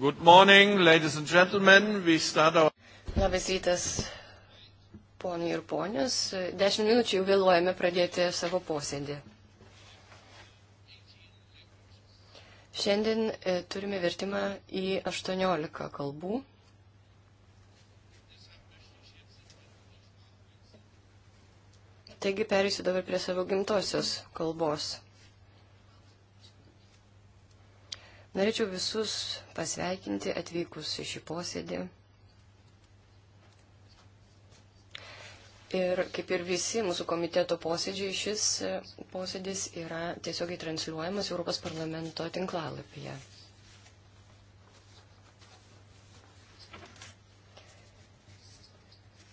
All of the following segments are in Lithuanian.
Good morning, ladies and gentlemen. We start our... Labas rytas, ponai ir ponius. Dešimt minučių jau vėluojame pradėti savo posėdį. Šiandien e, turime vertimą į 18 kalbų. Taigi perėsiu dabar prie savo gimtosios kalbos. Norėčiau visus pasveikinti atvykus į šį posėdį. Ir kaip ir visi mūsų komiteto posėdžiai, šis posėdis yra tiesiogiai transliuojamas Europos parlamento tinklalapyje.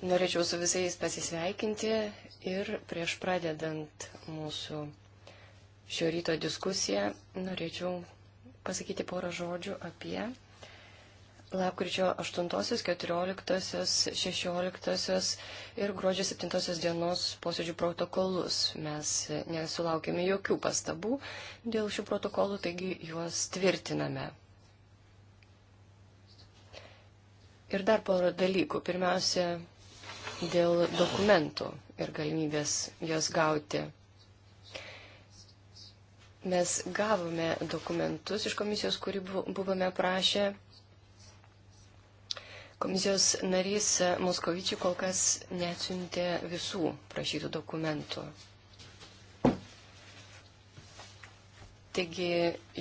Norėčiau su visais pasisveikinti ir prieš pradedant mūsų šio ryto diskusiją norėčiau pasakyti porą žodžių apie lapkričio 8, 14, 16 ir gruodžio 7 dienos posėdžių protokolus. Mes nesulaukėme jokių pastabų dėl šių protokolų, taigi juos tvirtiname. Ir dar porą dalykų. Pirmiausia, dėl dokumentų ir galimybės juos gauti. Mes gavome dokumentus iš komisijos, kurį buvome prašę. Komisijos narys Moskovičių kol kas neatsiuntė visų prašytų dokumentų. Taigi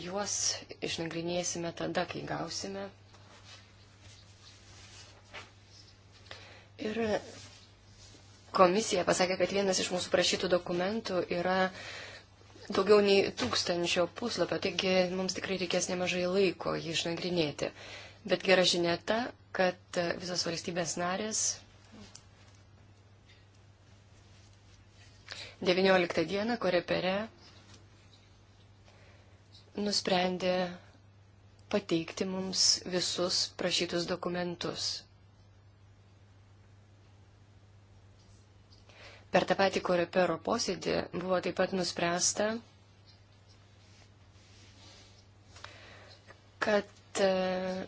juos išnagrinėsime tada, kai gausime. Ir komisija pasakė, kad vienas iš mūsų prašytų dokumentų yra daugiau nei tūkstančio puslapio, taigi mums tikrai reikės nemažai laiko jį išnagrinėti. Bet gera žinia ta, kad visos valstybės narės 19 dieną Korepere nusprendė pateikti mums visus prašytus dokumentus. Per tą patį korepero posėdį buvo taip pat nuspręsta, kad e,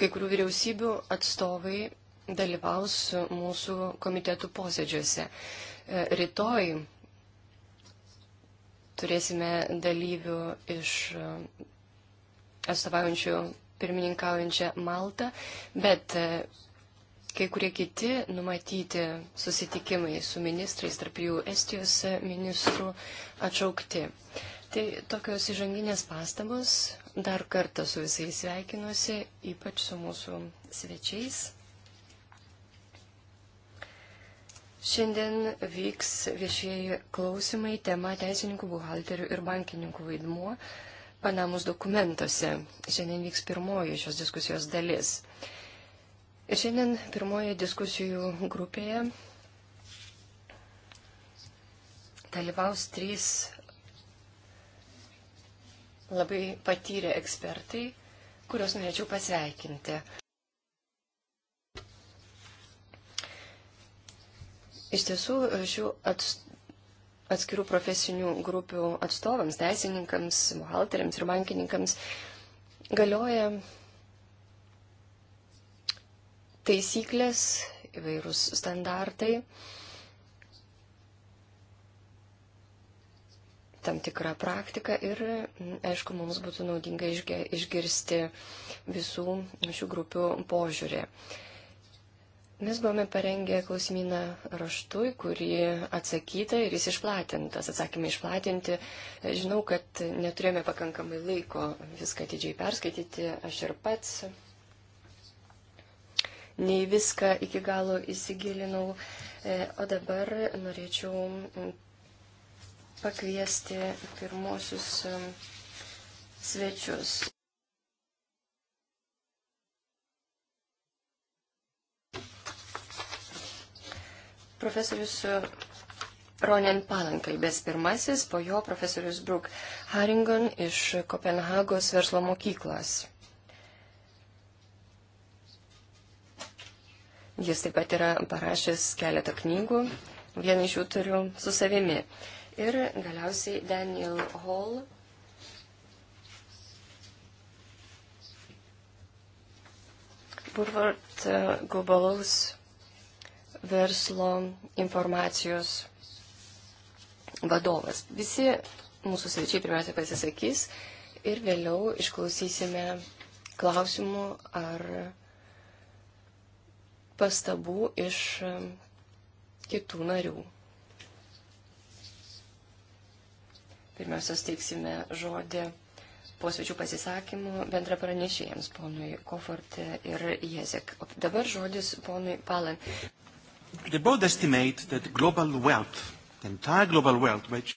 kai kurių vyriausybių atstovai dalyvaus mūsų komitetų posėdžiuose. E, rytoj turėsime dalyvių iš e, atstovaujančių pirmininkaujančią Maltą, bet kai kurie kiti numatyti susitikimai su ministrais, tarp jų Estijos ministrų, atšaukti. Tai tokios įžanginės pastabos. Dar kartą su visais sveikinuosi, ypač su mūsų svečiais. Šiandien vyks viešieji klausimai tema teisininkų, buhalterių ir bankininkų vaidmuo Panamos dokumentuose. Šiandien vyks pirmoji šios diskusijos dalis. Ir šiandien pirmoje diskusijų grupėje dalyvaus trys labai patyrę ekspertai, kuriuos norėčiau pasveikinti. Iš tiesų, šių atskirų profesinių grupių atstovams, teisininkams, buhalteriams ir bankininkams galioja taisyklės, įvairūs standartai, tam tikra praktika ir, mm, aišku, mums būtų naudinga išgirsti visų šių grupių požiūrį. Mes buvome parengę klausimyną raštu, į kurį atsakyta ir jis išplatintas. Atsakymai išplatinti. Žinau, kad neturėjome pakankamai laiko viską atidžiai perskaityti. Aš ir pats nei viską iki galo įsigilinau. E, o dabar norėčiau pakviesti pirmosius e, svečius. Profesorius e, Ronen Palan kalbės pirmasis, po jo profesorius Brook Haringon iš Kopenhagos verslo mokyklos. Jis taip pat yra parašęs keletą knygų, vieną iš jų turiu su savimi. Ir galiausiai Daniel Hall. Burvard e, globalaus verslo informacijos vadovas. Visi mūsų svečiai pirmiausia pasisakys ir vėliau išklausysime klausimų ar pastabų iš um, kitų narių. Pirmiausia, steiksime žodį posvečių pasisakymų bendra pranešėjams, ponui Kofort ir Jezek. O dabar žodis ponui Palan. Wealth, wealth, which...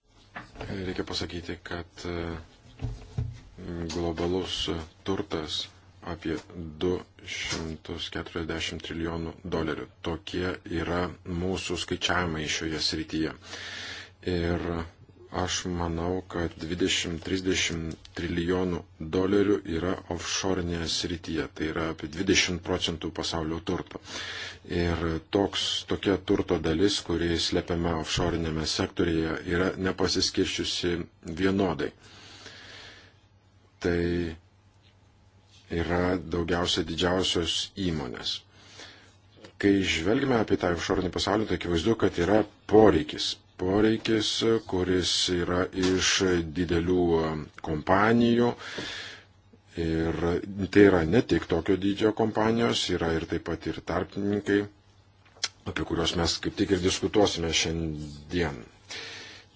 Reikia pasakyti, kad uh, globalus uh, turtas apie 240 trilijonų dolerių. Tokie yra mūsų skaičiavimai šioje srityje. Ir aš manau, kad 20-30 trilijonų dolerių yra offshore'inėje srityje. Tai yra apie 20 procentų pasaulio turto. Ir toks, tokia turto dalis, kurį slepiame offshore'inėme sektorėje, yra nepasiskirščiusi vienodai. Tai yra daugiausia didžiausios įmonės. Kai žvelgime apie tą išorinį pasaulį, tai akivaizdu, kad yra poreikis. Poreikis, kuris yra iš didelių kompanijų. Ir tai yra ne tik tokio dydžio kompanijos, yra ir taip pat ir tarpininkai, apie kuriuos mes kaip tik ir diskutuosime šiandien.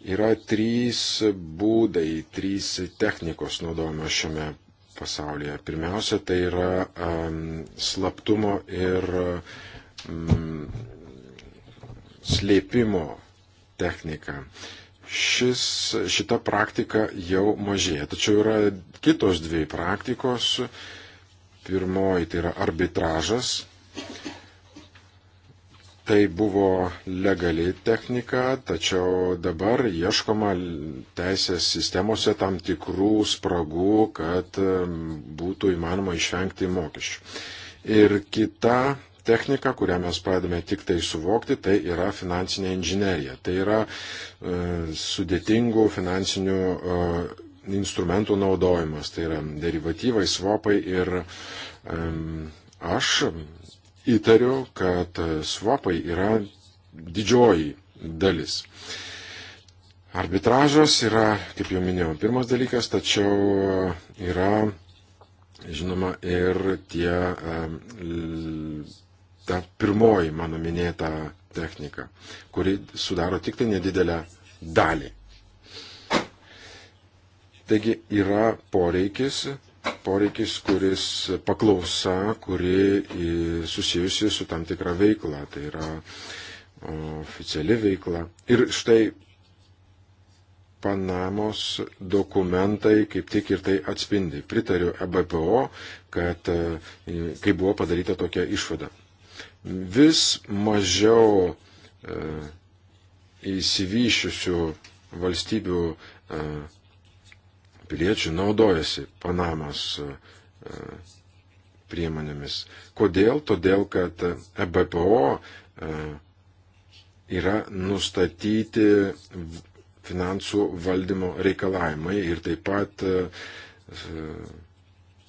Yra trys būdai, trys technikos naudojamos šiame pasaulyje. Pirmiausia, tai yra um, slaptumo ir um, slėpimo technika. Šis, šita praktika jau mažėja, tačiau yra kitos dvi praktikos. Pirmoji tai yra arbitražas, Tai buvo legali technika, tačiau dabar ieškoma teisės sistemose tam tikrų spragų, kad būtų įmanoma išvengti mokesčių. Ir kita technika, kurią mes pradame tik tai suvokti, tai yra finansinė inžinerija. Tai yra e, sudėtingų finansinių e, instrumentų naudojimas. Tai yra derivatyvai, svopai ir e, aš įtariu, kad swapai yra didžioji dalis. Arbitražas yra, kaip jau minėjau, pirmas dalykas, tačiau yra, žinoma, ir tie, ta pirmoji mano minėta technika, kuri sudaro tik tai nedidelę dalį. Taigi yra poreikis poreikis, kuris paklausa, kuri susijusi su tam tikra veikla, tai yra oficiali veikla. Ir štai Panamos dokumentai kaip tik ir tai atspindi. Pritariu EBPO, kad e, kai buvo padaryta tokia išvada. Vis mažiau e, įsivyšiusių valstybių e, piliečių naudojasi Panamos e, priemonėmis. Kodėl? Todėl, kad EBPO e, yra nustatyti finansų valdymo reikalavimai ir taip pat e,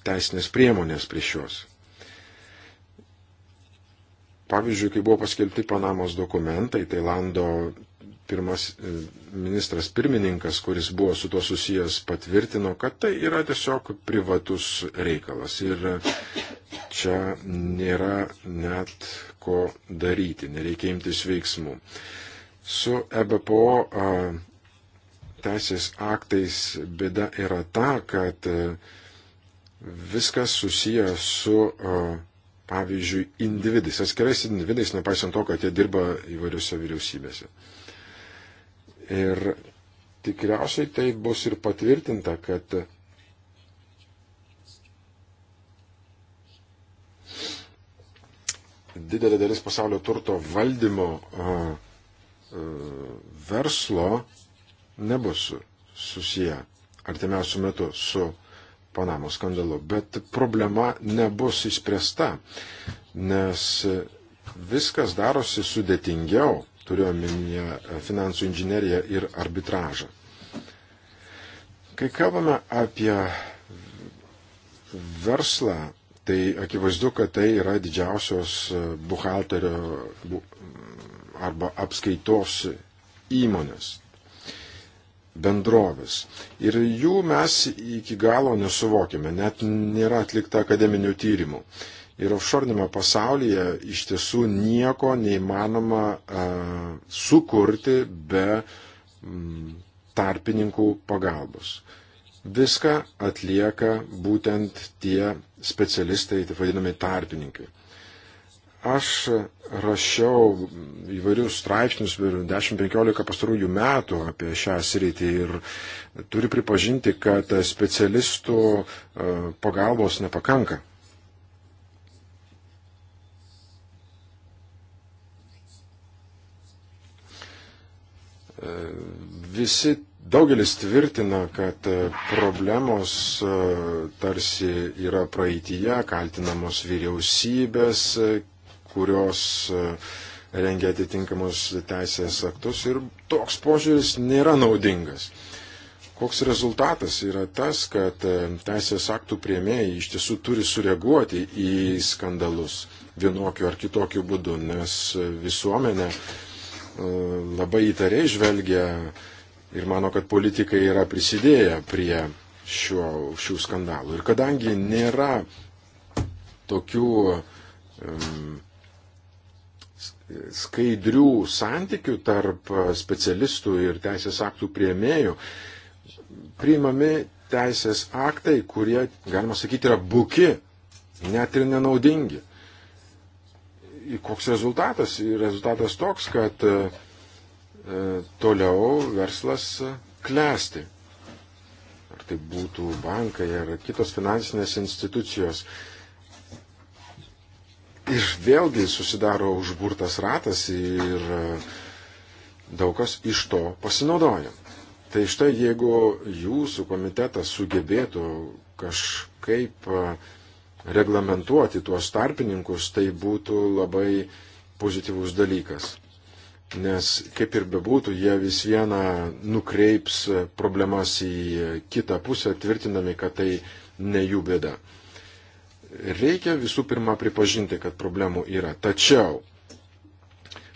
teisinės priemonės prieš juos. Pavyzdžiui, kai buvo paskelbti Panamos dokumentai, Tailando pirmas e, ministras pirmininkas, kuris buvo su tuo susijęs, patvirtino, kad tai yra tiesiog privatus reikalas ir čia nėra net ko daryti, nereikia imtis veiksmų. Su EBPO teisės aktais bėda yra ta, kad e, viskas susiję su pavyzdžiui, individais, atskirais individais, nepaisant to, kad jie dirba įvairiose vyriausybėse. Ir tikriausiai tai bus ir patvirtinta, kad didelė dalis pasaulio turto valdymo verslo nebus susiję artimiausių metų su Panamos skandalu. Bet problema nebus išspręsta, nes viskas darosi sudėtingiau turiuomenėje e, finansų inžineriją ir arbitražą. Kai kalbame apie verslą, tai akivaizdu, kad tai yra didžiausios e, buhalterio arba apskaitos įmonės, bendrovės. Ir jų mes iki galo nesuvokime, net nėra atlikta akademinių tyrimų ir offshore'nėme pasaulyje iš tiesų nieko neįmanoma a, sukurti be m, mm, tarpininkų pagalbos. Viską atlieka būtent tie specialistai, tai vadinami tarpininkai. Aš rašiau įvairius straipsnius 10-15 pastarųjų metų apie šią sritį ir turiu pripažinti, kad specialistų pagalbos nepakanka. Visi daugelis tvirtina, kad e, problemos e, tarsi yra praeitįje, kaltinamos vyriausybės, e, kurios rengia atitinkamus teisės aktus ir toks požiūris nėra naudingas. Koks rezultatas yra tas, kad teisės aktų prieimėjai iš tiesų turi sureaguoti į skandalus vienokiu ar kitokiu būdu, nes visuomenė E, labai įtariai žvelgia ir mano, kad politikai yra prisidėję prie šio, šių skandalų. Ir kadangi nėra tokių um, skaidrių santykių tarp specialistų ir teisės aktų prieimėjų, priimami teisės aktai, kurie, galima sakyti, yra buki, net ir nenaudingi koks rezultatas? Rezultatas toks, kad e, e, toliau verslas klesti. Ar tai būtų bankai ar kitos finansinės institucijos. Ir vėlgi susidaro užburtas ratas ir e, daug kas iš to pasinaudoja. Tai štai jeigu jūsų komitetas sugebėtų kažkaip uh, reglamentuoti tuos tarpininkus, tai būtų labai pozityvus dalykas. Nes kaip ir bebūtų, jie vis viena nukreips problemas į kitą pusę, tvirtinami, kad tai ne jų bėda. Reikia visų pirma pripažinti, kad problemų yra. Tačiau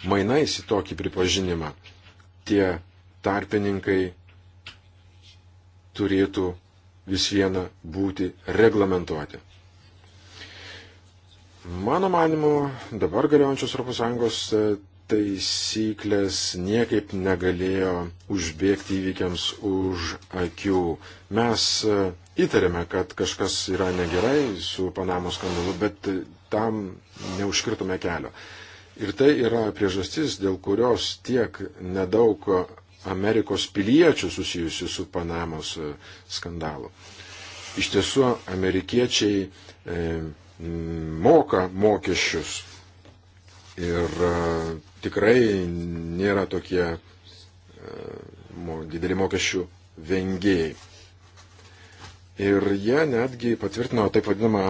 mainais į tokį pripažinimą tie tarpininkai turėtų vis viena būti reglamentuoti. Mano manimu, dabar galiojančios ES e, taisyklės niekaip negalėjo užbėgti įvykiams už akių. Mes e, įtarėme, kad kažkas yra negerai su Panamos skandalu, bet e, tam neužkirtume kelio. Ir tai yra priežastis, dėl kurios tiek nedaug Amerikos piliečių susijusių su Panamos skandalu. Iš tiesų, amerikiečiai e, moka mokesčius ir e, tikrai nėra tokie e, dideli mokesčių vengėjai. Ir jie netgi patvirtino taip vadinamą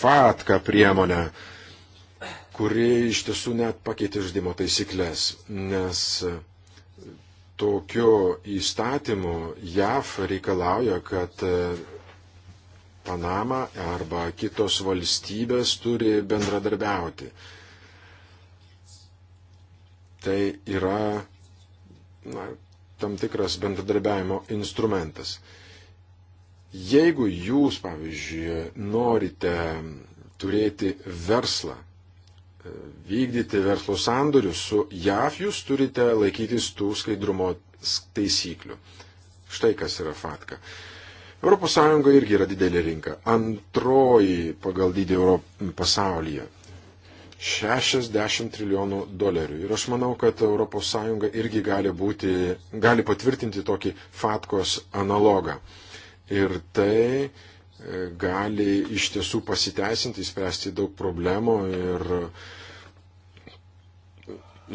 fatką priemonę, kuri iš tiesų net pakeitė žaidimo taisyklės, nes e, tokiu įstatymu JAF reikalauja, kad Panama arba kitos valstybės turi bendradarbiauti. Tai yra na, tam tikras bendradarbiavimo instrumentas. Jeigu jūs, pavyzdžiui, norite turėti verslą, vykdyti verslo sandorius su JAF, jūs turite laikytis tų skaidrumo taisyklių. Štai kas yra fatka. ES irgi yra didelė rinka. Antroji pagal dydį Euro pasaulyje. 60 trilijonų dolerių. Ir aš manau, kad ES irgi gali, būti, gali patvirtinti tokį FATKOS analogą. Ir tai e, gali iš tiesų pasiteisinti, spręsti daug problemų ir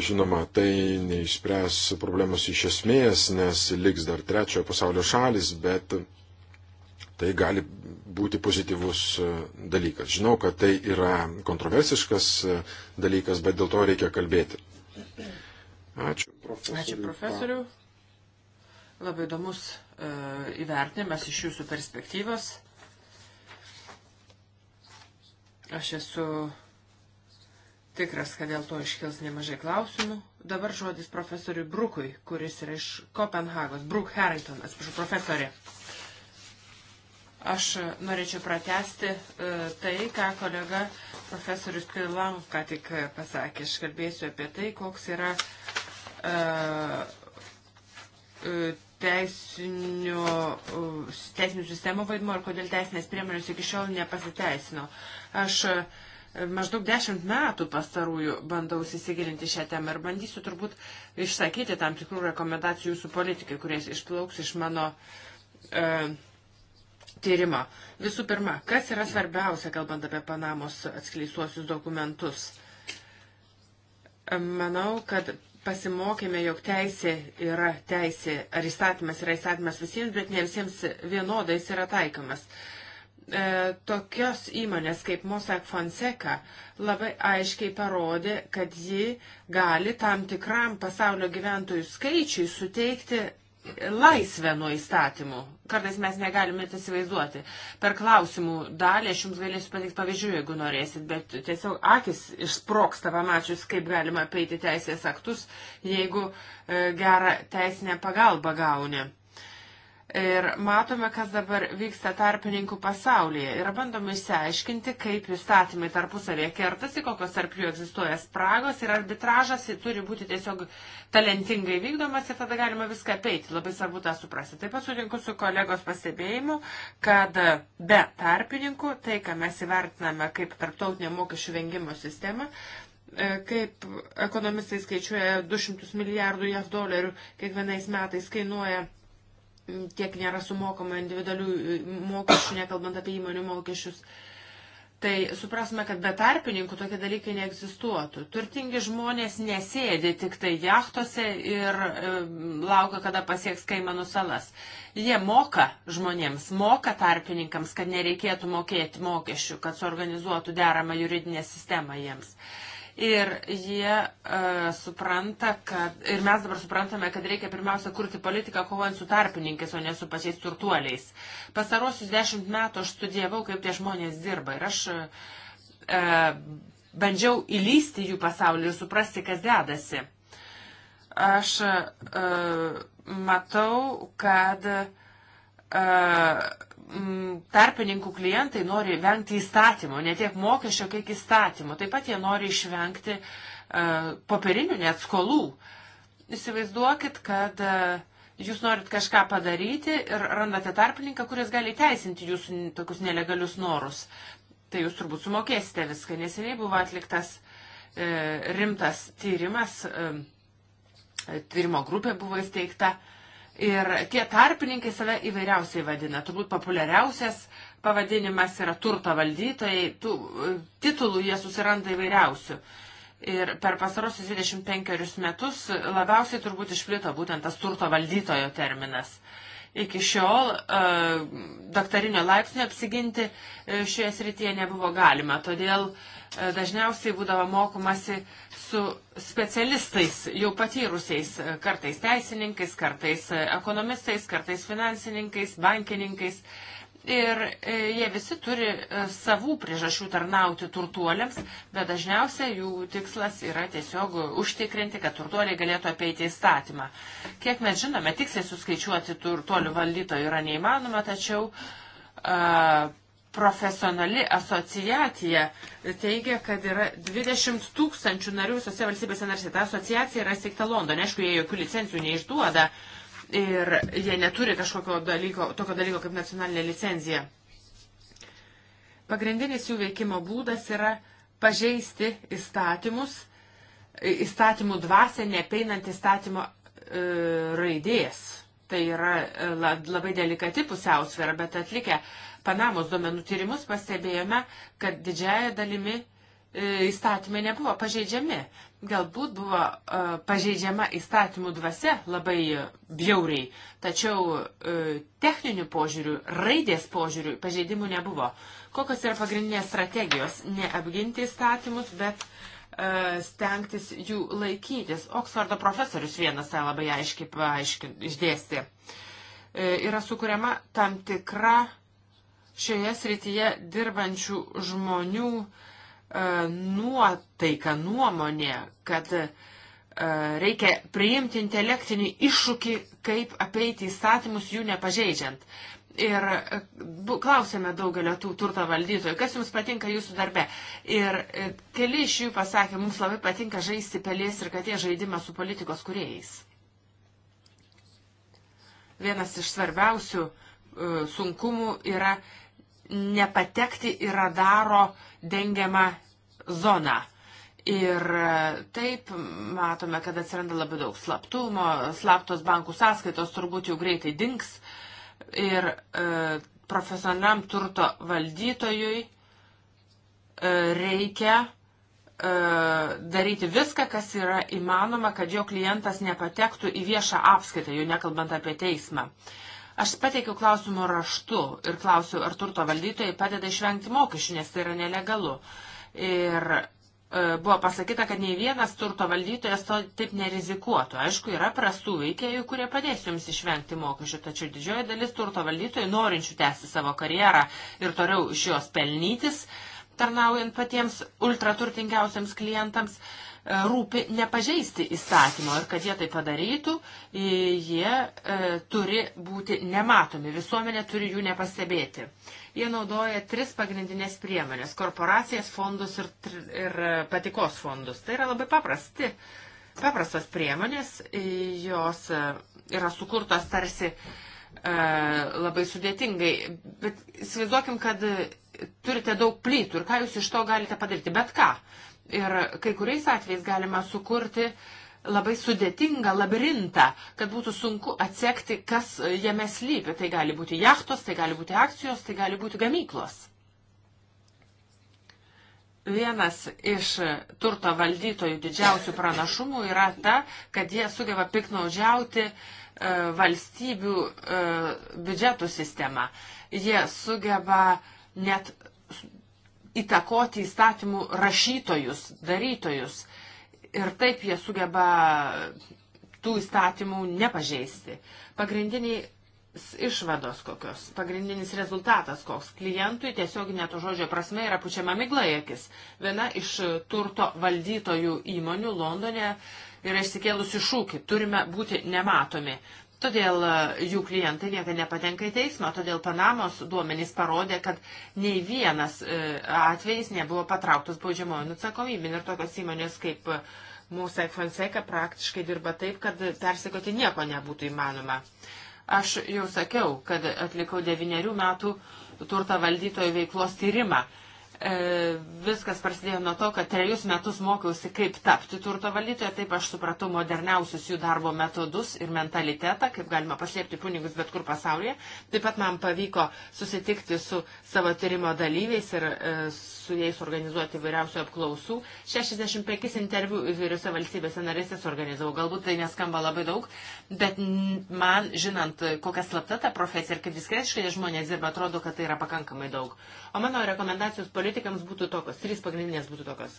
žinoma, tai neišspręs problemos iš esmės, nes liks dar trečiojo pasaulio šalis, bet tai gali būti pozityvus e, dalykas. Žinau, kad tai yra kontroversiškas e, dalykas, bet dėl to reikia kalbėti. Ačiū profesoriu. Ačiū profesoriu. Labai įdomus e, įvertinimas iš jūsų perspektyvos. Aš esu tikras, kad dėl to iškils nemažai klausimų. Dabar žodis profesoriui Brukui, kuris yra iš Kopenhagos. Bruk Harrington, atsiprašau, profesorė. Aš norėčiau pratesti e, tai, ką kolega profesorius Pilam ką tik pasakė. Aš kalbėsiu apie tai, koks yra e, e, teisinių, teisinių sistemų vaidmo ir kodėl teisinės priemonės iki šiol nepasiteisino. Aš maždaug dešimt metų pastarųjų bandau įsigilinti šią temą ir bandysiu turbūt išsakyti tam tikrų rekomendacijų jūsų politikai, kurias išplauks iš mano uh, tyrimo. Visų pirma, kas yra svarbiausia, kalbant apie Panamos atskleistuosius dokumentus? Manau, kad pasimokėme, jog teisė yra teisė, ar įstatymas yra įstatymas visiems, bet ne visiems vienodai jis yra taikomas. E, tokios įmonės kaip Mossack Fonseca labai aiškiai parodė, kad ji gali tam tikram pasaulio gyventojų skaičiui suteikti laisvę nuo įstatymų. Kartais mes negalime tai įsivaizduoti. Per klausimų dalį aš jums galėsiu pateikti pavyzdžių, jeigu norėsit, bet tiesiog akis išsproksta pamačius, kaip galima apeiti teisės aktus, jeigu e, gerą teisinę pagalbą gauni. Ir matome, kas dabar vyksta tarpininkų pasaulyje. Yra bandoma išsiaiškinti, kaip įstatymai tarpusavėje kertasi, kokios tarp jų egzistuoja spragos ir arbitražas turi būti tiesiog talentingai vykdomas ir tada galima viską apeiti. Labai svarbu tą suprasti. Taip pat sutinku su kolegos pastebėjimu, kad be tarpininkų tai, ką mes įvertiname kaip tarptautinė mokesčių vengimo sistema, e, kaip ekonomistai skaičiuoja 200 milijardų JAV dolerių kiekvienais metais kainuoja kiek nėra sumokama individualių e, mokesčių, nekalbant apie įmonių mokesčius. Tai suprasme, kad be tarpininkų tokie dalykai neegzistuotų. Turtingi žmonės nesėdi tik tai jachtose ir e, laukia, kada pasieks Kaimanų salas. Jie moka žmonėms, moka tarpininkams, kad nereikėtų mokėti mokesčių, kad suorganizuotų deramą juridinę sistemą jiems. E, Ir jie uh, supranta, kad, ir mes dabar suprantame, kad reikia pirmiausia kurti politiką kovojant su tarpininkais, o ne su pačiais turtuoliais. Pasarosius dešimt metų aš studijavau, kaip tie žmonės dirba. Ir aš uh, bandžiau įlysti jų pasaulį ir suprasti, kas dedasi. Aš uh, matau, kad uh, Mm, tarpininkų klientai nori vengti įstatymo, ne tiek mokesčio, kiek įstatymo. Taip pat jie nori išvengti e, popierinių net skolų. Įsivaizduokit, kad e, jūs norit kažką padaryti ir randate tarpininką, kuris gali teisinti jūsų tokius nelegalius norus. Tai jūs turbūt sumokėsite viską. Neseniai buvo atliktas e, rimtas tyrimas, tyrimo grupė buvo įsteigta Ir tie tarpininkai save įvairiausiai vadina. Turbūt populiariausias pavadinimas yra turto valdytojai. Tų e, titulų jie susiranda įvairiausių. Ir per pastarosius 25 metus labiausiai turbūt išplito būtent tas turto valdytojo terminas. Iki šiol uh, e, doktorinio laipsnio apsiginti e, šioje srityje nebuvo galima, todėl uh, dažniausiai būdavo mokomasi uh, su specialistais, jau patyrusiais, e, kartais teisininkais, kartais e, ekonomistais, kartais finansininkais, bankininkais. Ir e, jie visi turi savų priežasčių tarnauti turtuoliams, bet dažniausiai jų tikslas yra tiesiog užtikrinti, kad turtuoliai galėtų apeiti įstatymą. Kiek mes žinome, tiksliai suskaičiuoti turtuolių valdytojų yra neįmanoma, tačiau a, profesionali asociacija teigia, kad yra 20 tūkstančių narių visose valstybėse narse. Ta asociacija yra steigta Londone. Aišku, jie jokių licencijų neišduoda ir jie neturi kažkokio dalyko, tokio dalyko kaip nacionalinė licenzija. Pagrindinis jų veikimo būdas yra pažeisti įstatymus, įstatymų dvasę, nepeinant įstatymo e, raidės tai yra e, labai delikati pusiausvėra, bet atlikę Panamos duomenų tyrimus pastebėjome, kad didžiaja dalimi e, įstatymai nebuvo pažeidžiami. Galbūt buvo e, pažeidžiama įstatymų dvasia labai bjauriai, tačiau e, techninių požiūrių, raidės požiūrių pažeidimų nebuvo. Kokios yra pagrindinės strategijos? Neapginti įstatymus, bet stengtis jų laikytis. Oksfordo profesorius vienas tai labai aiškiai išdėstė. Yra sukuriama tam tikra šioje srityje dirbančių žmonių e, nuotaika, nuomonė, kad e, reikia priimti intelektinį iššūkį, kaip apeiti įstatymus jų nepažeidžiant. Ir e, klausėme daugelio tų turto valdytojų, kas jums patinka jūsų darbe. Ir e, keli iš jų pasakė, mums labai patinka žaisti pelės ir katė žaidimą su politikos kuriejais. Vienas iš svarbiausių e, sunkumų yra nepatekti į radaro dengiamą zoną. Ir taip matome, kad atsiranda labai daug slaptumo, slaptos bankų sąskaitos turbūt jau greitai dinks. Ir e, profesionaliam turto valdytojui e, reikia e, daryti viską, kas yra įmanoma, kad jo klientas nepatektų į viešą apskaitą, jau nekalbant apie teismą. E, Aš pateikiu klausimų raštu ir klausiu, ar turto valdytojai padeda išvengti mokesčių, nes tai yra nelegalu. Ir e, buvo pasakyta, kad nei vienas turto valdytojas to taip nerizikuotų. Aišku, yra prastų veikėjų, kurie padės jums išvengti mokesčių, tačiau didžioji dalis turto valdytojų, norinčių tęsti savo karjerą ir toliau iš jos pelnytis, tarnaujant patiems ultraturtingiausiams klientams, e, E, rūpi nepažeisti įstatymo ir kad jie tai padarytų, jie e, turi būti nematomi, visuomenė turi jų nepastebėti. Jie naudoja tris pagrindinės priemonės - korporacijas, fondus ir, ir e, patikos fondus. Tai yra labai paprasti. Paprastos priemonės, jos e, yra sukurtos tarsi e, labai sudėtingai, bet įsivaizduokim, kad turite daug plytų ir ką jūs iš to galite padaryti, bet ką. Ir kai kuriais atvejais galima sukurti labai sudėtingą labirintą, kad būtų sunku atsekti, kas jame slypi. Tai gali būti jachtos, tai gali būti akcijos, tai gali būti gamyklos. Vienas iš turto valdytojų didžiausių pranašumų yra ta, kad jie sugeba piknaudžiauti e, valstybių e, biudžetų sistemą. Jie sugeba net įtakoti įstatymų rašytojus, darytojus. Ir taip jie sugeba tų įstatymų nepažeisti. Pagrindiniai išvados kokios, pagrindinis rezultatas koks. Klientui tiesiog neto žodžio prasme yra pučiama miglajakis. Viena iš turto valdytojų įmonių Londone yra išsikėlusi šūkį, turime būti nematomi. Todėl e, jų klientai niekada nepatenka į teismą, todėl Panamos duomenys parodė, kad nei vienas e, atvejis nebuvo patrauktas baudžiamojo nutsakomybin ir tokios įmonės kaip e, mūsų Fonseca praktiškai dirba taip, kad persikoti nieko nebūtų įmanoma. Aš jau sakiau, kad atlikau devyniarių metų turto valdytojų veiklos tyrimą E, viskas prasidėjo nuo to, kad trejus metus mokiausi, kaip tapti turto valdytoje, taip aš supratau moderniausius jų darbo metodus ir mentalitetą, kaip galima paslėpti pinigus bet kur pasaulyje. Taip pat man pavyko susitikti su savo tyrimo dalyviais ir e, su jais organizuoti vairiausių apklausų. 65 interviu įvairiose valstybėse narėse suorganizavau. Galbūt tai neskamba labai daug, bet man, žinant, kokia slapta ta profesija ir kaip diskretiškai žmonės dirba, atrodo, kad tai yra pakankamai daug. O mano rekomendacijos politikams būtų tokios, trys pagrindinės būtų tokios.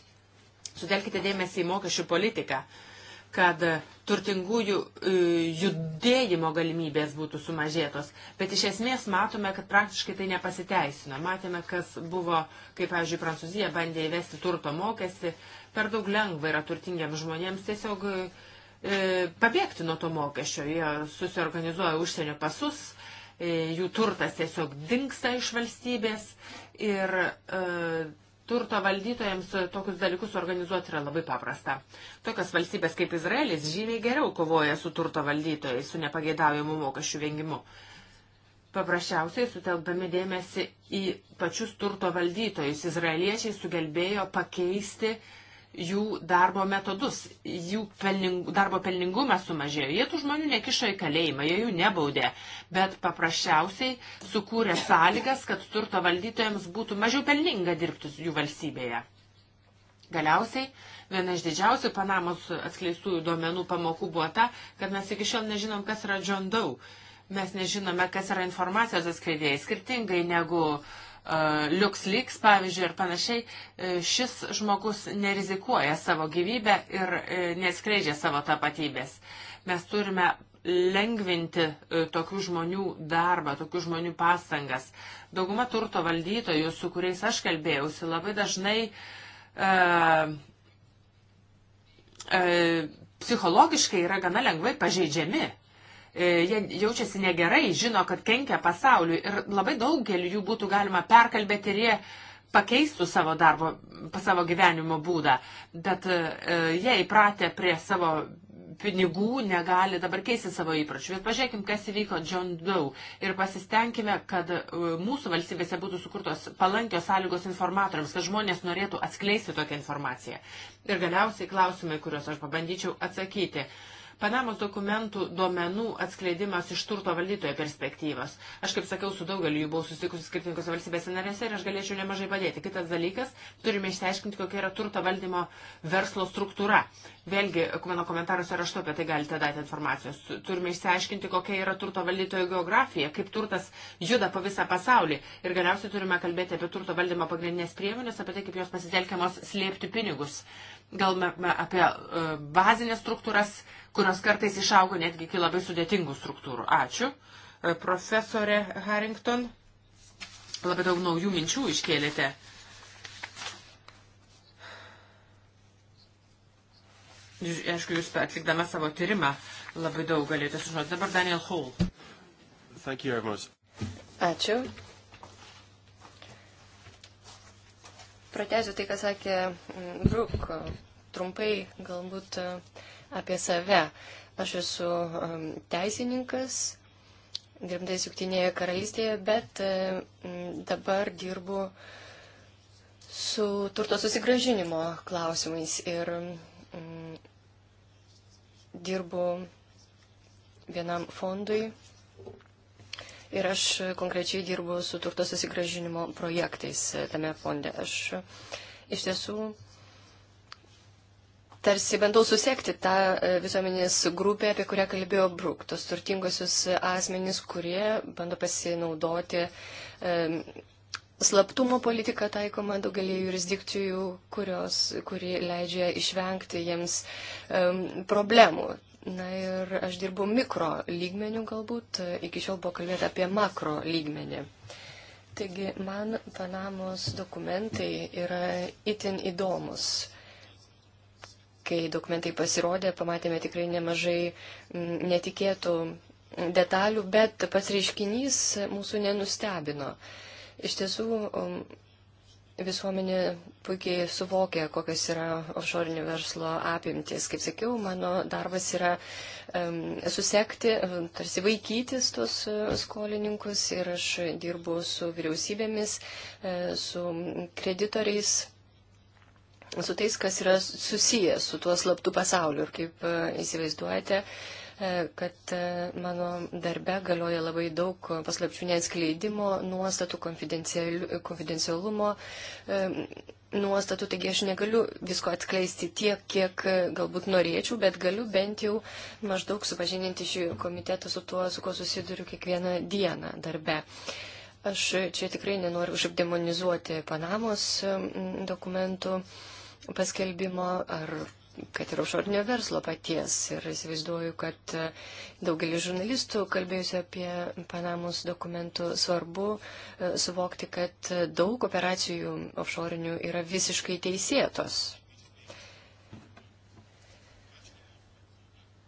Sutelkite dėmesį į mokesčių politiką, kad turtingųjų e, judėjimo galimybės būtų sumažėtos. Bet iš esmės matome, kad praktiškai tai nepasiteisino. Matėme, kas buvo, kaip, pavyzdžiui, Prancūzija bandė įvesti turto mokestį. Per daug lengva yra turtingiams žmonėms tiesiog e, pabėgti nuo to mokesčio. Jie susiorganizuoja užsienio pasus, e, jų turtas tiesiog dinksta iš valstybės ir e, turto valdytojams tokius dalykus organizuoti yra labai paprasta. Tokios valstybės kaip Izraelis žymiai geriau kovoja su turto valdytojais, su nepageidaujamu mokesčių vengimu. Paprasčiausiai sutelkdami dėmesį į pačius turto valdytojus, izraeliečiai sugelbėjo pakeisti uh, jų darbo metodus, jų pelning, darbo pelningumas sumažėjo. Jie tų žmonių nekišo į kalėjimą, jie jų nebaudė, bet paprasčiausiai sukūrė sąlygas, kad turto valdytojams būtų mažiau pelninga dirbti jų valstybėje. Galiausiai viena iš didžiausių Panamos atskleistųjų duomenų pamokų buvo ta, kad mes iki šiol nežinom, kas yra John Doe. Mes nežinome, kas yra informacijos atskleidėjai, skirtingai negu uh, LuxLeaks, pavyzdžiui, ir panašiai, e, šis žmogus nerizikuoja savo gyvybę ir e, neskleidžia savo tapatybės. Mes turime lengvinti e, tokių žmonių darbą, tokių žmonių pastangas. Dauguma turto valdytojų, su kuriais aš kalbėjausi, labai dažnai e, e, psichologiškai yra gana lengvai pažeidžiami. E, jie jaučiasi negerai, žino, kad kenkia pasauliui ir labai daugeliu jų būtų galima perkalbėti ir jie pakeistų savo darbo, savo gyvenimo būdą, bet e, jie įpratę prie savo pinigų negali dabar keisti savo įpročių. Bet pažiūrėkime, kas įvyko John Doe ir pasistengime, kad e, mūsų valstybėse būtų sukurtos palankios sąlygos informatoriams, kad žmonės norėtų atskleisti tokią informaciją. Ir galiausiai klausimai, kuriuos aš pabandyčiau atsakyti. Uh, Panamos dokumentų duomenų atskleidimas iš turto valdytojo perspektyvos. Aš, kaip sakiau, su daugeliu jų buvau susitikusi skirtingose valstybėse narėse ir aš galėčiau nemažai padėti. Kitas dalykas, turime išsiaiškinti, kokia yra turto valdymo verslo struktūra. Vėlgi, mano komentaruose raštu apie tai galite dati informacijos. Turime išsiaiškinti, kokia yra turto valdytojo geografija, kaip turtas juda po visą pasaulį. Ir galiausiai turime kalbėti apie turto valdymo pagrindinės priemonės, apie tai, kaip jos pasitelkiamos slėpti pinigus. Galime apie e, bazinės struktūras, kurios kartais išaugo netgi iki labai sudėtingų struktūrų. Ačiū. E, profesorė Harrington, labai daug naujų minčių iškėlėte. Aišku, jūs atlikdama savo tyrimą labai daug galėjote sužinoti. Dabar Daniel Hall. Ačiū. Pratesiu tai, ką sakė Bruk. Trumpai galbūt uh, apie save. Aš esu um, teisininkas, dirbdais Juktinėje karalystėje, bet um, dabar dirbu su turto susigražinimo klausimais ir um, dirbu vienam fondui. Ir aš konkrečiai dirbu su turto susigražinimo projektais uh, tame fonde. Aš iš tiesų tarsi bandau susiekti tą e, visuomenės grupę, apie kurią kalbėjo Bruk, tos turtingosius asmenys, kurie bando pasinaudoti um, slaptumo politiką taikomą daugelį jurisdikcijų, kurios, kuri leidžia išvengti jiems um, problemų. Na ir aš dirbu mikro lygmenių galbūt, iki šiol buvo kalbėta apie makro lygmenį. Taigi man Panamos dokumentai yra itin įdomus Kai dokumentai pasirodė, pamatėme tikrai nemažai netikėtų detalių, bet pats reiškinys mūsų nenustebino. Iš tiesų, um, visuomenė puikiai suvokia, kokios yra offshore verslo apimtis. Kaip sakiau, mano darbas yra um, susekti, um, tarsi vaikytis tuos uh, skolininkus ir aš dirbu su vyriausybėmis, uh, su kreditoriais su tais, kas yra susijęs su tuo slaptu pasauliu. Ir kaip e, įsivaizduojate, e, kad e, mano darbe galioja labai daug paslapčių neatskleidimo nuostatų, konfidencialumo nuostatų, taigi aš negaliu visko atskleisti tiek, kiek galbūt norėčiau, bet galiu bent jau maždaug supažininti šį komitetą su tuo, su kuo susiduriu kiekvieną dieną darbe. Aš čia tikrai nenoriu užapdemonizuoti Panamos dokumentų paskelbimo ar kad ir užornio verslo paties. Ir įsivaizduoju, kad daugelis žurnalistų, kalbėjusių apie Panamos dokumentų, svarbu e, suvokti, kad daug operacijų offshorinių yra visiškai teisėtos.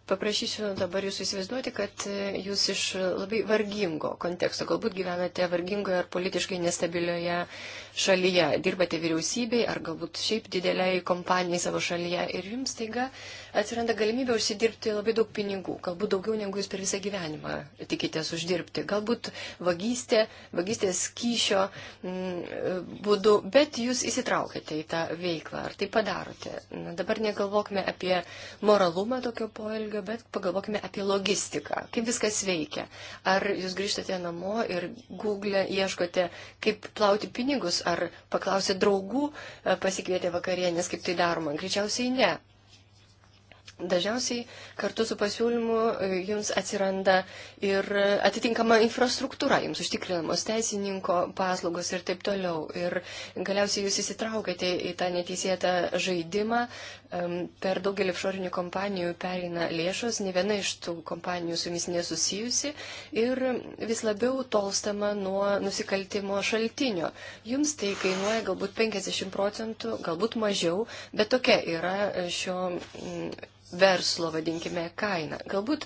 Paprašysiu dabar jūsų įsivaizduoti, kad e, jūs iš labai vargingo konteksto, galbūt gyvenate vargingoje ar politiškai nestabilioje šalyje, dirbate vyriausybei ar galbūt šiaip dideliai kompanijai savo šalyje ir jums taiga atsiranda galimybė užsidirbti labai daug pinigų, galbūt daugiau negu jūs per visą gyvenimą tikitės uždirbti, galbūt vagystė, vagystės kyšio m, mm, būdu, bet jūs įsitraukėte į tą veiklą ar tai padarote. Na, dabar negalvokime apie moralumą tokio poelgio, bet pagalvokime apie logistiką, kaip viskas veikia. Ar jūs grįžtate namo ir Google e ieškote, kaip plauti pinigus, ar paklausė draugų, e, pasikvietė vakarienės, kaip tai daroma. Greičiausiai ne. Dažniausiai kartu su pasiūlymu e, jums atsiranda ir atitinkama infrastruktūra, jums užtikrinamos teisininko paslaugos ir taip toliau. Ir galiausiai jūs įsitraukėte į tą neteisėtą žaidimą. Per daugelį išorinių kompanijų pereina lėšos, ne viena iš tų kompanijų su jumis nesusijusi ir vis labiau tolstama nuo nusikaltimo šaltinio. Jums tai kainuoja galbūt 50 procentų, galbūt mažiau, bet tokia yra e, šio verslo, vadinkime, kainą. Galbūt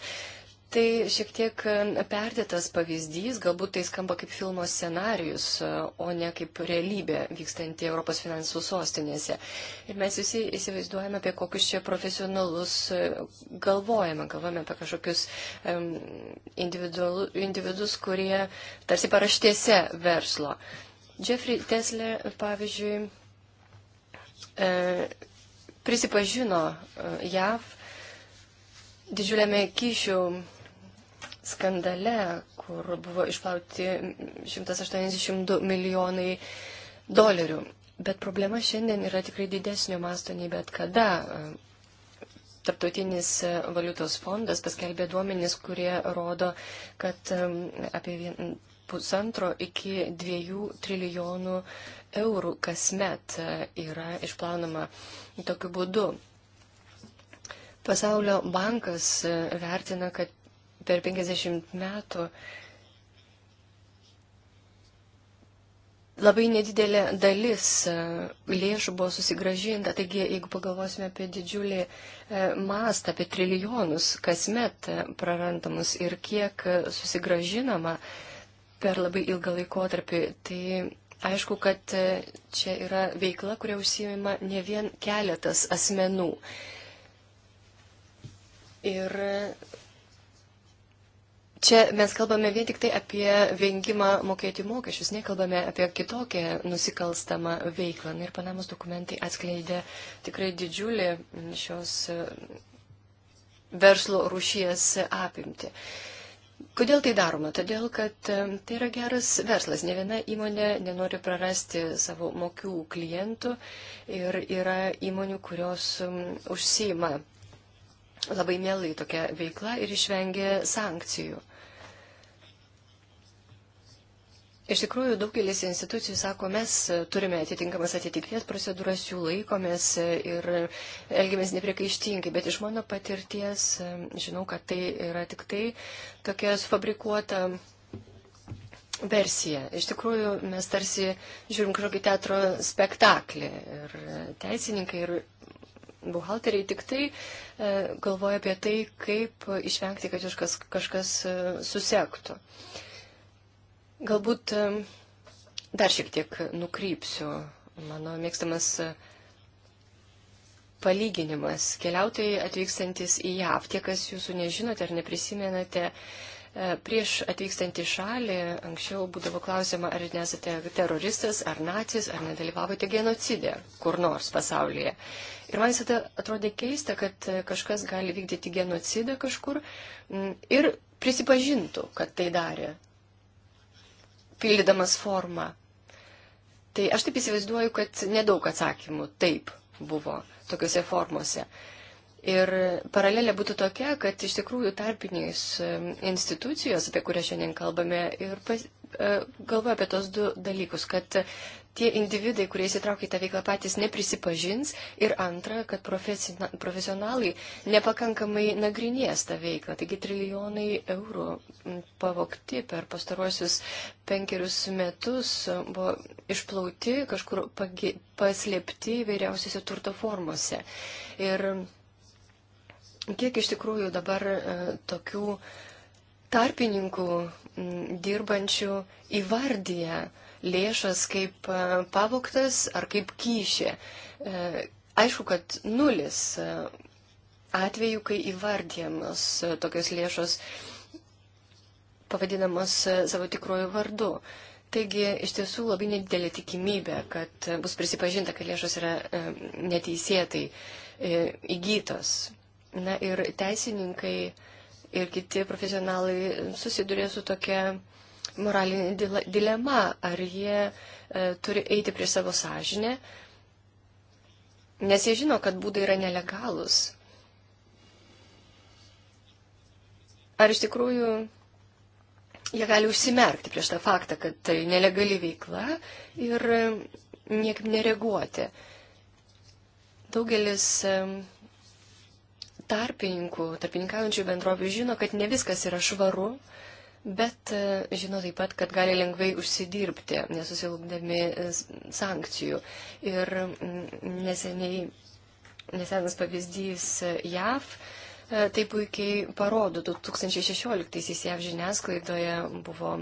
tai šiek tiek e, perdėtas pavyzdys, galbūt tai skamba kaip filmo scenarius, e, o ne kaip realybė vykstanti Europos finansų sostinėse. Ir mes visi įsivaizduojame, apie kokius čia profesionalus e, galvojame, galvojame apie kažkokius individus, kurie tarsi paraštėse verslo. Jeffrey Tesler, pavyzdžiui, prisipažino e, JAV didžiuliame kyšių skandale, kur buvo išplauti 182 milijonai dolerių. Bet problema šiandien yra tikrai didesnio masto nei bet kada. Tarptautinis valiutos fondas paskelbė duomenis, kurie rodo, kad apie pusantro iki dviejų trilijonų eurų kasmet e, yra išplaunama tokiu būdu. Pasaulio bankas e, vertina, kad per 50 metų labai nedidelė dalis e, lėšų buvo susigražinta. Taigi, jeigu pagalvosime apie didžiulį mastą, apie trilijonus kasmet prarandamus ir kiek susigražinama per labai ilgą laikotarpį, tai Aišku, kad e, čia yra veikla, kuria užsijima ne vien keletas asmenų. Ir e, čia mes kalbame vien tik tai apie vengimą mokėti mokesčius, nekalbame apie kitokią nusikalstamą veiklą. Na ir Panamos dokumentai atskleidė tikrai didžiulį šios e, verslo rušies apimti. Uh, Kodėl tai daroma? Todėl, kad tai yra geras verslas. Ne viena įmonė nenori prarasti savo mokių klientų ir yra įmonių, kurios užsima labai mielai tokia veikla ir išvengia sankcijų. Iš tikrųjų, daugelis institucijų sako, mes turime atitinkamas atitikties procedūras, jų laikomės ir elgiamės nepriekaištingai, bet iš mano patirties žinau, kad tai yra tik tai tokia sufabrikuota versija. Iš tikrųjų, mes tarsi žiūrim kažkokį teatro spektaklį ir teisininkai ir buhalteriai tik tai e, galvoja apie tai, kaip išvengti, kad kažkas, kažkas e, susektų. Uh, Galbūt dar šiek tiek nukrypsiu. Mano mėgstamas e, palyginimas. Keliautojai atvykstantis į JAV, tie, kas jūsų nežinote ar neprisimenate, e, prieš atvykstant į šalį anksčiau būdavo klausima, ar nesate teroristas, ar nacis, ar nedalyvavote genocide kur nors pasaulyje. Ir man visada atrodė keista, kad e, kažkas gali vykdyti genocidą kažkur ir prisipažintų, kad tai darė pildydamas formą. Tai aš taip įsivaizduoju, kad nedaug atsakymų taip buvo tokiuose formuose. Ir paralelė būtų tokia, kad iš tikrųjų tarpinės institucijos, apie kurią šiandien kalbame, ir pas, e, galvoja apie tos du dalykus, kad tie individai, kurie įsitraukia į tą veiklą patys, neprisipažins. Ir antra, kad profesionalai nepakankamai nagrinės tą veiklą. Taigi trilijonai eurų pavokti per pastaruosius penkerius metus e, buvo išplauti kažkur pagi, paslėpti įvairiausiose turto formose. Ir kiek iš tikrųjų dabar e, tokių tarpininkų dirbančių įvardyje lėšas kaip e, pavoktas ar kaip kyšė. E, aišku, kad nulis e, atveju, kai įvardėmas tokios lėšos pavadinamos savo tikruoju vardu. Taigi iš tiesų labai nedidelė tikimybė, kad bus prisipažinta, kad lėšos yra neteisėtai įgytos. Na ir teisininkai ir kiti profesionalai susiduria su tokia moralinė dilema, ar jie e, turi eiti prie savo sąžinę, nes jie žino, kad būdai yra nelegalus. Ar iš tikrųjų jie gali užsimerkti prieš tą faktą, kad tai nelegali veikla ir e, niekaip nereaguoti. Daugelis e, tarpininkų, tarpininkaujančių bendrovių žino, kad ne viskas yra švaru, bet e, žino taip pat, kad gali lengvai užsidirbti, nesusilūkdami e, sankcijų. Ir neseniai, nesenas pavyzdys e, JAV. Tai puikiai parodo, 2016 JAV žiniasklaidoje buvo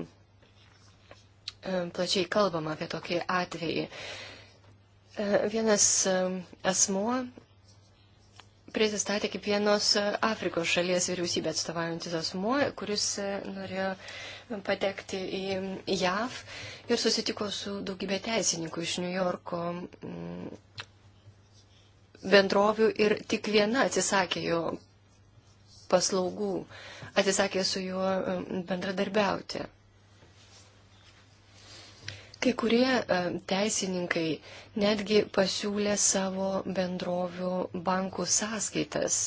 plačiai kalbama apie tokį atvejį. Vienas asmuo prisistatė kaip vienos e, Afrikos šalies vyriausybė atstovaujantis asmuo, kuris e, norėjo patekti į JAV ir susitiko su daugybė teisininkų iš New Yorko mm, bendrovių ir tik viena atsisakė jo paslaugų, atsisakė su juo e, bendradarbiauti. Kai kurie e, teisininkai netgi pasiūlė savo bendrovių bankų sąskaitas,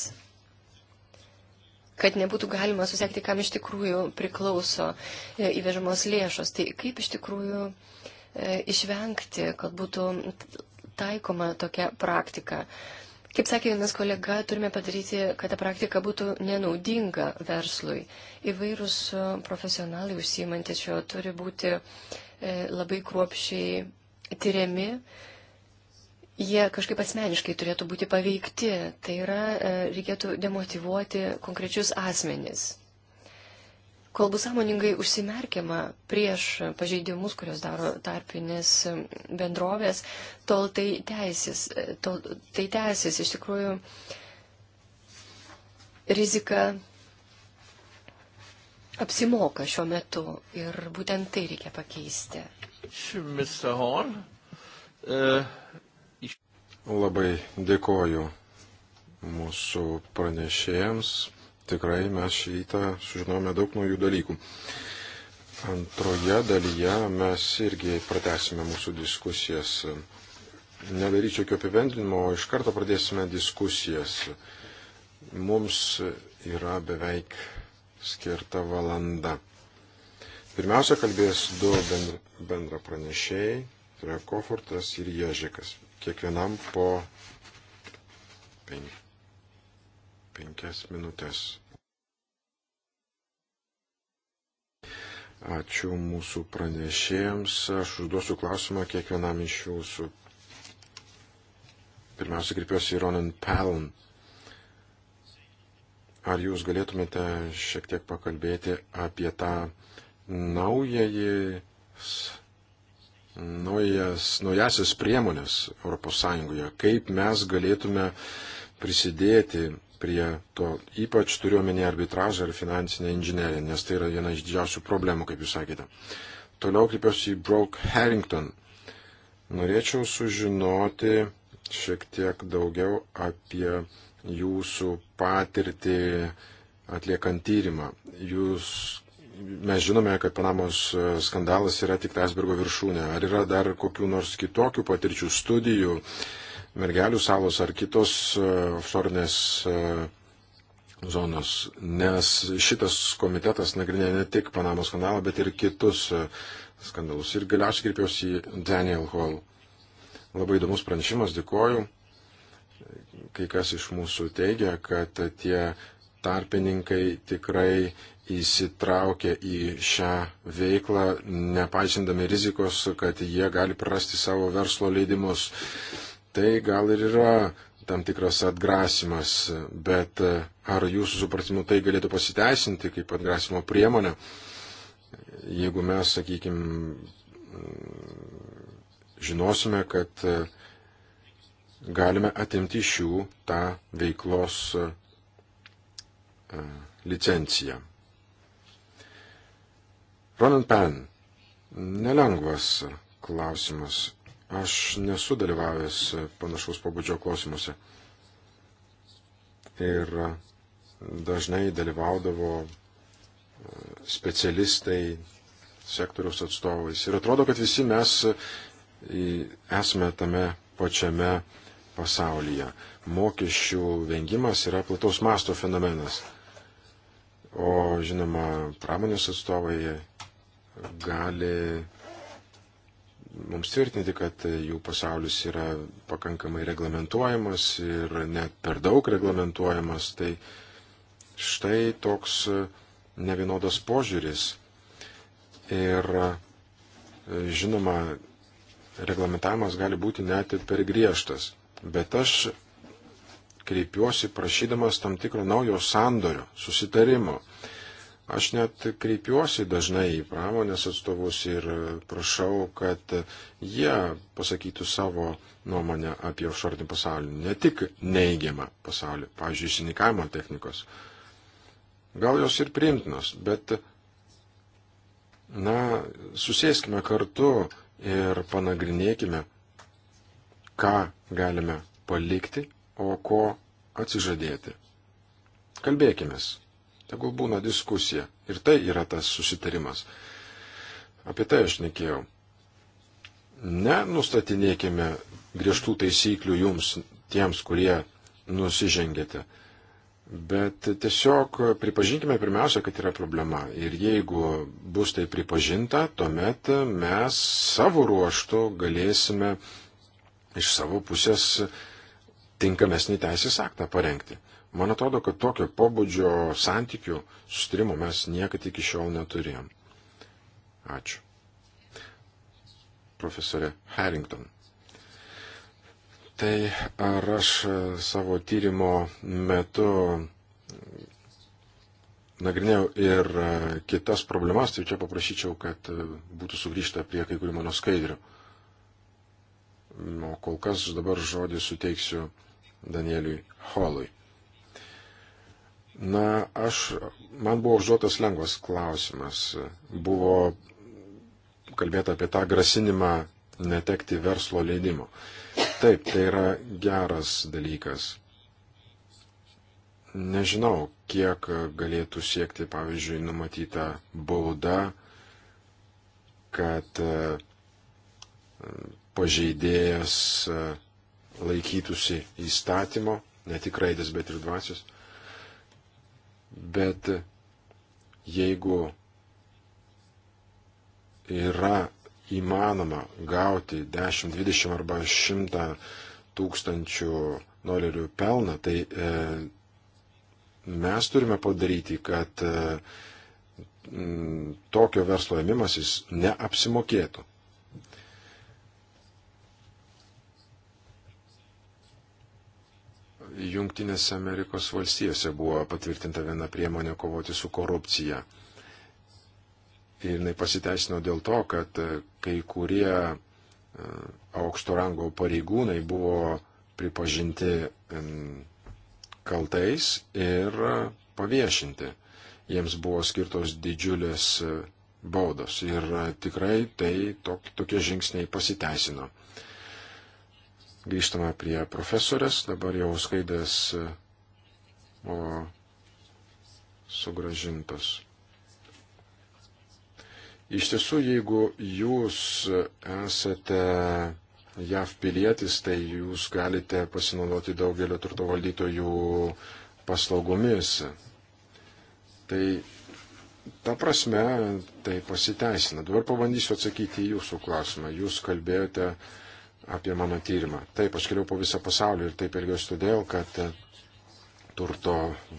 kad nebūtų galima susekti, kam iš tikrųjų priklauso e, įvežamos lėšos. Tai kaip iš tikrųjų e, išvengti, kad būtų taikoma tokia praktika. Kaip sakė vienas kolega, turime padaryti, kad ta praktika būtų nenaudinga verslui. Įvairūs profesionalai užsimantis šio turi būti uh, E, labai kruopšiai tyriami, jie kažkaip asmeniškai turėtų būti paveikti. Tai yra, e, reikėtų demotivuoti konkrečius asmenis. Kol bus sąmoningai užsimerkiama prieš pažeidimus, kurios daro tarpinės e, bendrovės, tol tai teisis. Tol tai teisis. Iš tikrųjų, rizika apsimoka šiuo metu ir būtent tai reikia pakeisti. Uh, Labai dėkoju mūsų pranešėjams. Tikrai mes šį rytą sužinome daug naujų dalykų. Antroje dalyje mes irgi pratesime mūsų diskusijas. Nedaryčiau jokio apibendrinimo, o iš karto pradėsime diskusijas. Mums yra beveik skirta valanda. Pirmiausia, kalbės du bendra, bendra pranešėjai, tai yra Kofortas ir Ježikas. Kiekvienam po penk, penkias minutės. Ačiū mūsų pranešėjams. Aš užduosiu klausimą kiekvienam iš jūsų. Pirmiausia, kreipiuosi į Ronan Peln. Ar jūs galėtumėte šiek tiek pakalbėti apie tą naująjį, naujas, naujasis priemonės ES, kaip mes galėtume prisidėti prie to, ypač turiuomenį arbitražą ir finansinę inžineriją, nes tai yra viena iš didžiausių problemų, kaip jūs sakėte. Toliau kreipiuosi į Broke Harrington. Norėčiau sužinoti šiek tiek daugiau apie jūsų patirtį atliekant tyrimą. Jūs, mes žinome, kad Panamos skandalas yra tik Asbergo viršūnė. Ar yra dar kokių nors kitokių patirčių studijų, mergelių salos ar kitos offshore'nės e, e, zonos? Nes šitas komitetas nagrinėja ne tik Panamos skandalą, bet ir kitus e, skandalus. Ir galiausiai kreipiausi į Daniel Hall. Labai įdomus pranešimas, dėkoju kai kas iš mūsų teigia, kad tie tarpininkai tikrai įsitraukia į šią veiklą, nepažindami rizikos, kad jie gali prarasti savo verslo leidimus. Tai gal ir yra tam tikras atgrasimas, bet ar jūsų supratimu tai galėtų pasiteisinti kaip atgrasimo priemonė, jeigu mes, sakykime, žinosime, kad uh, galime atimti iš jų tą veiklos e, licenciją. Ronan Penn, nelengvas klausimas. Aš nesu dalyvavęs panašaus pabudžio klausimuose. Ir dažnai dalyvaudavo e, specialistai, sektoriaus atstovais. Ir atrodo, kad visi mes e, esame tame pačiame pasaulyje. Mokesčių vengimas yra plataus masto fenomenas. O žinoma, pramonės atstovai gali mums tvirtinti, kad jų pasaulis yra pakankamai reglamentuojamas ir net per daug reglamentuojamas. Tai štai toks nevienodas požiūris. Ir žinoma, reglamentavimas gali būti net ir per griežtas bet aš kreipiuosi prašydamas tam tikro naujo sandorio, susitarimo. Aš net kreipiuosi dažnai į pramonės atstovus ir prašau, kad jie pasakytų savo nuomonę apie offshore pasaulį, ne tik neigiamą pasaulį, pavyzdžiui, išsinikavimo technikos. Gal jos ir priimtinos, bet, na, susėskime kartu ir panagrinėkime, ką galime palikti, o ko atsižadėti. Kalbėkime, tegul būna diskusija. Ir tai yra tas susitarimas. Apie tai aš nekėjau. Nenustatinėkime griežtų taisyklių jums, tiems, kurie nusižengėte. Bet tiesiog pripažinkime pirmiausia, kad yra problema. Ir jeigu bus tai pripažinta, tuomet mes savo ruoštų galėsime uh, iš savo pusės tinkamesnį teisės aktą parengti. Man atrodo, kad tokio pobūdžio santykių sustrimo mes niekad iki šiol neturėjom. Ačiū. Profesorė Harrington. Tai ar aš e, savo tyrimo metu nagrinėjau ir e, kitas problemas, tai čia paprašyčiau, kad e, būtų sugrįžta prie kai kurių mano skaidrių. O nu, kol kas dabar žodį suteiksiu Danieliui Holui. Na, aš, man buvo užduotas lengvas klausimas. Buvo kalbėta apie tą grasinimą netekti verslo leidimo. Taip, tai yra geras dalykas. Nežinau, kiek galėtų siekti, pavyzdžiui, numatyta bauda, kad pažeidėjas e, laikytųsi įstatymo, ne tik raidės, bet ir dvasios. Bet jeigu yra įmanoma gauti 10, 20 arba 100 tūkstančių dolerių pelną, tai e, mes turime padaryti, kad e, tokio verslo ėmimasis neapsimokėtų. Junktinėse Amerikos valstijose buvo patvirtinta viena priemonė kovoti su korupcija. Ir jinai pasiteisino dėl to, kad e, kai kurie e, aukšto rango pareigūnai buvo pripažinti kaltais ir e, paviešinti. Jiems buvo skirtos didžiulės baudos ir tikrai tai tok, tokie žingsniai pasiteisino. Grįžtame prie profesorės, dabar jau skaidės buvo e, sugražintos. Iš tiesų, jeigu jūs esate JAV pilietis, tai jūs galite pasinaudoti daugelio turto valdytojų paslaugomis. Tai ta prasme, tai pasiteisina. Dabar pabandysiu atsakyti į jūsų klausimą. Jūs kalbėjote uh, apie mano tyrimą. Taip, aš keliau po visą pasaulį ir taip elgiausi todėl, kad turto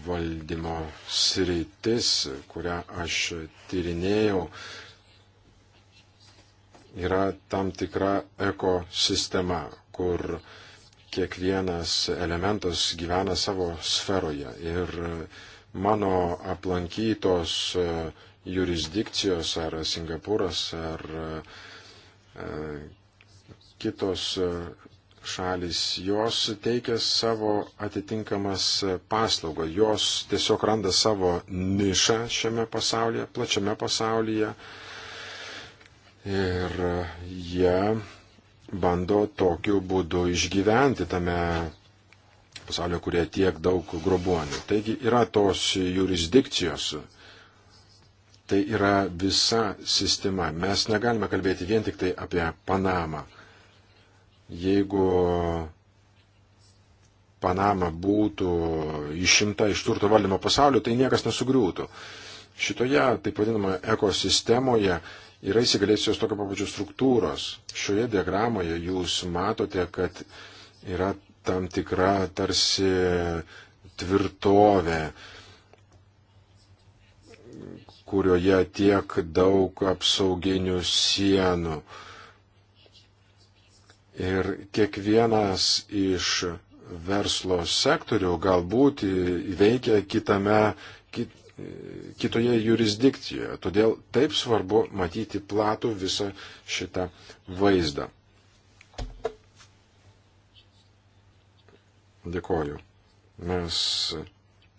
valdymo sritis, kurią aš tyrinėjau, yra tam tikra ekosistema, kur kiekvienas elementas gyvena savo sferoje. Ir mano aplankytos e, jurisdikcijos ar Singapūras ar e, kitos e, šalis, jos teikia savo atitinkamas e, paslaugą, jos tiesiog randa savo nišą šiame pasaulyje, plačiame pasaulyje ir e, jie bando tokiu būdu išgyventi tame pasaulio, kurie tiek daug grobuonių. Taigi yra tos jurisdikcijos, tai yra visa sistema. Mes negalime kalbėti vien tik tai apie Panamą jeigu Panama būtų išimta iš turto valdymo pasaulio, tai niekas nesugriūtų. Šitoje, taip vadinamoje, ekosistemoje yra įsigalėjusios tokio pabučio struktūros. Šioje diagramoje jūs matote, kad yra tam tikra tarsi tvirtovė, kurioje tiek daug apsauginių sienų. Uh, Ir kiekvienas iš verslo sektorių galbūt veikia kitame, kit, kitoje jurisdikcijoje. Todėl taip svarbu matyti platų visą šitą vaizdą. Dėkoju. Mes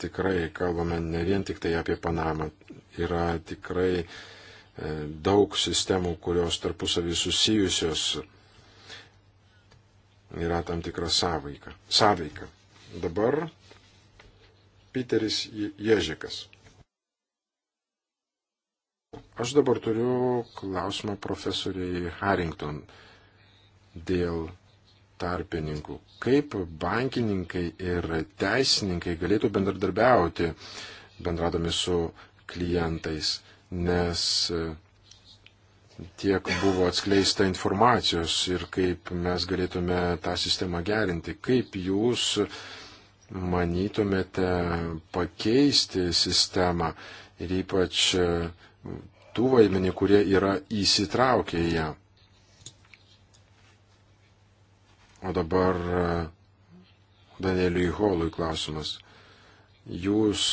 tikrai kalbame ne vien tik tai apie Panamą. Yra tikrai e, daug sistemų, kurios tarpusavį susijusios yra tam tikra sąveika. sąveika. Dabar Piteris Ježikas. Aš dabar turiu klausimą profesoriai Harrington dėl tarpininkų. Kaip bankininkai ir teisininkai galėtų bendradarbiauti bendradami su klientais, nes tiek buvo atskleista informacijos ir kaip mes galėtume tą sistemą gerinti. Kaip jūs manytumėte pakeisti sistemą ir ypač e, tų vaidmenį, kurie yra įsitraukę į ją. O dabar e, Danieliui Holui klausimas. Jūs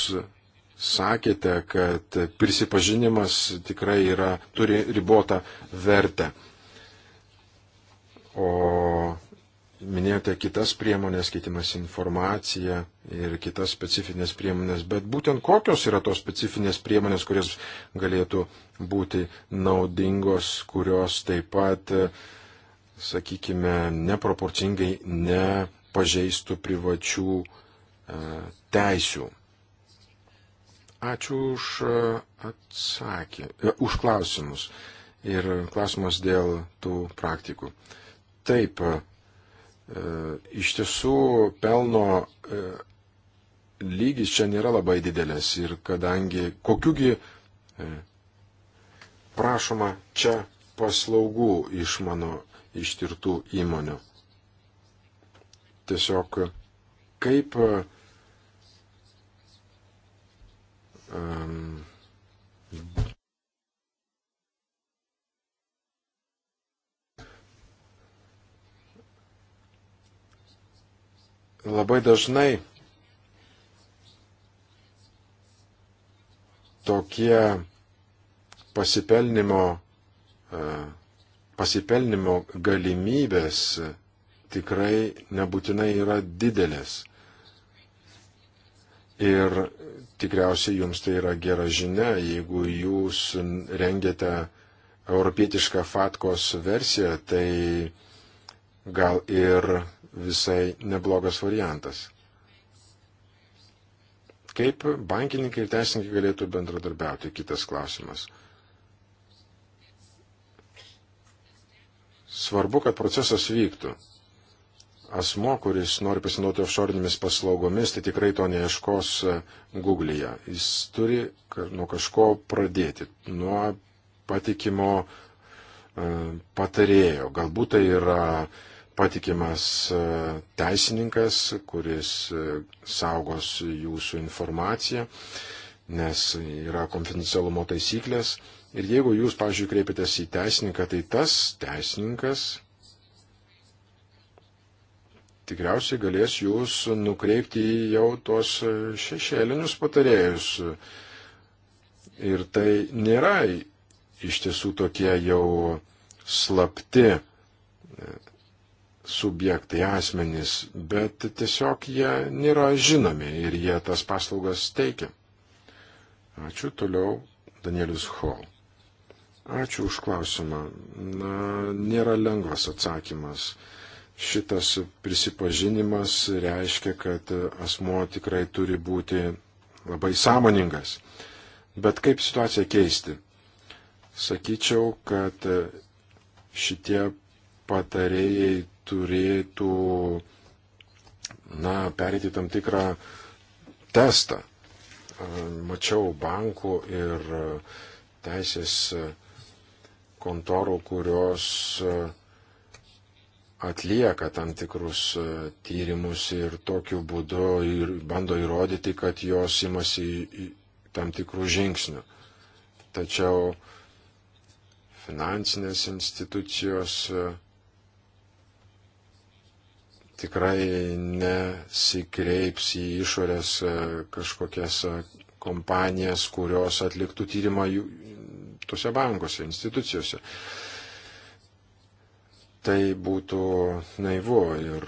sakėte, kad prisipažinimas tikrai yra, turi ribotą vertę. O minėjote kitas priemonės, keitimas informacija ir kitas specifinės priemonės, bet būtent kokios yra tos specifinės priemonės, kurios galėtų būti naudingos, kurios taip pat, sakykime, neproporcingai nepažeistų privačių e, teisių. Ačiū už e, atsakė, e, už klausimus ir klausimas dėl tų praktikų. Taip, e, iš tiesų pelno lygis čia nėra labai didelis ir kadangi kokiugi prašoma čia paslaugų iš mano ištirtų įmonių. Tiesiog kaip Um, labai dažnai tokie pasipelnimo, e, pasipelnimo galimybės tikrai nebūtinai yra didelės. Ir tikriausiai jums tai yra gera žinia, jeigu jūs rengiate europietišką Fatkos versiją, tai gal ir visai neblogas variantas. Kaip bankininkai ir teisininkai galėtų bendradarbiauti, kitas klausimas. Svarbu, kad procesas vyktų asmo, kuris nori pasinaudoti offshore'inėmis paslaugomis, tai tikrai to neieškos e, Google'e. Jis turi nuo kažko pradėti, nuo patikimo e, patarėjo. Galbūt tai yra patikimas e, teisininkas, kuris saugos jūsų informaciją, nes yra konfidencialumo taisyklės. Ir jeigu jūs, pažiūrėjau, kreipiatės į teisininką, tai tas teisininkas tikriausiai galės jūs nukreipti į jau tuos šešėlinius patarėjus. Ir tai nėra iš tiesų tokie jau slapti e, subjektai, asmenys, bet tiesiog jie nėra žinomi ir jie tas paslaugas teikia. Ačiū toliau, Danielius Hall. Ačiū už klausimą. Na, nėra lengvas atsakymas. Šitas prisipažinimas reiškia, kad asmuo tikrai turi būti labai sąmoningas. Bet kaip situaciją keisti? Sakyčiau, kad šitie patarėjai turėtų, na, perėti tam tikrą testą. Mačiau bankų ir teisės kontorų, kurios atlieka tam tikrus e, tyrimus ir tokiu būdu ir bando įrodyti, kad jos imasi tam tikrų žingsnių. Tačiau finansinės institucijos e, tikrai nesikreips į išorės e, kažkokias kompanijas, kurios atliktų tyrimą tose bankuose, institucijose tai būtų naivu ir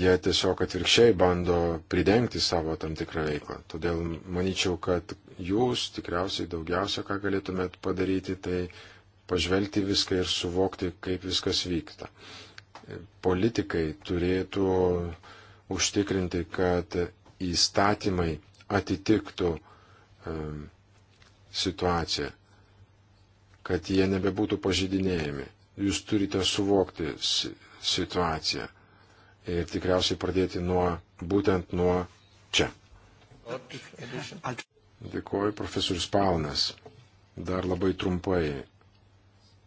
jie tiesiog atvirkščiai bando pridengti savo tam tikrą veiklą. Todėl manyčiau, kad jūs tikriausiai daugiausia, ką galėtumėt padaryti, tai pažvelgti viską ir suvokti, kaip viskas vyksta. Politikai turėtų užtikrinti, kad įstatymai atitiktų um, situaciją, kad jie nebebūtų pažydinėjami jūs turite suvokti situaciją ir tikriausiai pradėti nuo, būtent nuo čia. Dėkuoju, profesorius Paunas. Dar labai trumpai.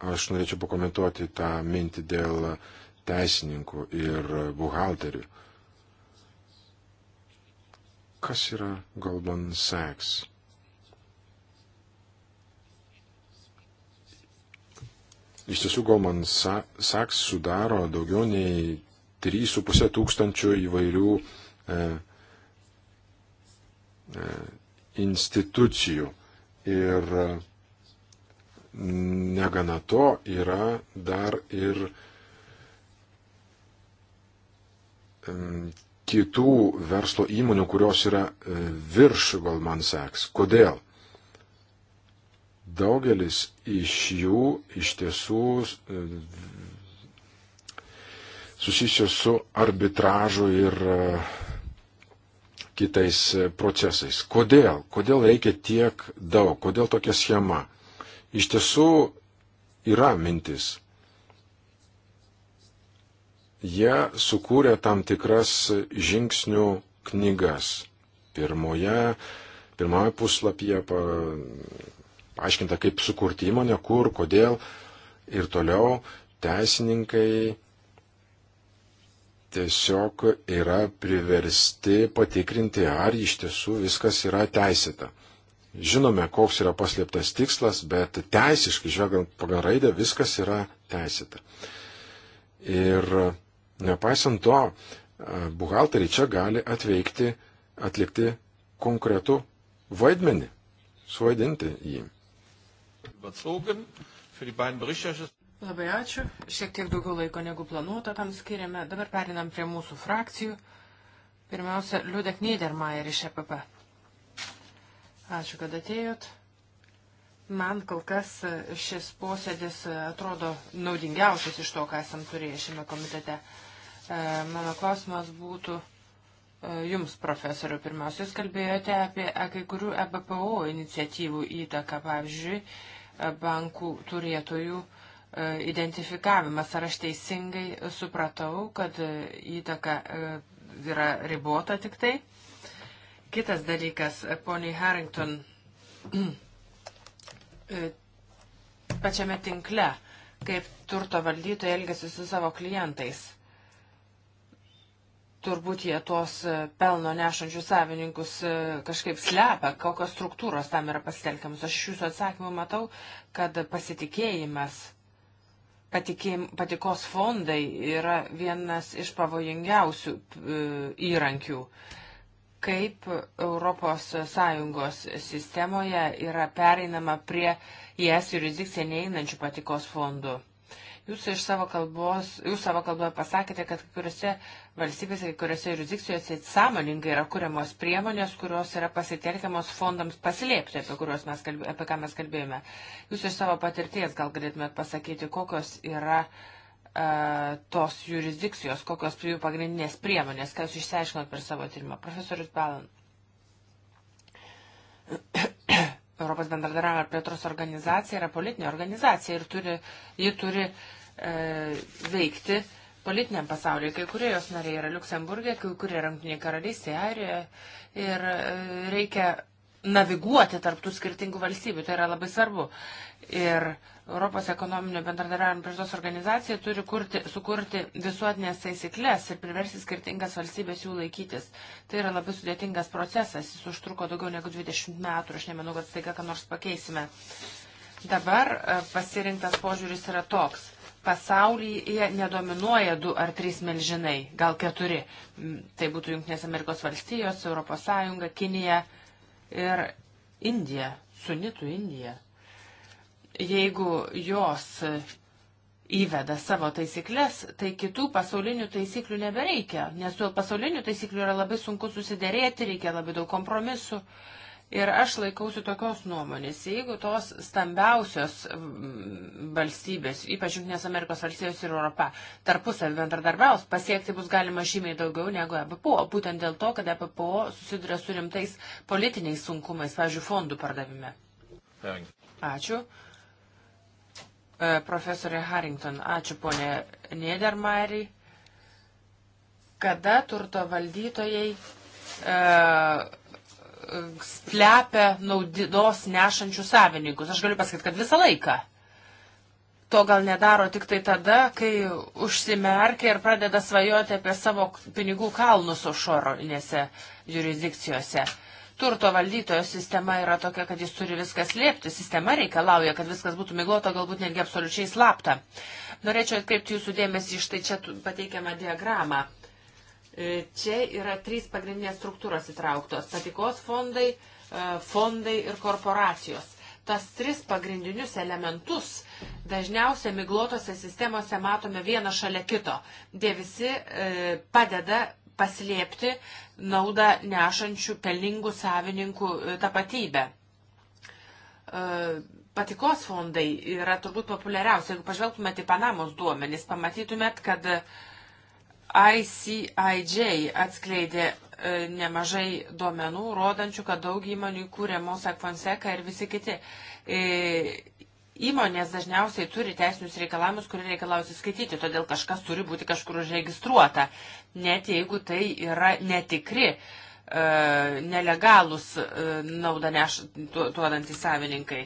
Aš norėčiau pakomentuoti tą mintį dėl teisininkų ir buhalterių. Kas yra Goldman Sachs? Iš tiesų, Goldman Sachs sudaro daugiau nei 3,5 tūkstančių įvairių e, e, institucijų. Ir negana to yra dar ir e, kitų verslo įmonių, kurios yra e, virš Goldman Sachs. Kodėl? daugelis iš jų iš tiesų e, susijusios su arbitražu ir e, kitais e, procesais. Kodėl? Kodėl reikia tiek daug? Kodėl tokia schema? Iš tiesų yra mintis. Jie sukūrė tam tikras žingsnių knygas. Pirmoje, pirmoje puslapyje pa, paaiškinta, kaip sukurti įmonę, kur, kodėl ir toliau teisininkai tiesiog yra priversti patikrinti, ar iš tiesų viskas yra teisėta. Žinome, koks yra paslėptas tikslas, bet teisiškai, žvelgiant pagal raidę, viskas yra teisėta. Ir nepaisant to, buhalteriai čia gali atveikti, atlikti konkretų vaidmenį, suvaidinti jį überzogen. Für die beiden Berichterstatter. Labai ačiū. Šiek tiek daugiau laiko negu planuota tam skiriame. Dabar perinam prie mūsų frakcijų. Pirmiausia, Liudek Niedermayer iš EPP. Ačiū, kad atėjot. Man kol kas šis posėdis atrodo naudingiausias iš to, ką esam turėję šiame komitete. E, mano klausimas būtų e, Jums, profesoriu, pirmiausia, Jūs kalbėjote apie e, kai kurių EBPO iniciatyvų įtaką, pavyzdžiui, bankų turėtojų e, identifikavimas. Ar aš teisingai supratau, kad e, įtaka e, yra ribota tik tai? Kitas dalykas, poniai Harrington, pačiame tinkle, kaip turto valdytojai elgesi su savo klientais turbūt jie tos e, pelno nešančių savininkus e, kažkaip slepia, kokios struktūros tam yra pasitelkiamas. Aš iš jūsų atsakymų matau, kad pasitikėjimas, patikėjim, patikos fondai yra vienas iš pavojingiausių e, įrankių. Kaip ES sistemoje yra pereinama prie į es jurisdikciją neįeinančių patikos fondų? Jūs iš savo kalbos, jūs savo kalboje pasakėte, kad kai kuriuose valstybėse, kai kuriuose jurisdikcijose sąmoningai yra kuriamos priemonės, kurios yra pasitelkiamos fondams paslėpti, apie, mes kalbė, apie ką mes kalbėjome. Jūs iš savo patirties gal galėtumėt pasakyti, kokios yra uh, tos jurisdikcijos, kokios jų pagrindinės priemonės, ką jūs išsiaiškinot per savo tyrimą. Profesorius Balan. Europos bendradarbiavimo ir plėtros organizacija yra politinė organizacija ir turi, ji turi uh, E, veikti politiniam pasauliu. Kai kurie jos nariai yra Luksemburgė, kai kurie Ranktinė karalystė, Airijoje. Ir e, reikia naviguoti tarptų skirtingų valstybių. Tai yra labai svarbu. Ir Europos ekonominio bendradarbiavimo priežos organizacija turi kurti, sukurti visuotinės taisyklės ir priversti skirtingas valstybės jų laikytis. Tai yra labai sudėtingas procesas, jis užtruko daugiau negu 20 metų ir aš nemanau, kad staiga ką nors pakeisime. Dabar e, pasirinktas požiūris yra toks pasaulyje nedominuoja du ar trys milžinai, gal keturi. Mm, tai būtų Junktinės Amerikos valstijos, Europos Sąjunga, Kinija ir Indija, sunitų Indija. Jeigu jos įveda savo taisyklės, tai kitų pasaulinių taisyklių nebereikia, nes su pasaulinių taisyklių yra labai sunku susiderėti, reikia labai daug kompromisų. Uh, Ir aš laikausi tokios nuomonės, jeigu tos stambiausios mm, valstybės, ypač Junktinės Amerikos valstybės ir Europa, tarpusavį bendradarbiaus, pasiekti bus galima žymiai daugiau negu EBPO, būtent dėl to, kad EBPO susiduria su rimtais politiniais sunkumais, pavyzdžiui, fondų pardavime. Ačiū. E, profesorė Harrington, ačiū ponė Niedermairi. Kada turto valdytojai e, slepia naudos nešančių savininkus. Aš galiu pasakyti, kad visą laiką. To gal nedaro tik tai tada, kai užsimerkia ir pradeda svajoti apie savo pinigų kalnus ošorinėse jurisdikcijose. Turto valdytojo sistema yra tokia, kad jis turi viskas liepti. Sistema reikalauja, kad viskas būtų miglota, galbūt netgi absoliučiai slapta. Norėčiau atkreipti jūsų dėmesį iš tai čia pateikiamą diagramą. E, čia yra trys pagrindinės struktūros įtrauktos - patikos fondai, e, fondai ir korporacijos. Tas tris pagrindinius elementus dažniausiai miglotose sistemose matome vieną šalia kito. Jie visi e, padeda paslėpti naudą nešančių pelningų savininkų tapatybę patikos fondai yra turbūt populiariausia. Jeigu pažvelgtumėte į Panamos duomenis, pamatytumėt, kad ICIJ atskleidė e, nemažai duomenų, rodančių, kad daug įmonių įkūrė Mossack Fonseca ir visi kiti. E, įmonės dažniausiai turi teisinius reikalavimus, kurie reikalausi skaityti, todėl kažkas turi būti kažkur užregistruota, net jeigu tai yra netikri, e, nelegalus naudą neš, duodantys savininkai.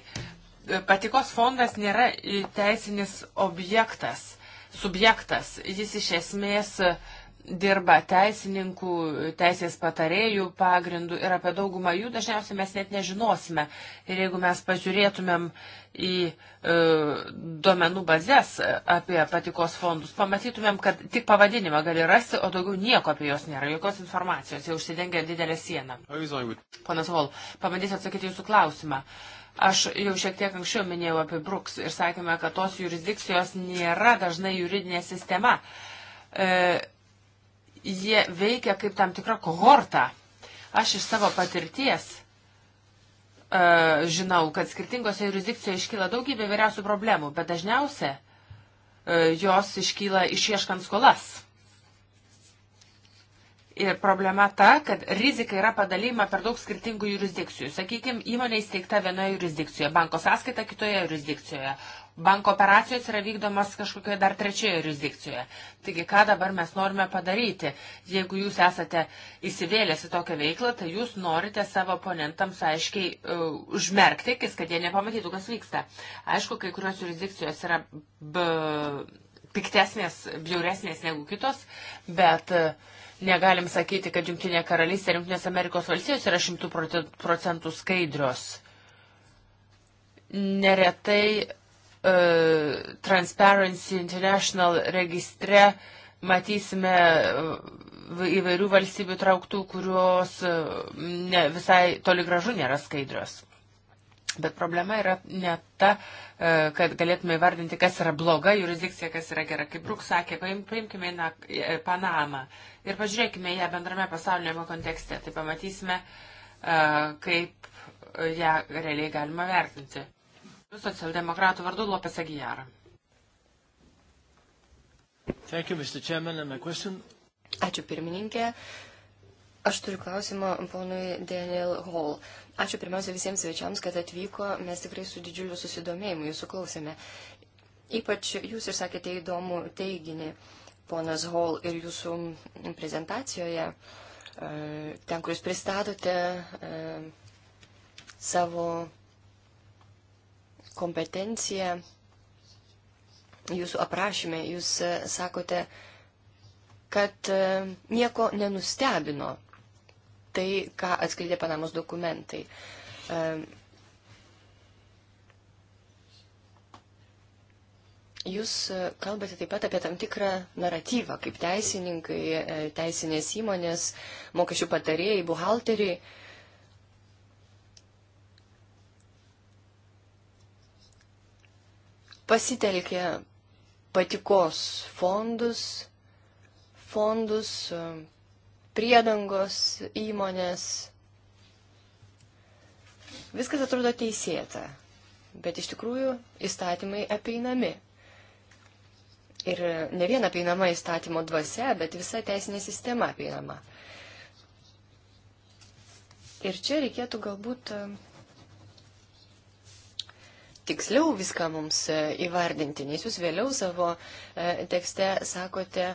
Patikos fondas nėra teisinis objektas subjektas. Jis iš esmės dirba teisininkų, teisės patarėjų pagrindų ir apie daugumą jų dažniausiai mes net nežinosime. Ir jeigu mes pažiūrėtumėm į e, duomenų bazės apie patikos fondus, pamatytumėm, kad tik pavadinimą gali rasti, o daugiau nieko apie juos nėra, jokios informacijos, jie užsidengia didelę sieną. Ponas Vol, pabandysiu atsakyti jūsų klausimą. E, Aš jau šiek tiek anksčiau minėjau apie Bruks ir sakėme, kad tos jurisdikcijos nėra dažnai juridinė sistema. E, jie veikia kaip tam tikra kohorta. Aš iš savo patirties e, žinau, kad skirtingose jurisdikcijose iškyla daugybė vyriausių problemų, bet dažniausia e, jos iškyla išieškant skolas. Ir problema ta, kad rizika yra padalyma per daug skirtingų jurisdikcijų. Sakykime, įmonė įsteigta vienoje jurisdikcijoje, banko sąskaita kitoje jurisdikcijoje, banko operacijos yra vykdomas kažkokioje dar trečioje jurisdikcijoje. Taigi, ką dabar mes norime padaryti? Jeigu jūs esate įsivėlęs į tokią veiklą, tai jūs norite savo oponentams aiškiai uh, užmerkti, akis, kad jie nepamatytų, kas vyksta. Aišku, kai kurios jurisdikcijos yra b... piktesnės, bjauresnės negu kitos, bet uh, Negalim sakyti, kad Junktinė karalystė ir Junktinės Amerikos valstijos yra šimtų procentų skaidrios. Neretai uh, Transparency International registre matysime e, įvairių valstybių trauktų, kurios e, ne, visai toli gražu nėra skaidrios. Bet problema yra ne ta, kad galėtume įvardinti, kas yra bloga jurisdikcija, kas yra gera. Kaip Bruk sakė, paim, paimkime na, Panamą. Uh, ir pažiūrėkime ją bendrame pasaulinėme kontekste, tai pamatysime, e, kaip ją realiai galima vertinti. Socialdemokratų vardu Lopes Agijara. Ačiū pirmininkė. Aš turiu klausimą ponui Daniel Hall. Ačiū pirmiausia visiems svečiams, kad atvyko. Mes tikrai su didžiuliu susidomėjimu jūsų klausėme. Ypač jūs išsakėte įdomų teiginį. Uh, ponas Hall, ir jūsų prezentacijoje, e, ten, kur jūs pristatote e, savo kompetenciją, jūsų aprašymė, jūs e, sakote, kad nieko nenustebino tai, ką atskleidė Panamos dokumentai. Jūs e, kalbate taip pat apie tam tikrą naratyvą, kaip teisininkai, e, teisinės įmonės, mokesčių patarėjai, buhalteriai. Pasitelkė patikos fondus, fondus, e, priedangos įmonės. Viskas atrodo teisėta, bet iš tikrųjų įstatymai apeinami. Ir ne viena apeinama įstatymo dvasia, bet visa teisinė sistema apeinama. Ir čia reikėtų galbūt e, tiksliau viską mums e, įvardinti, nes jūs vėliau savo e, tekste sakote,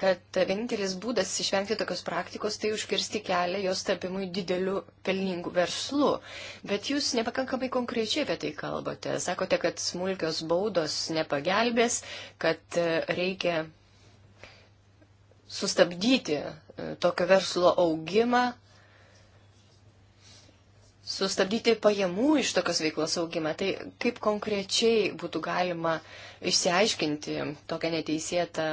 kad vienintelis būdas išvengti tokios praktikos tai užkirsti kelią jos tapimui dideliu pelningu verslu. Bet jūs nepakankamai konkrečiai apie tai kalbate. Sakote, kad smulkios baudos nepagelbės, kad e, reikia sustabdyti e, tokio verslo augimą, sustabdyti pajamų iš tokios veiklos augimą. Tai kaip konkrečiai būtų galima išsiaiškinti tokią neteisėtą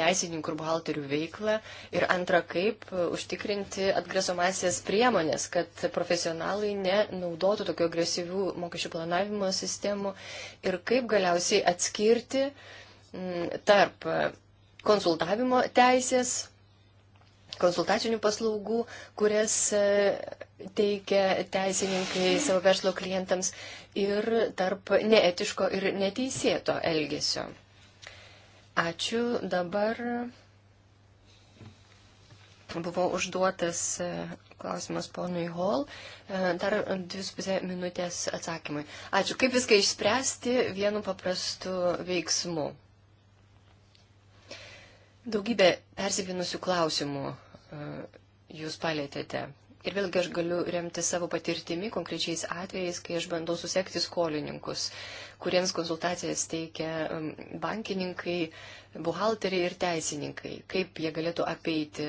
teisininkų ir buhalterių veiklą ir antra, kaip užtikrinti atgrasomasias priemonės, kad profesionalai nenaudotų tokių agresyvių mokesčių planavimo sistemų ir kaip galiausiai atskirti tarp konsultavimo teisės konsultacinių paslaugų, kurias e, teikia teisininkai savo verslo klientams ir tarp neetiško ir neteisėto elgesio. Ačiū. Dabar buvo užduotas e, klausimas ponui Hall. E, dar dvi su pusė minutės atsakymai. Ačiū. Kaip viską išspręsti vienu paprastu veiksmu? Daugybė persiklinusių klausimų e, jūs palėtėte. Ir vėlgi aš galiu remti savo patirtimi konkrečiais atvejais, kai aš bandau susekti skolininkus, kuriems konsultacijas teikia bankininkai, buhalteriai ir teisininkai, kaip jie galėtų apeiti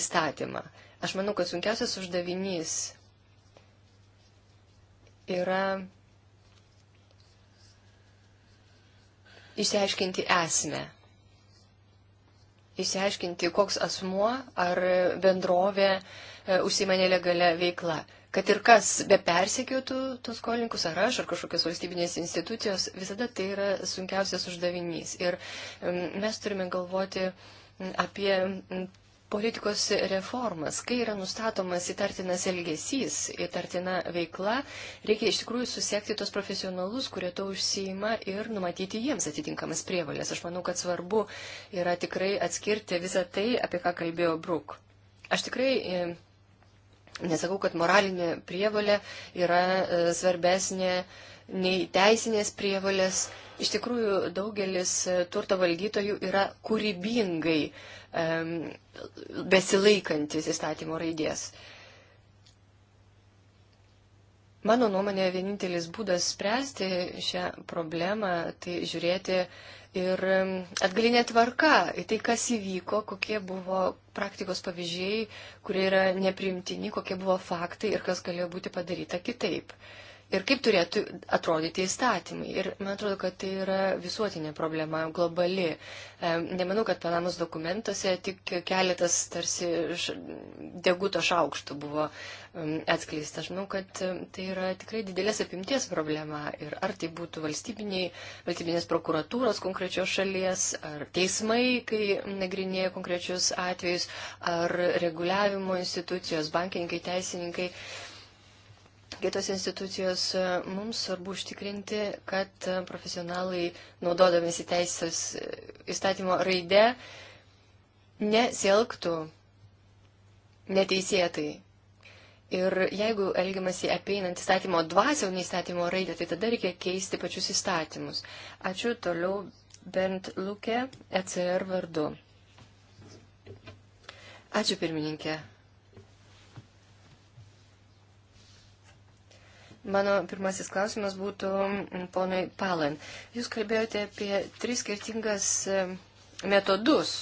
įstatymą. Aš manau, kad sunkiausias uždavinys yra išsiaiškinti esmę įsiaiškinti, koks asmuo ar bendrovė e, užsima nelegalia veikla. Kad ir kas be persekiotų tos skolininkus, ar aš, ar kažkokios valstybinės institucijos, visada tai yra sunkiausias uždavinys. Ir mes turime galvoti apie politikos reformas, kai yra nustatomas įtartinas elgesys, įtartina veikla, reikia iš tikrųjų susiekti tos profesionalus, kurie to užsijima ir numatyti jiems atitinkamas prievalės. Aš manau, kad svarbu yra tikrai atskirti visą tai, apie ką kalbėjo Bruk. Aš tikrai e, nesakau, kad moralinė prievalė yra e, svarbesnė nei teisinės prievalės. Iš tikrųjų, daugelis e, turto valdytojų yra kūrybingai um, besilaikantis įstatymo raidės. Mano nuomonė, vienintelis būdas spręsti šią problemą, tai žiūrėti ir atgalinė tvarka į tai, kas įvyko, kokie buvo praktikos pavyzdžiai, kurie yra neprimtini, kokie buvo faktai ir kas galėjo būti padaryta kitaip. Uh, ir kaip turėtų atrodyti įstatymai. Ir man atrodo, kad tai yra visuotinė problema, globali. E, nemanau, kad Panamos dokumentuose tik keletas tarsi deguto šaukštų buvo atskleista. Aš manau, kad e, tai yra tikrai didelės apimties problema. Ir ar tai būtų valstybinės prokuratūros konkrečios šalies, ar teismai, kai nagrinėja konkrečius atvejus, ar reguliavimo institucijos, bankininkai, teisininkai kitos institucijos, e, mums svarbu užtikrinti, kad e, profesionalai, naudodamėsi teisės e, įstatymo raidę, nesielgtų neteisėtai. Ir jeigu elgiamasi apeinant įstatymo dvasę, o ne įstatymo raidę, tai tada reikia keisti pačius įstatymus. Ačiū toliau Bernd Luke, ECR vardu. Ačiū pirmininkė. Mano pirmasis klausimas būtų mm, ponui Palan. Jūs kalbėjote apie tris skirtingas e, metodus.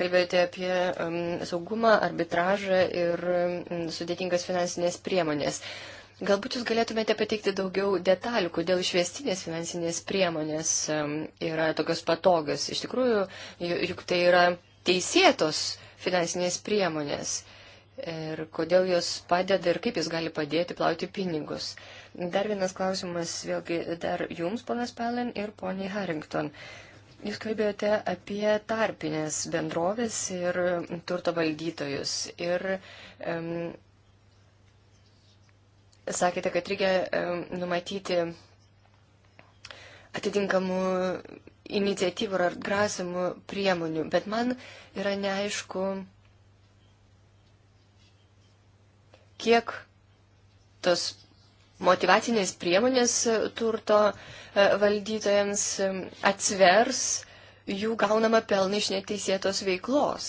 Kalbėjote apie um, saugumą, arbitražą ir um, sudėtingas finansinės priemonės. Galbūt jūs galėtumėte pateikti daugiau detalių, kodėl išvestinės finansinės priemonės um, yra tokios patogios. Iš tikrųjų, juk tai yra teisėtos finansinės priemonės. Uh, ir kodėl jos padeda ir kaip jis gali padėti plauti pinigus. Dar vienas klausimas vėlgi dar jums, ponas Pelin ir poniai Harrington. Jūs kalbėjote apie tarpinės bendrovės ir turto valdytojus. Ir um, sakėte, kad reikia um, numatyti atitinkamų iniciatyvų ar atgrasimų priemonių. Bet man yra neaišku, kiek tos motivacinės priemonės e, turto e, valdytojams e, atsvers jų gaunama pelna iš neteisėtos veiklos.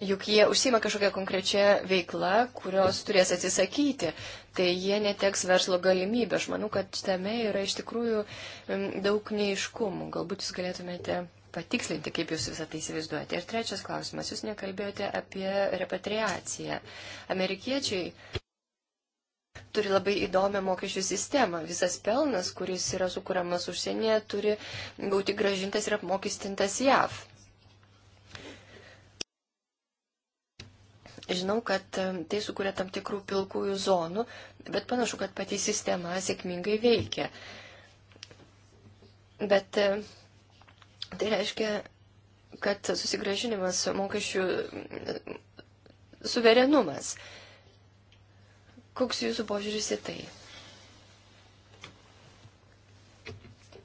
Juk jie užsima kažkokią konkrečią veiklą, kurios turės atsisakyti, tai jie neteks verslo galimybę. Aš manau, kad tame yra iš tikrųjų daug neiškumų. Galbūt jūs galėtumėte patikslinti, kaip jūs visą tai įsivaizduojate. Ir trečias klausimas, jūs nekalbėjote apie repatriaciją. Amerikiečiai turi labai įdomią mokesčių sistemą. Visas pelnas, kuris yra sukūriamas užsienyje, turi būti gražintas ir apmokestintas JAV. Žinau, kad tai sukuria tam tikrų pilkųjų zonų, bet panašu, kad pati sistema sėkmingai veikia. Bet Tai reiškia, kad susigražinimas mokesčių suverenumas. Koks jūsų požiūris į tai?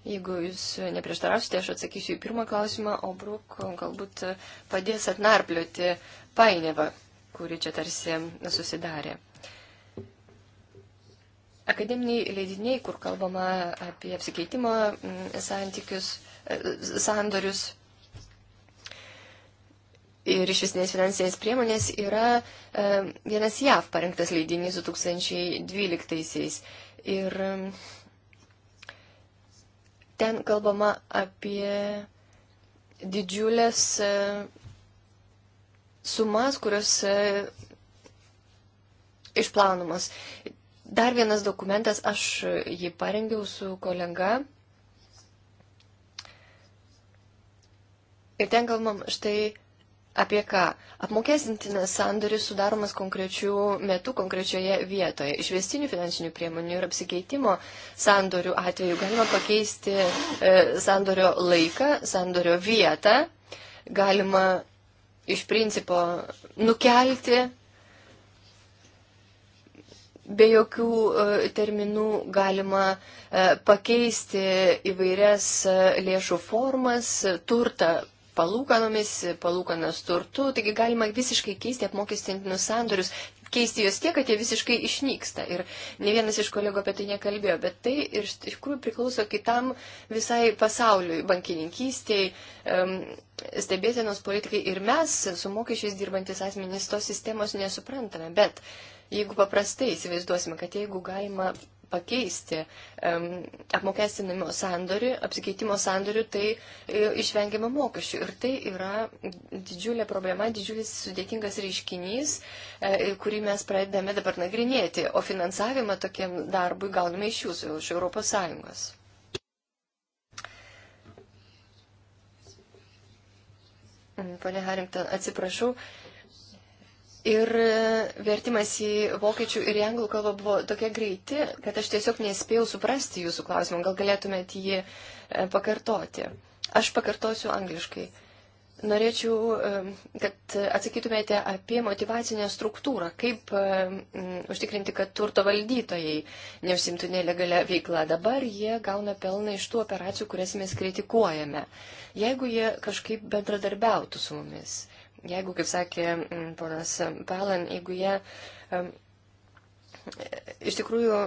Jeigu jūs neprieštarausite, aš atsakysiu į pirmą klausimą, o Bruk galbūt padės atnarplioti painiavą, kuri čia tarsi susidarė. Akademiniai leidiniai, kur kalbama apie apsikeitimą santykius, sandorius. Ir iš visinės finansinės priemonės yra e, vienas JAV parengtas leidinys 2012-aisiais. Ir e, ten kalbama apie didžiulės e, sumas, kurios e, išplaunamos. Dar vienas dokumentas, aš jį parengiau su kolega Ir ten kalbam štai apie ką. Apmokestintinas sandoris sudaromas konkrečių metų konkrečioje vietoje. Išvestinių finansinių priemonių ir apsikeitimo sandorių atveju galima pakeisti e, sandorio laiką, sandorio vietą. Galima iš principo nukelti be jokių e, terminų galima e, pakeisti įvairias e, lėšų formas, turtą palūkanomis, palūkanas turtu, taigi galima visiškai keisti apmokestintinius sandorius, keisti juos tiek, kad jie visiškai išnyksta. Ir ne vienas iš kolego apie tai nekalbėjo, bet tai iš tikrųjų priklauso kitam visai pasauliui, bankininkystėjai, stebėsienos politikai. Ir mes su mokesčiais dirbantis asmenys tos sistemos nesuprantame. Bet jeigu paprastai įsivaizduosime, kad jeigu galima pakeisti apmokestinimo sandorių, apsikeitimo sandorių, tai e, išvengiama mokesčių. Ir tai yra didžiulė problema, didžiulis sudėtingas reiškinys, e, kurį mes pradedame dabar nagrinėti, o finansavimą tokiam darbui gauname iš jūsų, iš ES. Pane Harington, atsiprašau, Ir e, vertimas į vokiečių ir į anglų kalbą buvo tokie greiti, kad aš tiesiog nespėjau suprasti jūsų klausimą. Gal galėtumėt jį e, pakartoti? Aš pakartosiu angliškai. Norėčiau, e, kad atsakytumėte apie motivacinę struktūrą, kaip užtikrinti, kad turto valdytojai neužsimtų nelegalia veikla. Dabar jie gauna pelną iš tų operacijų, kurias mes kritikuojame. Jeigu jie kažkaip bendradarbiautų su mumis, jeigu, kaip sakė mm, ponas Palan, jeigu jie iš tikrųjų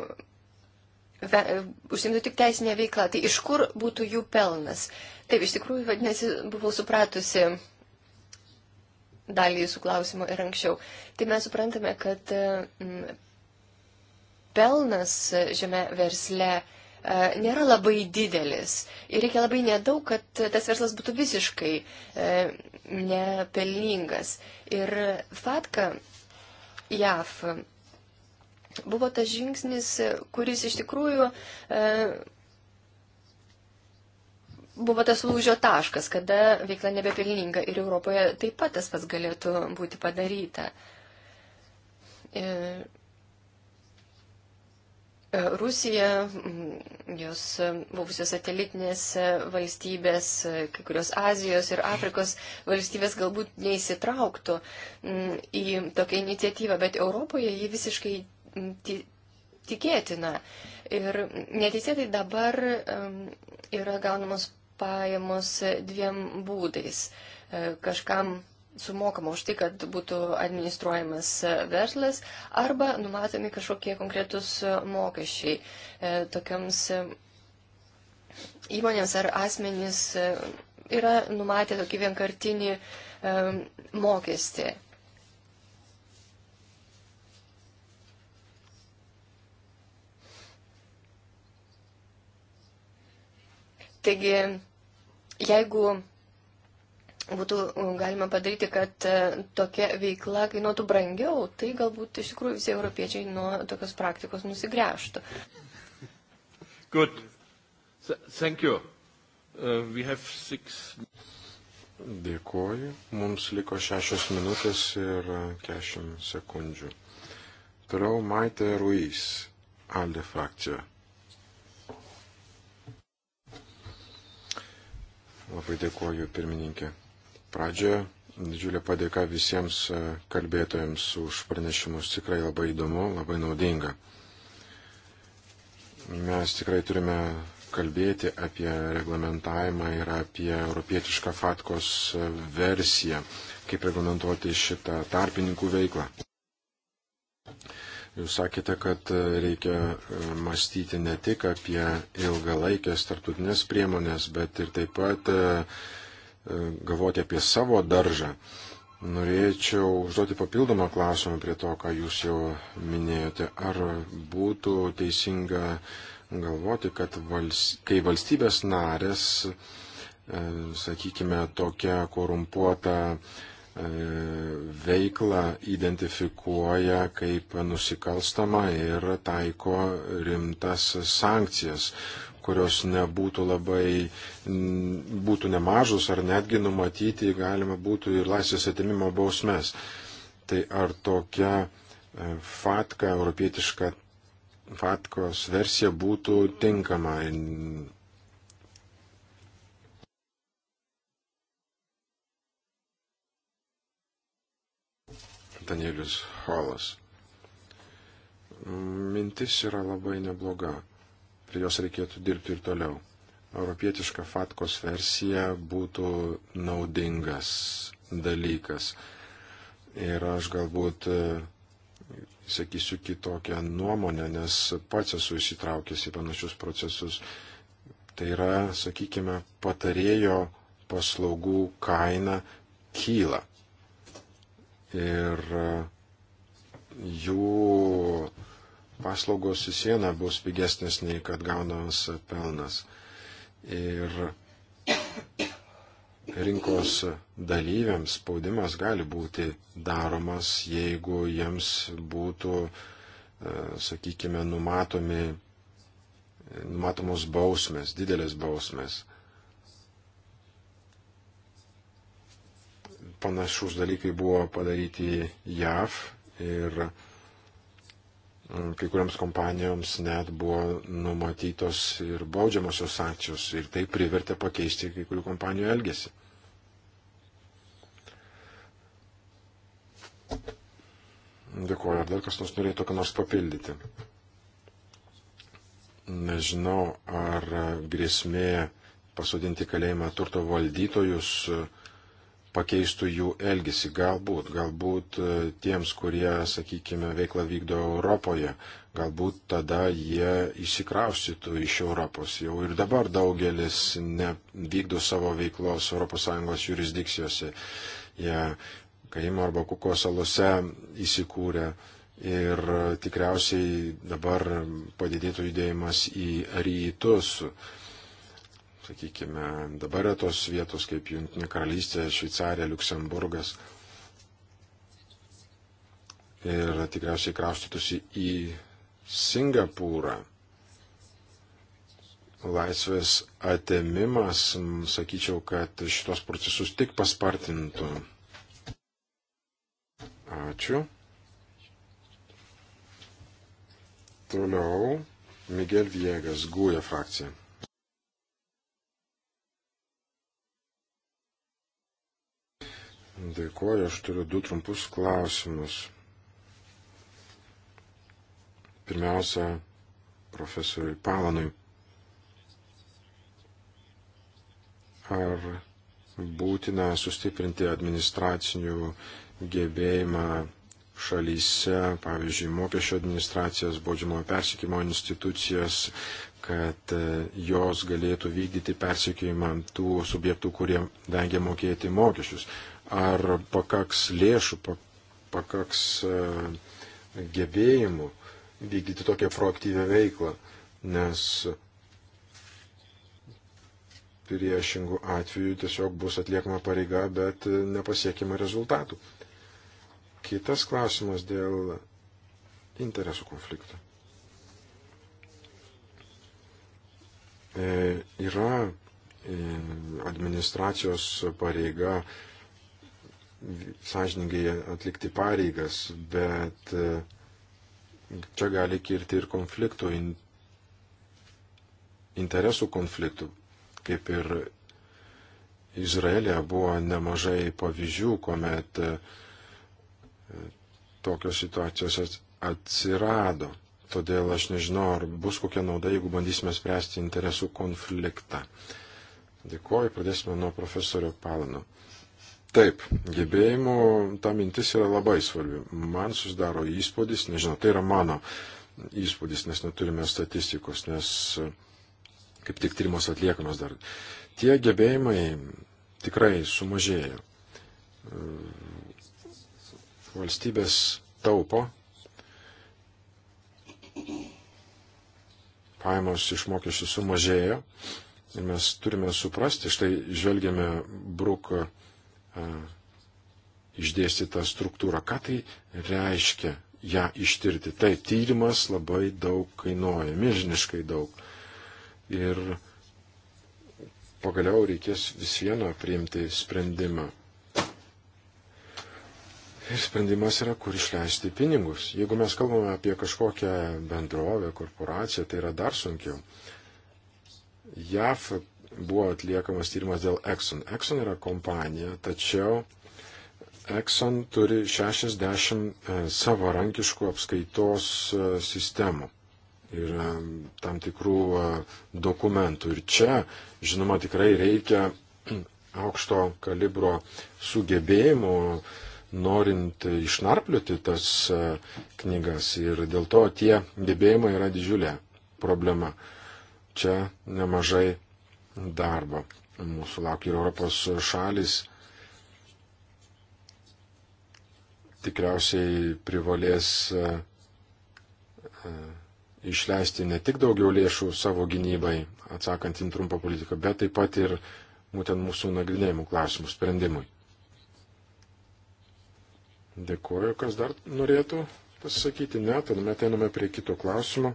užsimtų tik teisinę veiklą, tai iš kur būtų jų pelnas? Taip, iš tikrųjų, vadinasi, buvau supratusi dalį jūsų klausimų ir anksčiau. Tai mes suprantame, kad pelnas šiame versle E, nėra labai didelis ir reikia labai nedaug, kad tas verslas būtų visiškai e, nepelningas. Ir fatka JAF buvo tas žingsnis, kuris iš tikrųjų e, buvo tas lūžio taškas, kada veikla nebepelninga ir Europoje taip pat tas pats galėtų būti padaryta. Ir E, Rusija, jos e, buvusios satelitinės e, valstybės, kai kurios Azijos ir Afrikos valstybės galbūt neįsitrauktų į tokią iniciatyvą, bet Europoje ji visiškai tikėtina. Ir neteisėtai dabar yra gaunamos pajamos dviem būdais. Kažkam sumokama už tai, kad būtų administruojamas e, verslas arba numatomi kažkokie konkretus e, mokesčiai e, tokiams įmonėms ar asmenys yra numatę tokį vienkartinį mokestį. Taigi, jeigu būtų e, galima padaryti, kad e, tokia veikla kainuotų brangiau, tai galbūt iš tikrųjų visi europiečiai nuo tokios praktikos nusigręžtų. Good. Thank you. Uh, we have six. Dėkuoju. Mums liko šešios minutės ir kešim sekundžių. Toliau Maitė Ruiz, Alde frakcija. Labai dėkuoju, pirmininkė pradžioje. Didžiulė padėka visiems e, kalbėtojams už pranešimus. Tikrai labai įdomu, labai naudinga. Mes tikrai turime kalbėti apie reglamentavimą ir apie europietišką FATKOS e, versiją, kaip reglamentuoti šitą tarpininkų veiklą. Jūs sakėte, kad e, reikia mąstyti ne tik apie ilgalaikės tartutinės priemonės, bet ir taip pat E, galvoti apie savo daržą. Norėčiau užduoti papildomą klausimą prie to, ką jūs jau minėjote. Ar būtų teisinga galvoti, kad vals, kai valstybės narės, e, sakykime, tokia korumpuota e, veiklą identifikuoja kaip nusikalstama ir taiko rimtas sankcijas kurios nebūtų labai, būtų nemažus ar netgi numatyti galima būtų ir laisvės atimimo bausmes. Tai ar tokia e, fatka, europietiška fatkos versija būtų tinkama? Danielius Holas. Mintis yra labai nebloga prie jos reikėtų dirbti ir toliau. Europietiška FATKOS versija būtų naudingas dalykas. Ir aš galbūt e, sakysiu kitokią nuomonę, nes pats esu įsitraukęs į panašius procesus. Tai yra, sakykime, patarėjo paslaugų kaina kyla. Ir e, jų paslaugos į sieną bus pigesnės nei kad gaunamas pelnas. Ir rinkos dalyviams spaudimas gali būti daromas, jeigu jiems būtų, e, sakykime, numatomi, numatomos bausmės, didelės bausmės. Panašus dalykai buvo padaryti JAV ir Mm, kai kuriams kompanijoms net buvo numatytos ir baudžiamosios sankcijos ir tai privertė pakeisti kai kurių kompanijų elgesį. Dėkuoju, ar dar kas nors norėtų ką nors papildyti? Nežinau, ar grėsmė pasodinti kalėjimą turto valdytojus uh, pakeistų jų elgesį. Galbūt, galbūt e, tiems, kurie, sakykime, veiklą vykdo Europoje, galbūt tada jie įsikraustytų iš Europos. Jau ir dabar daugelis nevykdo savo veiklos ES jurisdikcijose. Jie Kaimo arba Kuko salose įsikūrė. Ir tikriausiai dabar padidėtų judėjimas į rytus. Uh, sakykime, dabar yra tos vietos kaip Junktinė karalystė, Šveicarija, Luksemburgas. Ir tikriausiai kraustytųsi į Singapūrą. Laisvės atėmimas, sakyčiau, kad šitos procesus tik paspartintų. Ačiū. Toliau Miguel Viegas, Gūja frakcija. Dėkuoju, aš turiu du trumpus klausimus. Pirmiausia, profesoriui Palanui. Ar būtina sustiprinti administracinių gebėjimą šalyse, pavyzdžiui, mokesčio administracijas, baudžiamo persikimo institucijas, kad e, jos galėtų vykdyti persikėjimą tų subjektų, kurie vengia mokėti mokesčius ar pakaks lėšų, pakaks e, gebėjimų vykdyti tokią proaktyvę veiklą, nes priešingų atveju tiesiog bus atliekama pareiga, bet nepasiekima rezultatų. Kitas klausimas dėl interesų konfliktų. E, yra e, administracijos pareiga sąžiningai atlikti pareigas, bet e, čia gali kirti ir konfliktų, in, interesų konfliktų, kaip ir Izraelė buvo nemažai pavyzdžių, kuomet e, tokios situacijos atsirado. Todėl aš nežinau, ar bus kokia nauda, jeigu bandysime spręsti interesų konfliktą. Dėkuoju, pradėsime nuo profesorio Palano. Taip, gebėjimų ta mintis yra labai svarbi. Man susidaro įspūdis, nežinau, tai yra mano įspūdis, nes neturime statistikos, nes e, kaip tik tyrimas atliekamas dar. Tie gebėjimai tikrai sumažėjo. E, valstybės taupo, pajamos iš mokesčių sumažėjo ir mes turime suprasti, štai žvelgiame Bruko išdėstyta struktūra. Ką tai reiškia ją ištirti? Taip, tyrimas labai daug kainuoja, milžiniškai daug. Ir pagaliau reikės vis vieno priimti sprendimą. Ir sprendimas yra, kur išleisti pinigus. Jeigu mes kalbame apie kažkokią bendrovę, korporaciją, tai yra dar sunkiau. JAF buvo atliekamas tyrimas dėl Exxon. Exxon yra kompanija, tačiau Exxon turi 60 e, savarankiškų apskaitos e, sistemų ir e, tam tikrų dokumentų. Ir čia, žinoma, tikrai reikia aukšto kalibro sugebėjimų, norint išnarplioti tas knygas. Ir dėl to tie gebėjimai yra didžiulė problema. Čia nemažai darbo. Mūsų laukia ir Europos šalis. Tikriausiai privalės e, e, išleisti ne tik daugiau lėšų savo gynybai, atsakant į trumpą politiką, bet taip pat ir būtent mūsų nagrinėjimų klausimų sprendimui. Dėkuoju, kas dar norėtų pasakyti. Ne, tada mes einame prie kito klausimo.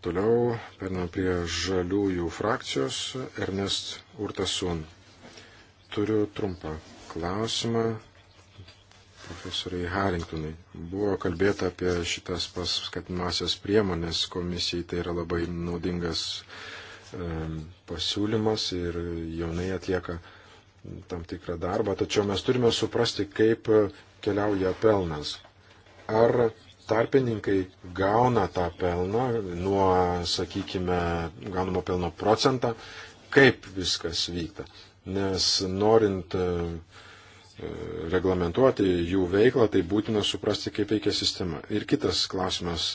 Toliau perinam prie žaliųjų frakcijos Ernest Urtasun. Turiu trumpą klausimą profesoriai Harringtonai. Buvo kalbėta apie šitas paskatinamasias priemonės komisijai, tai yra labai naudingas e, pasiūlymas ir jaunai atlieka tam tikrą darbą, tačiau mes turime suprasti, kaip keliauja pelnas. Ar tarpininkai gauna tą pelną nuo, sakykime, gaunamo pelno procentą, kaip viskas vyksta. Nes norint e, e, reglamentuoti jų veiklą, tai būtina suprasti, kaip veikia sistema. Ir kitas klausimas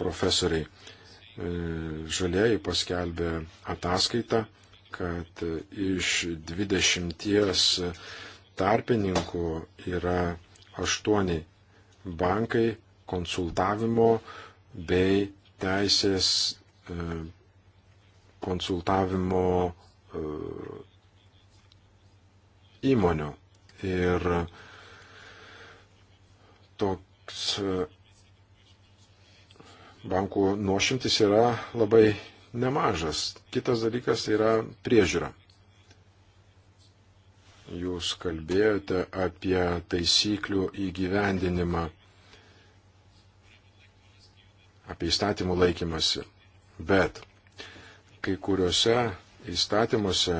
profesoriai. E, žalieji paskelbė ataskaitą, kad iš 20 tarpininkų yra 8 bankai konsultavimo bei teisės e, konsultavimo e, įmonių. Ir toks e, bankų nuošimtis yra labai nemažas. Kitas dalykas yra priežiūra. Jūs kalbėjote apie taisyklių įgyvendinimą apie įstatymų laikymasi. Bet kai kuriuose įstatymuose,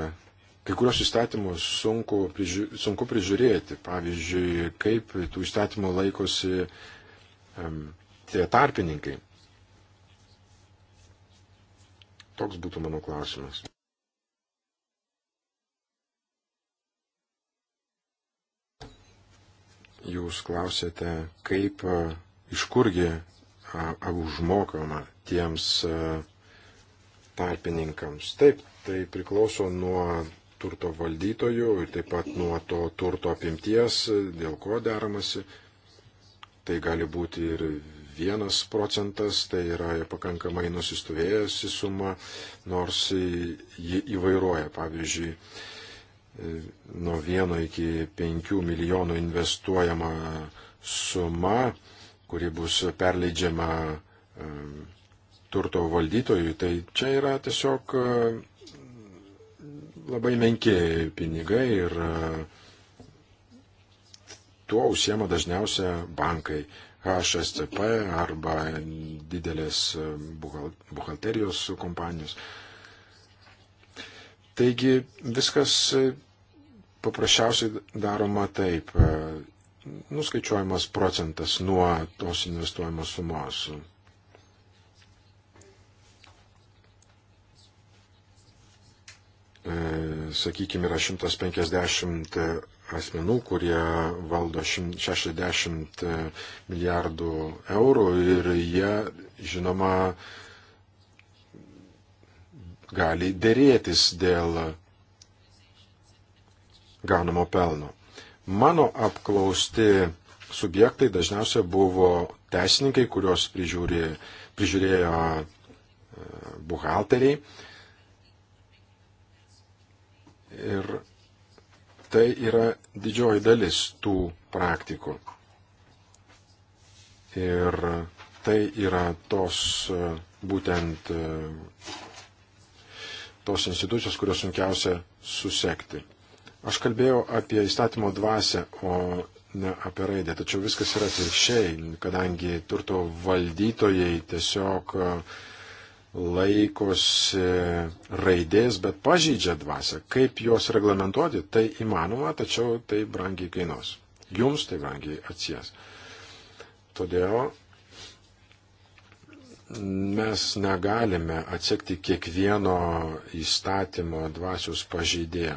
kai kurios įstatymus sunku, priži, sunku prižiūrėti. Pavyzdžiui, kaip tų įstatymų laikosi um, tie tarpininkai. Toks būtų mano klausimas. Jūs klausėte, kaip, e, iš kurgi užmokama tiems tarpininkams. Taip, tai priklauso nuo turto valdytojų ir taip pat nuo to turto apimties, dėl ko deramasi. Tai gali būti ir vienas procentas, tai yra pakankamai nusistovėjusi suma, nors ji įvairuoja. Pavyzdžiui, e, nuo vieno iki penkių milijonų investuojama suma kuri bus perleidžiama turto valdytojui, tai čia yra tiesiog labai menki pinigai ir e, tuo užsiema dažniausia bankai. HSCP arba didelės buhalterijos kompanijos. Taigi viskas e, paprasčiausiai daroma taip. E, nuskaičiuojamas procentas nuo tos investuojamos sumos. E, sakykime, yra 150 asmenų, kurie valdo 60 milijardų eurų ir jie, žinoma, gali dėrėtis dėl gaunamo pelno. Mano apklausti subjektai dažniausiai buvo teisininkai, kuriuos prižiūrė, prižiūrėjo e, buhalteriai. Ir tai yra didžioji dalis tų praktikų. Ir tai yra tos e, būtent e, tos institucijos, kurios sunkiausia susekti. Aš kalbėjau apie įstatymo dvasę, o ne apie raidę, tačiau viskas yra atvirkščiai, kadangi turto valdytojai tiesiog e, laikosi raidės, bet pažydžia dvasę. Kaip juos reglamentuoti, tai įmanoma, tačiau tai brangiai kainuos. Jums tai brangiai atsies. Todėl mes negalime atsekti kiekvieno įstatymo dvasios pažeidėjo.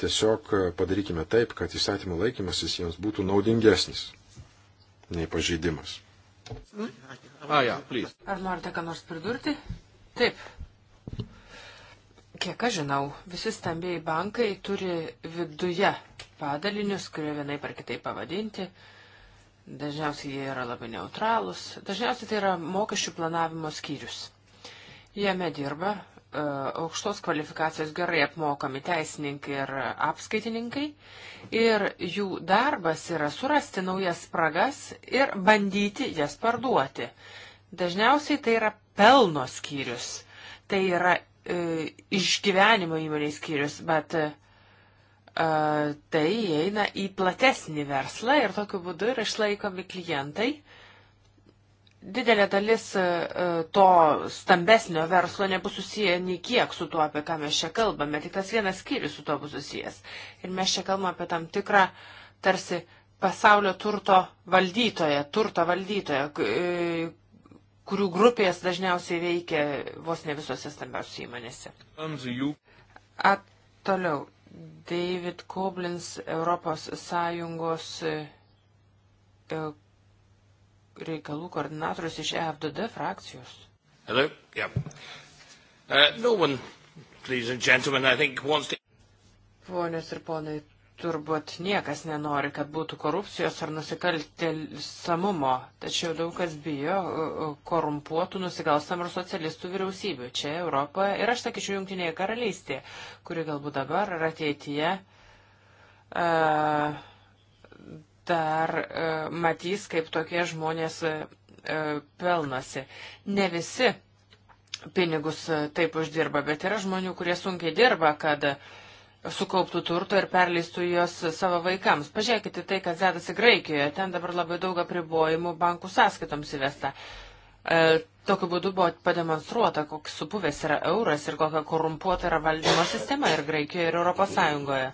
Tiesiog e, padarykime taip, kad įstatymų laikymasis jiems būtų naudingesnis nei pažeidimas. A, ah, ja, Ar norite ką nors pridurti? Taip. Kiek aš žinau, visi stambiai bankai turi viduje padalinius, kurie vienai par kitai pavadinti. Dažniausiai jie yra labai neutralūs. Dažniausiai tai yra mokesčių planavimo skyrius. Jame dirba E, aukštos kvalifikacijos gerai apmokami teisininkai ir apskaitininkai. Ir jų darbas yra surasti naujas spragas ir bandyti jas parduoti. Dažniausiai tai yra pelno skyrius. Tai yra e, išgyvenimo įmonės skyrius, bet e, tai įeina į platesnį verslą ir tokiu būdu yra išlaikomi klientai. E, didelė dalis e, e, to stambesnio verslo nebus susiję nei kiek su tuo, apie ką mes čia kalbame, tik tas vienas skyrius su tuo bus susijęs. Ir mes čia kalbame apie tam tikrą tarsi pasaulio turto valdytoją, turto valdytoją, e, kurių grupės dažniausiai veikia vos ne visose stambiausiose įmonėse. At, toliau. David Koblins Europos Sąjungos reikalų koordinatorius iš EFDD frakcijos. Hello, yeah. uh, no one, ladies and gentlemen, I think wants to... Ponios ir ponai, turbūt niekas nenori, kad būtų korupcijos ar nusikaltelsamumo, tačiau daug kas bijo korumpuotų nusikalstamų ir socialistų vyriausybių čia Europoje ir aš sakyčiau Junktinėje karalystėje, kuri galbūt dabar ar ateityje. Uh, dar e, matys, kaip tokie žmonės e, e, pelnosi. Ne visi pinigus taip uždirba, bet yra žmonių, kurie sunkiai dirba, kad sukauptų turto ir perleistų juos savo vaikams. Pažiūrėkite tai, kas dedasi Graikijoje. Ten dabar labai daug apribojimų bankų sąskaitoms įvesta. E, tokiu būdu buvo pademonstruota, koks supuvęs yra euras ir kokia korumpuota yra valdymo sistema ir Graikijoje, ir Europos Sąjungoje.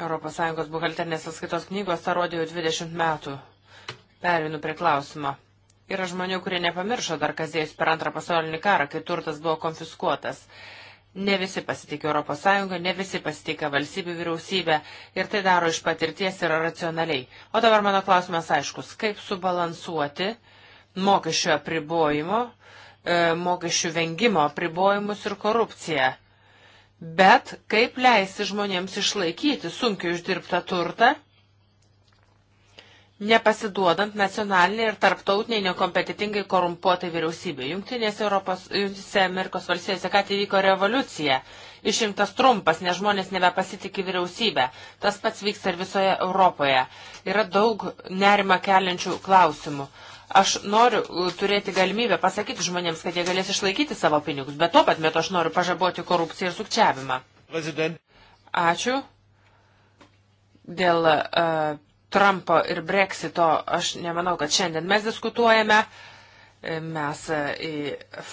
ES buhalternės atskaitos knygos, tą rodė jau 20 metų. Perinu prie klausimo. Yra žmonių, kurie nepamiršo dar kazėjus per antrą pasaulinį karą, kai turtas buvo konfiskuotas. Ne visi pasitikė ES, ne visi pasitikė valstybių vyriausybę ir tai daro iš patirties ir racionaliai. O dabar mano klausimas aiškus, kaip subalansuoti mokesčio apribojimo, e, mokesčių vengimo apribojimus ir korupciją bet kaip leisti žmonėms išlaikyti sunkiai uždirbtą turtą, nepasiduodant nacionaliniai ir tarptautiniai nekompetitingai korumpuotai vyriausybė. Junktinėse Europos, Junktinėse Amerikos valstijose ką įvyko revoliucija. Išrinktas trumpas, nes žmonės nebepasitikė vyriausybę. Tas pats vyksta ir visoje Europoje. Yra daug nerima keliančių klausimų. Aš noriu turėti galimybę pasakyti žmonėms, kad jie galės išlaikyti savo pinigus, bet tuo pat metu aš noriu pažaboti korupciją ir sukčiavimą. President. Ačiū. Dėl uh, Trumpo ir Brexito aš nemanau, kad šiandien mes diskutuojame. E, mes e, į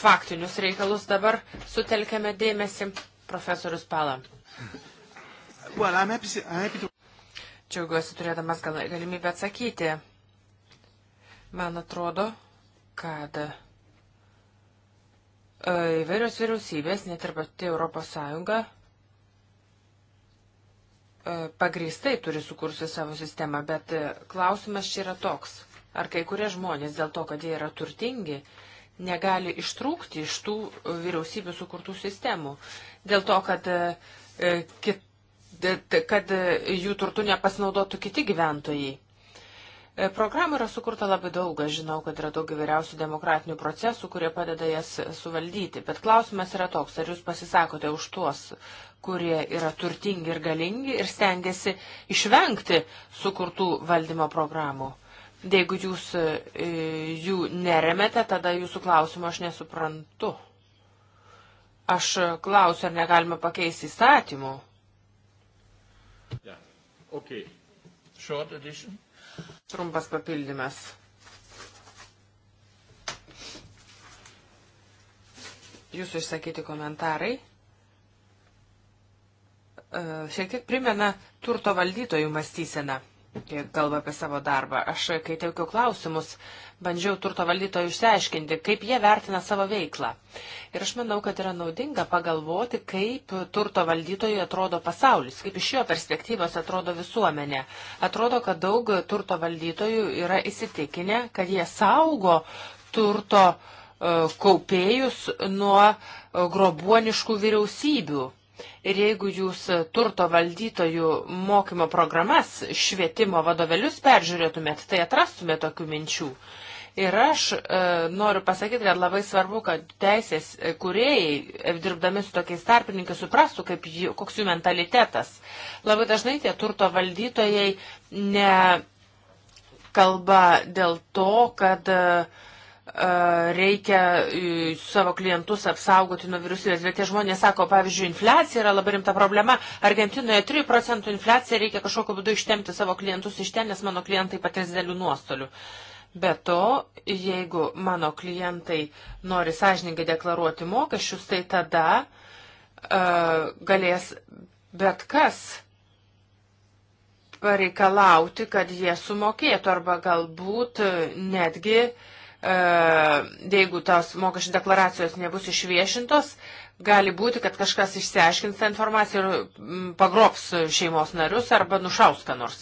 faktinius reikalus dabar sutelkėme dėmesį. Profesorius Pala. Well, I'm happy, I'm happy to... Džiaugiuosi turėdamas gal, galimybę atsakyti. Man atrodo, kad e, įvairios vyriausybės, net ir pati Europos Sąjunga, e, pagrįstai turi sukursi savo sistemą, bet e, klausimas čia yra toks, ar kai kurie žmonės dėl to, kad jie yra turtingi, negali ištrūkti iš tų vyriausybių sukurtų sistemų, dėl to, kad, kad jų turtų nepasinaudotų kiti gyventojai. E, programų yra sukurta labai daug, aš žinau, kad yra daug įvairiausių demokratinių procesų, kurie padeda jas suvaldyti. Bet klausimas yra toks, ar jūs pasisakote už tuos, kurie yra turtingi ir galingi ir stengiasi išvengti sukurtų valdymo programų. Jeigu jūs e, jų neremete, tada jūsų klausimo aš nesuprantu. Aš klausiu, ar negalima pakeisti įstatymų. Yeah. Okay. Short edition. Trumpas papildymas. Jūsų išsakyti komentarai e, šiek tiek primena turto valdytojų mąstyseną kalba apie savo darbą. Aš, kai teikiau klausimus, bandžiau turto valdytojų išsiaiškinti, kaip jie vertina savo veiklą. Ir aš manau, kad yra naudinga pagalvoti, kaip turto valdytojai atrodo pasaulis, kaip iš jo perspektyvos atrodo visuomenė. Atrodo, kad daug turto valdytojų yra įsitikinę, kad jie saugo turto e, kaupėjus nuo e, grobuoniškų vyriausybių Ir jeigu jūs turto valdytojų mokymo programas, švietimo vadovelius peržiūrėtumėt, tai atrastumėt tokių minčių. Ir aš e, noriu pasakyti, kad labai svarbu, kad teisės kuriejai, e, dirbdami su tokiais tarpininkai, suprastų, kaip, jų, koks jų mentalitetas. Labai dažnai tie turto valdytojai ne kalba dėl to, kad e, reikia savo klientus apsaugoti nuo vyriausybės, bet tie žmonės sako, pavyzdžiui, infliacija yra labai rimta problema, Argentinoje 3 procentų infliacija, reikia kažkokiu būdu ištemti savo klientus iš ten, nes mano klientai patirs dėlių nuostolių. Be to, jeigu mano klientai nori sąžininkai deklaruoti mokesčius, tai tada uh, galės bet kas pareikalauti, kad jie sumokėtų arba galbūt netgi uh, E, jeigu tos mokesčių deklaracijos nebus išviešintos, gali būti, kad kažkas išsiaiškins tą informaciją ir pagrobs šeimos narius arba nušaus ką nors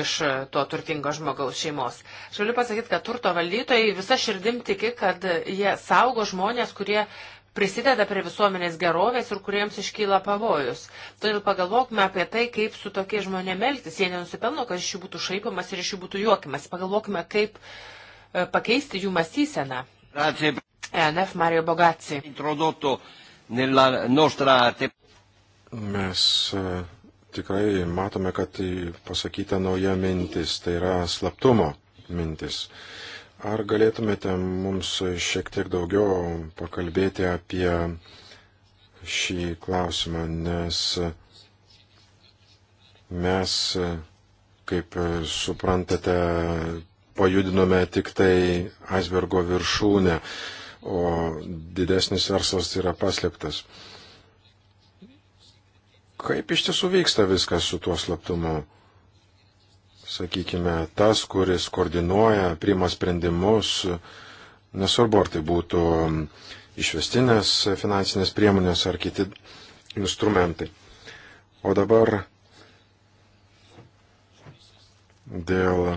iš e, to turtingo žmogaus šeimos. Aš galiu pasakyti, kad turto valdytojai visą širdim tiki, kad jie saugo žmonės, kurie prisideda prie visuomenės gerovės ir kuriems iškyla pavojus. Todėl pagalvokime apie tai, kaip su tokie žmonėm elgtis. Jie nenusipelno, kad iš jų būtų šaipamas ir iš jų būtų juokimas. Pagalvokime, kaip uh, E, pakeisti jų mąstyseną. ENF e Mario Bogacci. Mes e, tikrai matome, kad pasakyta nauja mintis, tai yra slaptumo mintis. Ar galėtumėte mums šiek tiek daugiau pakalbėti apie šį klausimą, nes mes, kaip suprantate, pajudinome tik tai aisbergo viršūnę, o didesnis verslas yra paslėptas. Kaip iš tiesų vyksta viskas su tuo slaptumu? Sakykime, tas, kuris koordinuoja, priima sprendimus, nesvarbu ar tai būtų išvestinės finansinės priemonės ar kiti instrumentai. O dabar dėl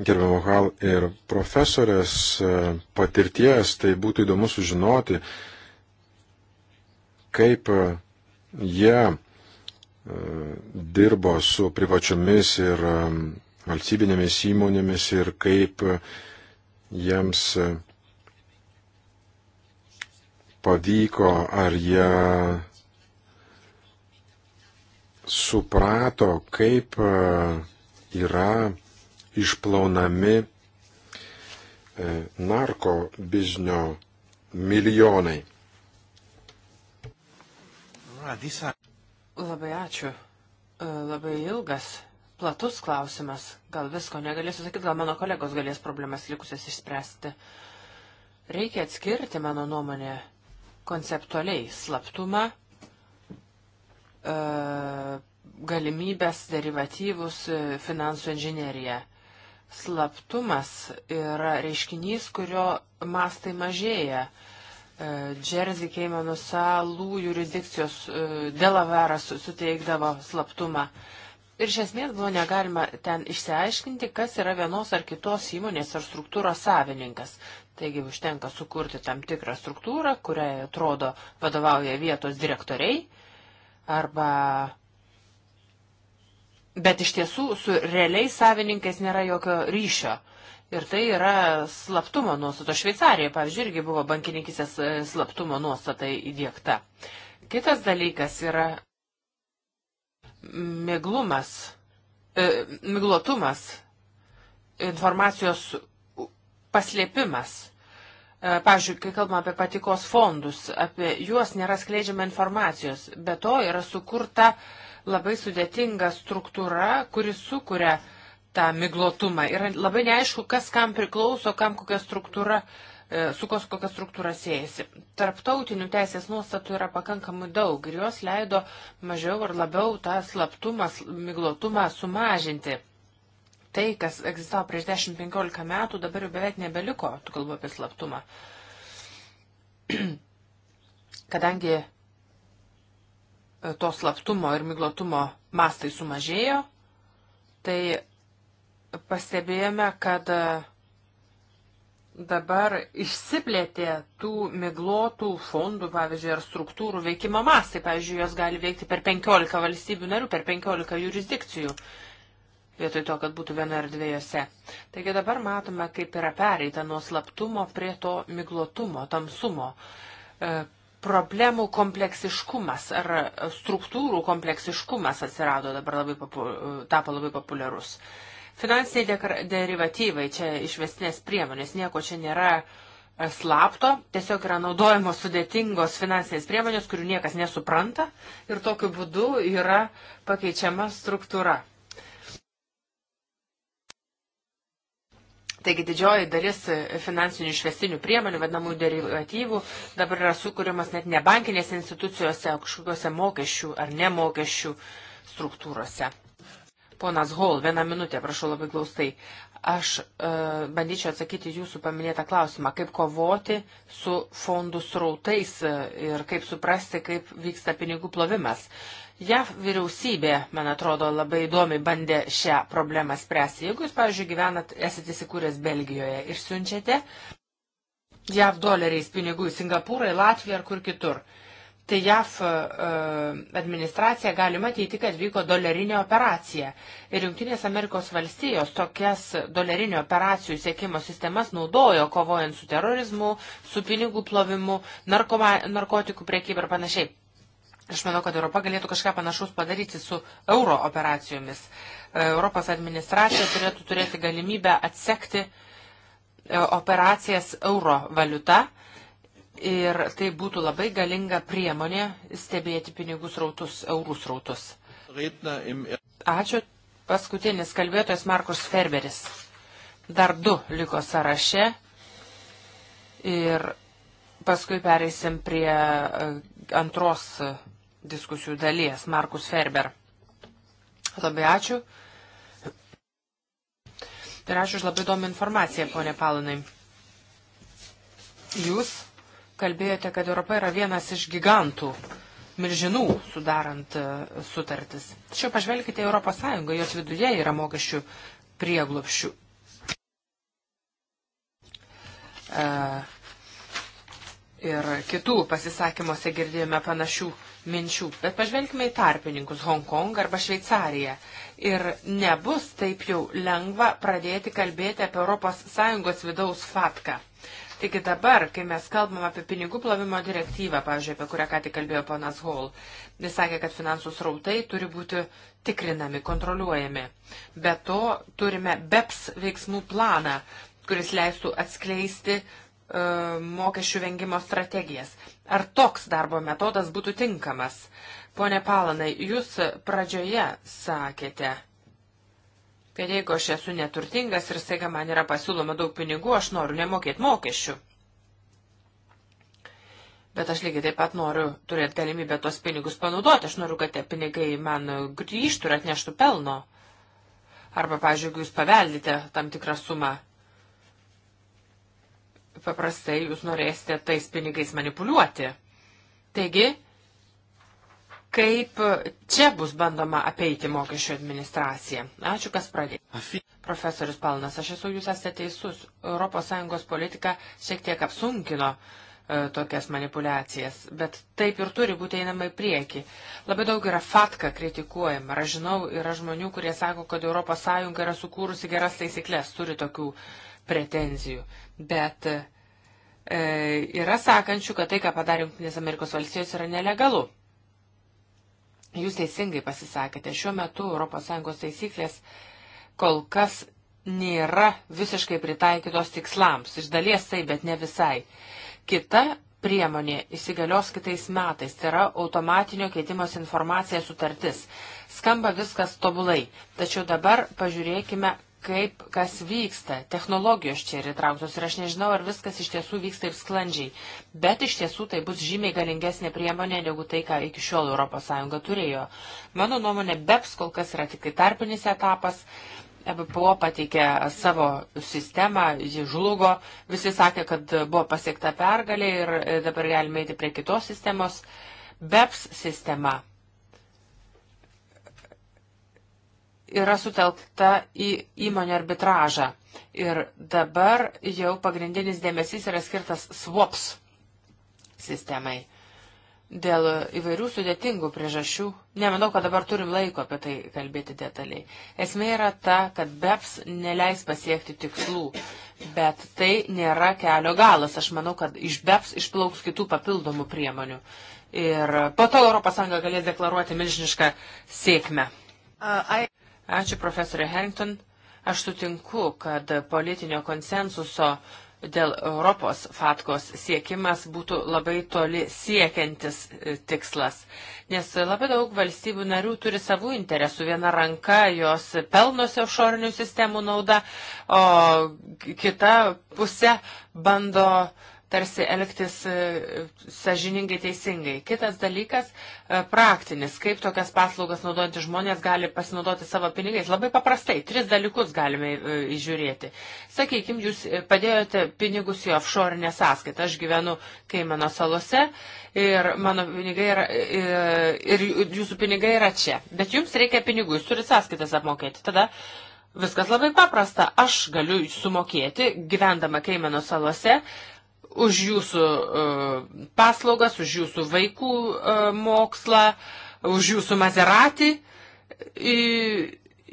gerbiamo Hal ir profesorės e, patirties, tai būtų įdomu sužinoti, kaip e, jie e, dirbo su privačiomis ir valstybinėmis įmonėmis ir kaip jiems pavyko, ar jie suprato, kaip yra išplaunami e, narko biznio milijonai. Labai ačiū. E, labai ilgas, platus klausimas. Gal visko negalėsiu sakyti, gal mano kolegos galės problemas likusias išspręsti. Reikia atskirti, mano nuomonė, konceptualiai slaptumą, e, galimybės, derivatyvus, finansų inžineriją. Slaptumas yra reiškinys, kurio mastai mažėja. Džerzi e, Keimanų salų jurisdikcijos e, Delaveras suteikdavo slaptumą. Ir iš esmės buvo negalima ten išsiaiškinti, kas yra vienos ar kitos įmonės ar struktūros savininkas. Taigi užtenka sukurti tam tikrą struktūrą, kuriai atrodo vadovauja vietos direktoriai arba Bet iš tiesų su realiais savininkais nėra jokio ryšio. Ir tai yra slaptumo nuostato. Šveicarija, pavyzdžiui, irgi buvo bankininkisės e, slaptumo nuostatai įdėkta. Kitas dalykas yra miglumas, e, miglotumas, informacijos paslėpimas. E, pavyzdžiui, kai kalbame apie patikos fondus, apie juos nėra skleidžiama informacijos. Be to yra sukurta e, labai sudėtinga struktūra, kuri sukuria tą miglotumą. Ir labai neaišku, kas kam priklauso, kam kokia struktūra, e, su kos kokia struktūra siejasi. Tarptautinių teisės nuostatų yra pakankamai daug ir jos leido mažiau ar labiau tą slaptumą, miglotumą sumažinti. Tai, kas egzistavo prieš 10-15 metų, dabar jau beveik nebeliko, tu kalbu apie slaptumą. Kadangi to slaptumo ir miglotumo mastai sumažėjo, tai pastebėjome, kad e, dabar išsiplėtė tų miglotų fondų, pavyzdžiui, ar struktūrų veikimo mastai. Pavyzdžiui, jos gali veikti per 15 valstybių narių, per 15 jurisdikcijų, vietoj to, kad būtų viena ar dviejose. Taigi dabar matome, kaip yra pereita nuo slaptumo prie to miglotumo, tamsumo. E, problemų kompleksiškumas ar struktūrų kompleksiškumas atsirado dabar labai papu, tapo labai populiarus. Finansiniai derivatyvai čia išvestinės priemonės, nieko čia nėra e, slapto, tiesiog yra naudojamos sudėtingos finansinės priemonės, kurių niekas nesupranta ir tokiu būdu yra pakeičiama struktūra. Taigi didžioji dalis finansinių išvestinių priemonių, vadinamų derivatyvų, dabar yra sukūrimas net ne bankinėse institucijose, o kažkokiuose mokesčių ar nemokesčių struktūrose. Ponas Hol, vieną minutę, prašau labai glaustai. Aš e, bandyčiau atsakyti jūsų paminėtą klausimą, kaip kovoti su fondų srautais e, ir kaip suprasti, kaip vyksta pinigų plovimas. JAV vyriausybė, man atrodo, labai įdomiai bandė šią problemą spręsti. Jeigu jūs, pavyzdžiui, gyvenat, esate įsikūręs Belgijoje ir siunčiate JAV doleriais pinigų į Singapūrą, į Latviją ar kur kitur, tai JAV uh, administracija gali matyti, kad vyko dolerinė operacija. Ir Junktinės Amerikos valstijos tokias dolerinių operacijų sėkimo sistemas naudojo kovojant su terorizmu, su pinigų plovimu, narkoma, narkotikų priekyba ir panašiai. Aš manau, kad Europa galėtų kažką panašaus padaryti su euro operacijomis. E, Europos administracija turėtų turėti galimybę atsekti e, operacijas euro valiuta ir tai būtų labai galinga priemonė stebėti pinigų srautus, eurų srautus. Er- Ačiū. Paskutinis kalbėtojas Markus Ferberis. Dar du liko sąraše ir paskui pereisim prie e, antros diskusijų dalies, Markus Ferber. Labai ačiū. Ir ačiū už labai įdomią informaciją, ponė Palinai. Jūs kalbėjote, kad Europa yra vienas iš gigantų, milžinų sudarant e, sutartis. Tačiau pažvelkite Europos Sąjungą, jos viduje yra mokesčių prieglopščių. Uh, ir kitų pasisakymuose girdėjome panašių minčių. Bet pažvelgime į tarpininkus Hongkongą arba Šveicariją. Ir nebus taip jau lengva pradėti kalbėti apie ES vidaus fatką. Taigi dabar, kai mes kalbam apie pinigų plovimo direktyvą, pavyzdžiui, apie kurią ką tik kalbėjo ponas Hall, jis sakė, kad finansų srautai turi būti tikrinami, kontroliuojami. Be to turime BEPS veiksmų planą, kuris leistų atskleisti E, mokesčių vengimo strategijas. Ar toks darbo metodas būtų tinkamas? Pone Palanai, jūs pradžioje sakėte, kad jeigu aš esu neturtingas ir staiga man yra pasiūloma daug pinigų, aš noriu nemokėti mokesčių. Bet aš lygiai taip pat noriu turėti galimybę tuos pinigus panaudoti, aš noriu, kad tie pinigai man grįžtų ir atneštų pelno. Arba, pavyzdžiui, jeigu jūs paveldite tam tikrą sumą, paprastai jūs norėsite tais pinigais manipuliuoti. Taigi, kaip čia bus bandoma apeiti mokesčių administraciją? Ačiū, kas pradėjo. Profesorius Palnas, aš esu, jūs esate teisus. ES politika šiek tiek apsunkino e, tokias manipulacijas, bet taip ir turi būti einama į priekį. Labai daug yra fatka kritikuojama. Aš žinau, yra žmonių, kurie sako, kad ES yra sukūrusi geras taisyklės, turi tokių pretenzijų bet e, yra sakančių, kad tai, ką padarė Junktinės Amerikos valstijos, yra nelegalu. Jūs teisingai pasisakėte, šiuo metu ES taisyklės kol kas nėra visiškai pritaikytos tikslams. Iš dalies tai, bet ne visai. Kita priemonė įsigalios kitais metais, tai yra automatinio keitimos informacija sutartis. Skamba viskas tobulai, tačiau dabar pažiūrėkime, kaip kas vyksta. Technologijos čia yra įtrauktos ir aš nežinau, ar viskas iš tiesų vyksta taip sklandžiai. Bet iš tiesų tai bus žymiai galingesnė priemonė negu tai, ką iki šiol ES turėjo. Mano nuomonė, BEPS kol kas yra tik tai tarpinis etapas. EBPO pateikė savo sistemą, ji žlugo, visi sakė, kad buvo pasiekta pergalė ir dabar galime eiti prie kitos sistemos. BEPS sistema yra sutelkta į įmonę arbitražą. Ir dabar jau pagrindinis dėmesys yra skirtas SWOPS sistemai. Dėl įvairių sudėtingų priežasčių, nemanau, kad dabar turim laiko apie tai kalbėti detaliai. Esmė yra ta, kad BEPS neleis pasiekti tikslų, bet tai nėra kelio galas. Aš manau, kad iš BEPS išplauks kitų papildomų priemonių. Ir po to ES galės deklaruoti milžinišką sėkmę. Uh, I... Ačiū, profesorė Harrington. Aš sutinku, kad politinio konsensuso dėl Europos fatkos siekimas būtų labai toli siekiantis e, tikslas, nes labai daug valstybių narių turi savų interesų. Viena ranka jos pelnosi offshore sistemų nauda, o kita pusė bando uh, tarsi elgtis e, sažiningai teisingai. Kitas dalykas e, - praktinis, kaip tokias paslaugas naudojantys žmonės gali pasinaudoti savo pinigais. Labai paprastai, tris dalykus galime e, įžiūrėti. Sakykime, jūs padėjote pinigus į offshore sąskaitą. Aš gyvenu Kaimano salose ir, mano pinigai yra, ir jūsų pinigai yra čia. Bet jums reikia pinigų, jūs turite sąskaitas apmokėti. Tada Viskas labai paprasta. Aš galiu sumokėti, gyvendama Keimeno salose, už jūsų e, paslaugas, už jūsų vaikų e, mokslą, už jūsų mazeratį.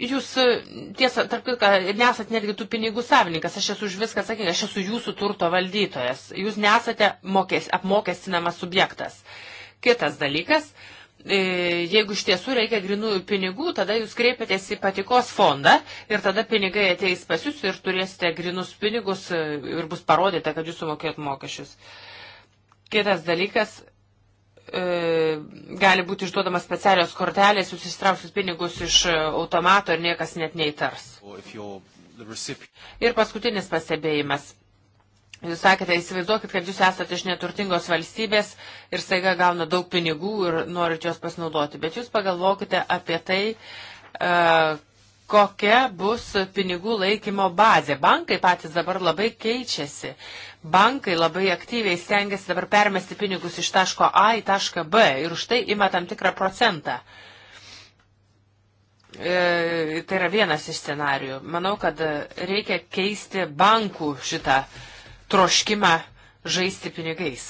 Jūs, e, tiesa, tarp kitką, nesat netgi tų pinigų savininkas, aš esu už viską atsakingas, aš esu jūsų turto valdytojas, jūs nesate mokės, apmokestinamas subjektas. Kitas dalykas, uh, E, jeigu iš tiesų reikia grinųjų pinigų, tada jūs kreipiatės į patikos fondą ir tada pinigai ateis pas jūs ir turėsite grinus pinigus e, ir bus parodyta, kad jūs sumokėt mokesčius. Kitas dalykas, e, gali būti išduodamas specialios kortelės, jūs ištrauksit pinigus iš automato ir niekas net neįtars. Ir paskutinis pastebėjimas. Jūs sakėte, įsivaizduokit, kad jūs esate iš neturtingos valstybės ir staiga gauna daug pinigų ir norit jos pasinaudoti. Bet jūs pagalvokite apie tai, e, kokia bus pinigų laikymo bazė. Bankai patys dabar labai keičiasi. Bankai labai aktyviai stengiasi dabar permesti pinigus iš taško A į tašką B ir už tai ima tam tikrą procentą. E, tai yra vienas iš scenarių. Manau, kad reikia keisti bankų šitą uh, troškimą žaisti pinigais.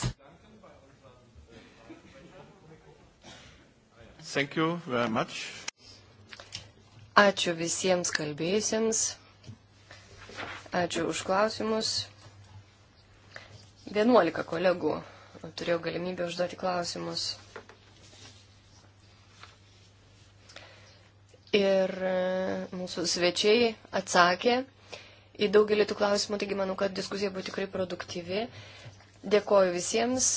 Ačiū visiems kalbėjusiems. Ačiū už klausimus. 11 kolegų turėjau galimybę užduoti klausimus. Ir e, mūsų svečiai atsakė į daugelį tų klausimų, taigi manau, kad diskusija buvo tikrai produktyvi. Dėkoju visiems.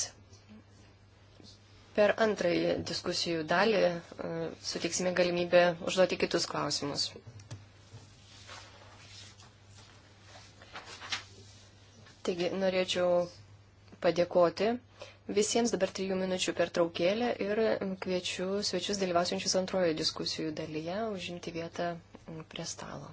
Per antrąjį diskusijų dalį e, sutiksime galimybę užduoti kitus klausimus. Taigi norėčiau padėkoti visiems dabar trijų minučių per traukėlę ir kviečiu svečius dalyvausiančius antrojo diskusijų dalyje užimti vietą prie stalo.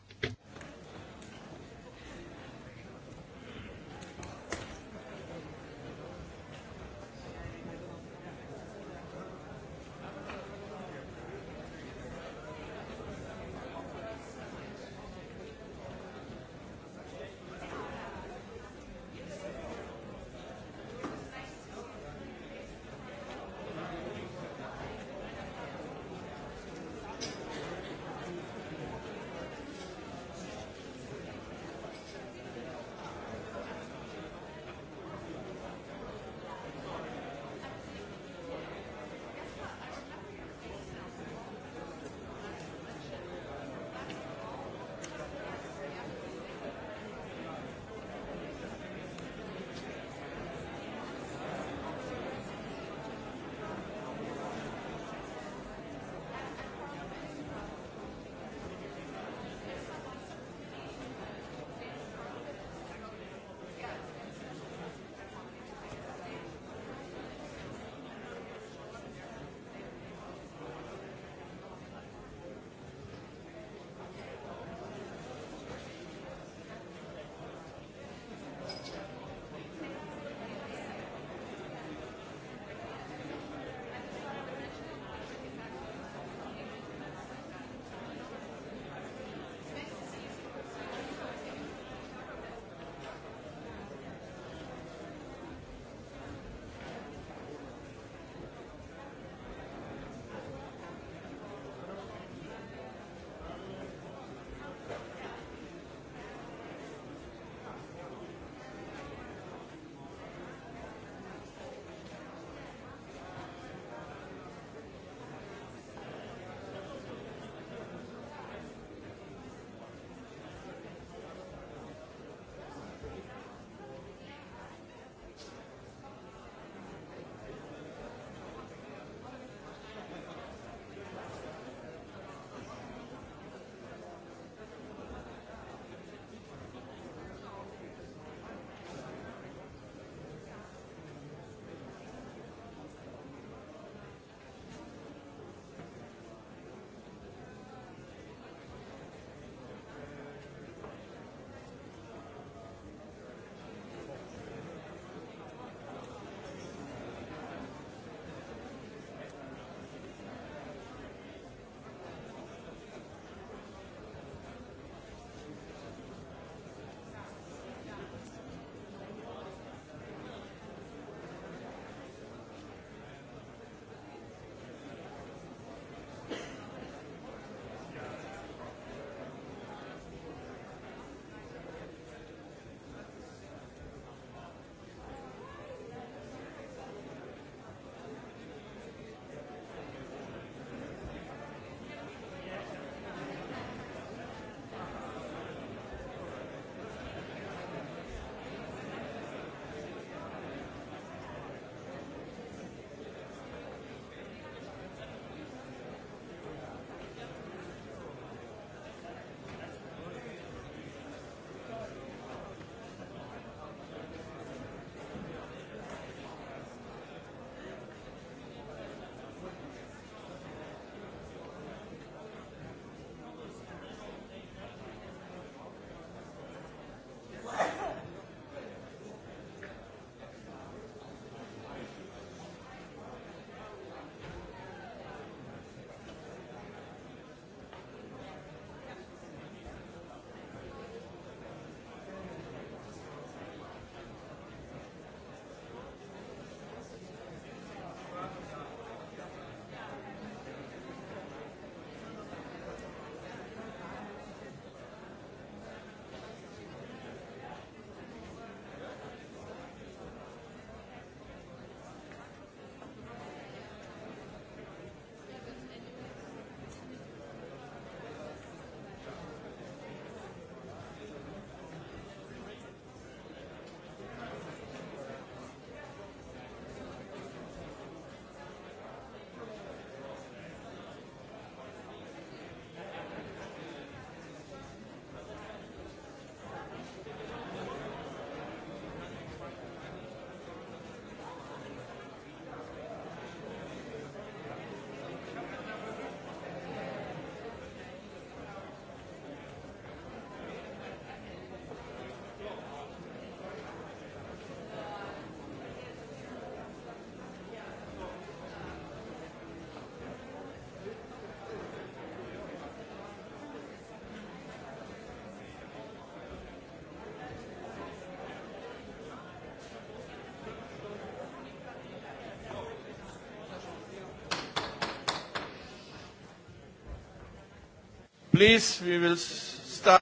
Please, we will start.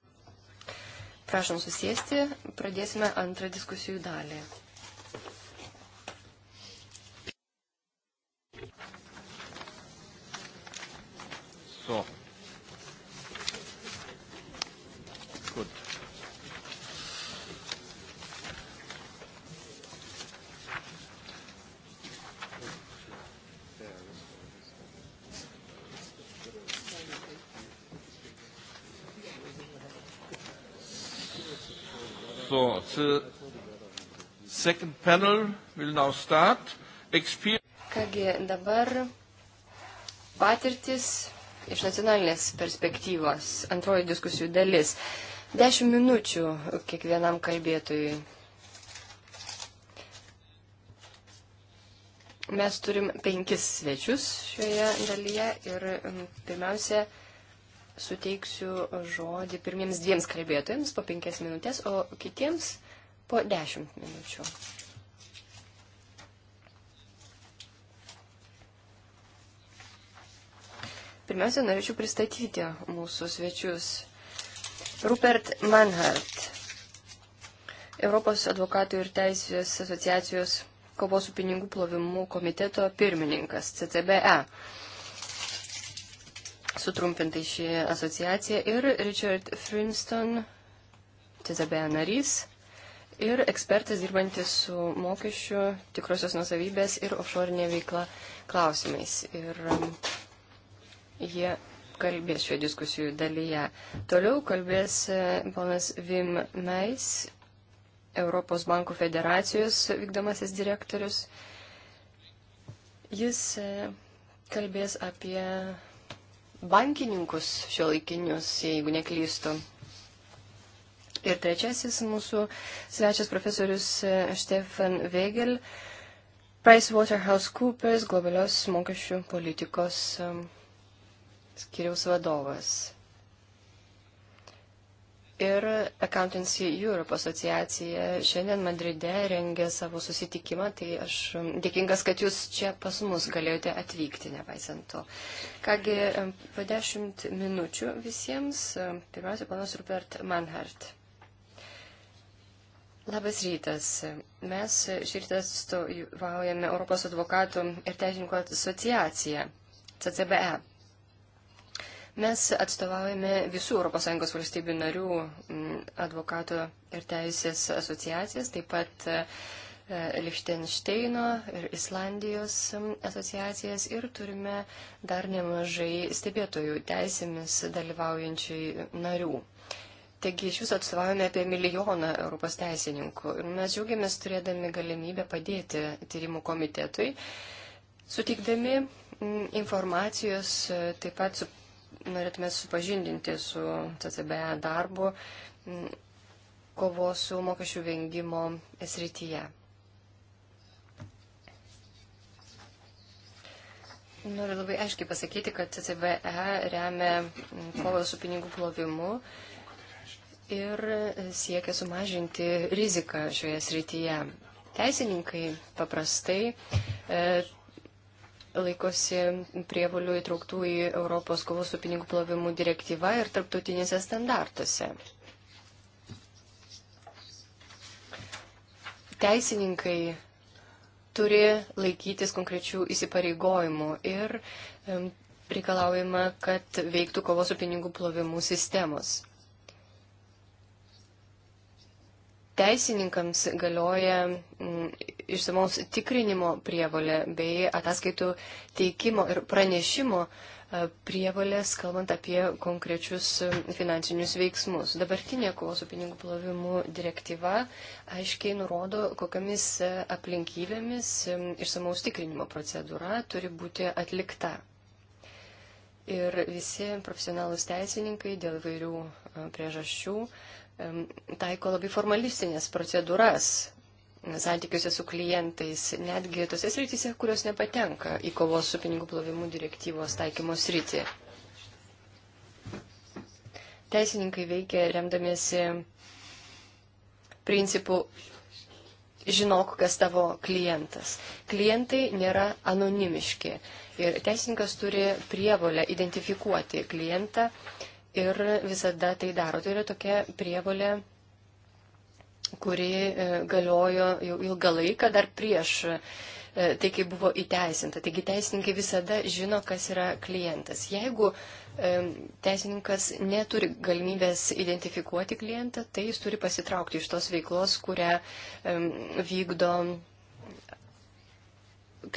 Prašom susėsti, pradėsime antrą diskusijų dalį. panel will now start. Exper Kągi dabar patirtis iš nacionalinės perspektyvos, antroji diskusijų dalis. Dešimt minučių kiekvienam kalbėtojui. Mes turim penkis svečius šioje dalyje ir pirmiausia suteiksiu žodį pirmiems dviems kalbėtojams po penkias minutės, o kitiems po dešimt minučių. Pirmiausia, norėčiau pristatyti mūsų svečius. Rupert Manhart, Europos advokatų ir teisės asociacijos kovos su pinigų plovimu komiteto pirmininkas CCBE. Sutrumpintai šį asociaciją ir Richard Frinston, CCBE narys ir ekspertas dirbantis su mokesčių, tikrosios nusavybės ir offshore veikla klausimais. Ir um, Jie kalbės šioje diskusijų dalyje. Toliau kalbės e, ponas Vim Nais, Europos bankų federacijos vykdomasis direktorius. Jis e, kalbės apie bankininkus šio laikinius, jeigu neklystu. Ir trečiasis mūsų svečias profesorius e, Stefan Vegel, PricewaterhouseCoopers globalios mokesčių politikos skiriaus vadovas. Ir Accountancy Europe asociacija šiandien Madride rengia savo susitikimą, tai aš dėkingas, kad jūs čia pas mus galėjote atvykti, nepaisant to. Kągi, po dešimt minučių visiems. Pirmiausia, panas Rupert Manhart. Labas rytas. Mes šį rytą atstovaujame Europos advokatų ir teisininkų asociaciją, CCBE. Mes atstovaujame visų ES valstybių narių mm, advokato ir teisės asociacijas, taip pat e, Lichtensteino ir Islandijos mm, asociacijas ir turime dar nemažai stebėtojų teisėmis dalyvaujančiai narių. Taigi iš jūsų atstovaujame apie milijoną Europos teisininkų ir mes džiaugiamės turėdami galimybę padėti tyrimų komitetui, sutikdami mm, informacijos, e, taip pat su norėtume supažindinti su CCB darbu kovos su mokesčių vengimo srityje. Noriu labai aiškiai pasakyti, kad CCBE remia kovą su pinigų plovimu ir siekia sumažinti riziką šioje srityje. Teisininkai paprastai e, laikosi prievolių įtrauktų į Europos kovos su pinigų plovimu direktyvą ir tarptautinėse standartuose. Teisininkai turi laikytis konkrečių įsipareigojimų ir reikalaujama, kad veiktų kovos su pinigų plovimu sistemos. teisininkams galioja mm, išsamaus tikrinimo prievalė bei ataskaitų teikimo ir pranešimo e, prievalės, kalbant apie konkrečius e, finansinius veiksmus. Dabartinė kovos su pinigų plovimu direktyva aiškiai nurodo, kokiamis e, aplinkybėmis išsamaus tikrinimo procedūra turi būti atlikta. Ir visi profesionalūs teisininkai dėl vairių priežasčių taiko labai formalistinės procedūras santykiuose su klientais, netgi tose srityse, kurios nepatenka į kovos su pinigų plovimu direktyvos taikymo sritį. Teisininkai veikia remdamiesi principų žinok, kas tavo klientas. Klientai nėra anonimiški ir teisininkas turi prievolę identifikuoti klientą, uh, ir visada tai daro. Tai yra tokia prievalė, kuri e, galiojo jau ilgą laiką dar prieš e, tai, kai buvo įteisinta. Taigi teisininkai visada žino, kas yra klientas. Jeigu e, teisininkas neturi galimybės identifikuoti klientą, tai jis turi pasitraukti iš tos veiklos, kurią vykdo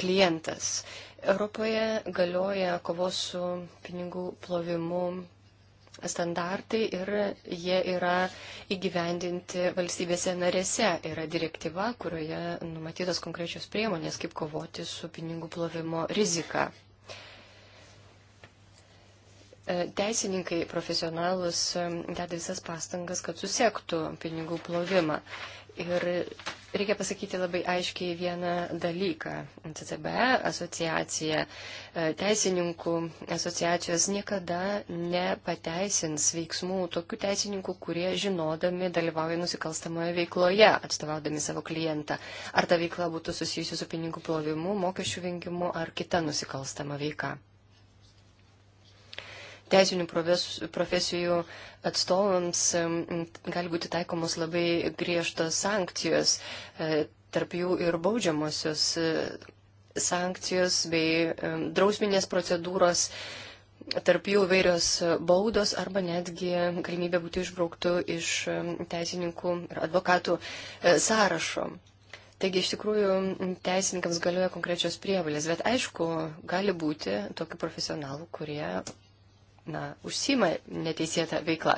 klientas. Europoje galioja kovos su pinigų plovimu standartai ir jie yra įgyvendinti valstybėse narėse. Yra direktyva, kurioje numatytos konkrečios priemonės, kaip kovoti su pinigų plovimo rizika. E, teisininkai profesionalus e, deda visas pastangas, kad susektų pinigų plovimą. Ir reikia pasakyti labai aiškiai vieną dalyką. CCB e asociacija, e, teisininkų asociacijos niekada nepateisins veiksmų tokių teisininkų, kurie žinodami dalyvauja nusikalstamoje veikloje, atstovaudami savo klientą. Ar ta veikla būtų susijusi su pinigų plovimu, mokesčių vengimu ar kita nusikalstama veika teisinių profesijų atstovams gali būti taikomos labai griežtos sankcijos, e, tarp jų ir baudžiamosios e, sankcijos bei drausminės procedūros, tarp jų vairios baudos arba netgi galimybė būti išbrauktų iš teisininkų ir advokatų e, sąrašo. Taigi iš tikrųjų teisininkams galioja konkrečios prievalės, bet aišku, gali būti tokių profesionalų, kurie na, užsima neteisėtą veiklą.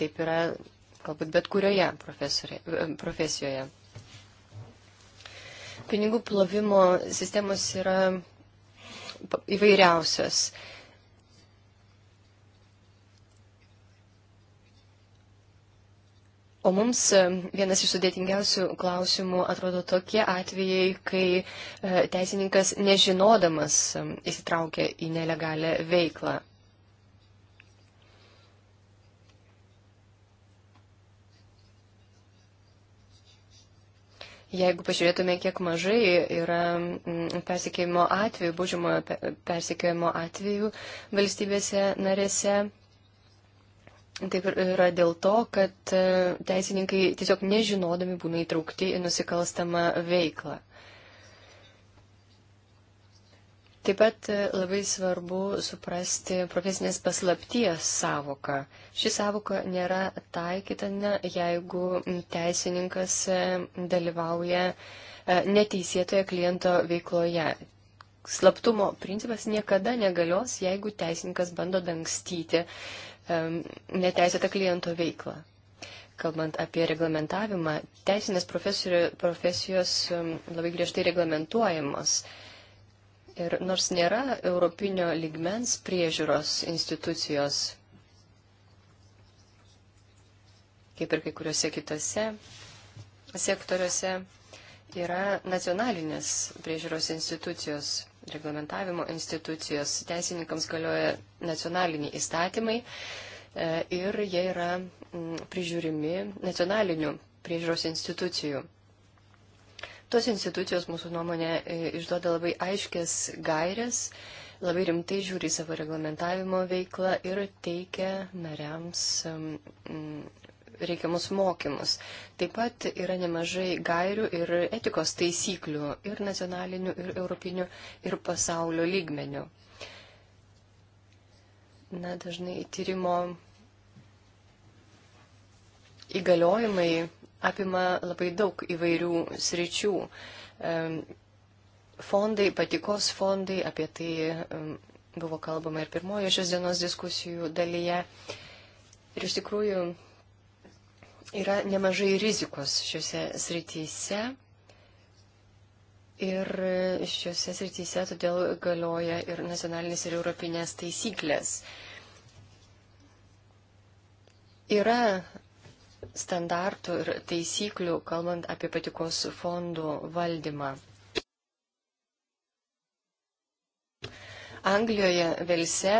Taip yra galbūt bet kurioje profesijoje. Pinigų plovimo sistemos yra įvairiausios. O mums vienas iš sudėtingiausių klausimų atrodo tokie atvejai, kai e, teisininkas nežinodamas e, įsitraukia į nelegalę veiklą. Jeigu pažiūrėtume, kiek mažai yra mm, persikėjimo atvejų, būdžiamojo persikėjimo atvejų valstybėse narėse, taip yra dėl to, kad e, teisininkai tiesiog nežinodami būna įtraukti į nusikalstamą veiklą. Taip pat e, labai svarbu suprasti profesinės paslapties savoką. Ši savoka nėra taikytina, jeigu teisininkas e, dalyvauja e, neteisėtoje kliento veikloje. Slaptumo principas niekada negalios, jeigu teisininkas bando dangstyti neteisėtą kliento veiklą. Kalbant apie reglamentavimą, teisinės profesijos labai griežtai reglamentuojamos. Ir nors nėra europinio ligmens priežiūros institucijos, kaip ir kai kuriuose kitose sektoriuose, yra nacionalinės priežiūros institucijos, reglamentavimo institucijos, teisininkams galioja nacionaliniai įstatymai e, ir jie yra mm, prižiūrimi nacionalinių priežiūros institucijų. Tos institucijos mūsų nuomonė e, išduoda labai aiškės gairias, labai rimtai žiūri savo reglamentavimo veiklą ir teikia nariams reikiamus mokymus. Taip pat yra nemažai gairių ir etikos taisyklių ir nacionalinių, ir europinių, ir pasaulio lygmenių. Na, dažnai tyrimo įgaliojimai apima labai daug įvairių sričių. Fondai, patikos fondai, apie tai buvo kalbama ir pirmojo šios dienos diskusijų dalyje. Ir iš tikrųjų yra nemažai rizikos šiuose srityse. Ir šiuose srityse todėl galioja ir nacionalinės, ir europinės taisyklės. Yra standartų ir taisyklių, kalbant apie patikos fondų valdymą. Anglijoje, Velse,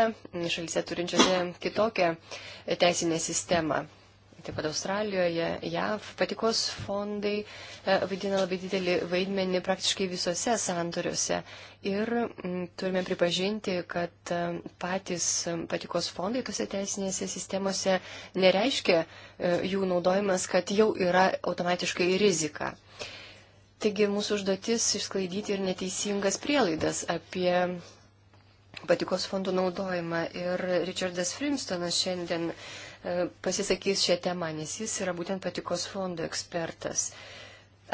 šalise turinčiose kitokią teisinę sistemą taip pat Australijoje, JAV. Patikos fondai e, vaidina labai didelį vaidmenį praktiškai visose sandoriuose. Ir turime pripažinti, kad e, patys e, patikos fondai tose teisinėse sistemose nereiškia jų naudojimas, kad jau yra automatiškai rizika. Taigi mūsų užduotis išsklaidyti ir neteisingas prielaidas apie patikos fondų naudojimą. Ir Richardas Frimstonas šiandien E, pasisakys šią temą, nes jis yra būtent patikos fondo ekspertas.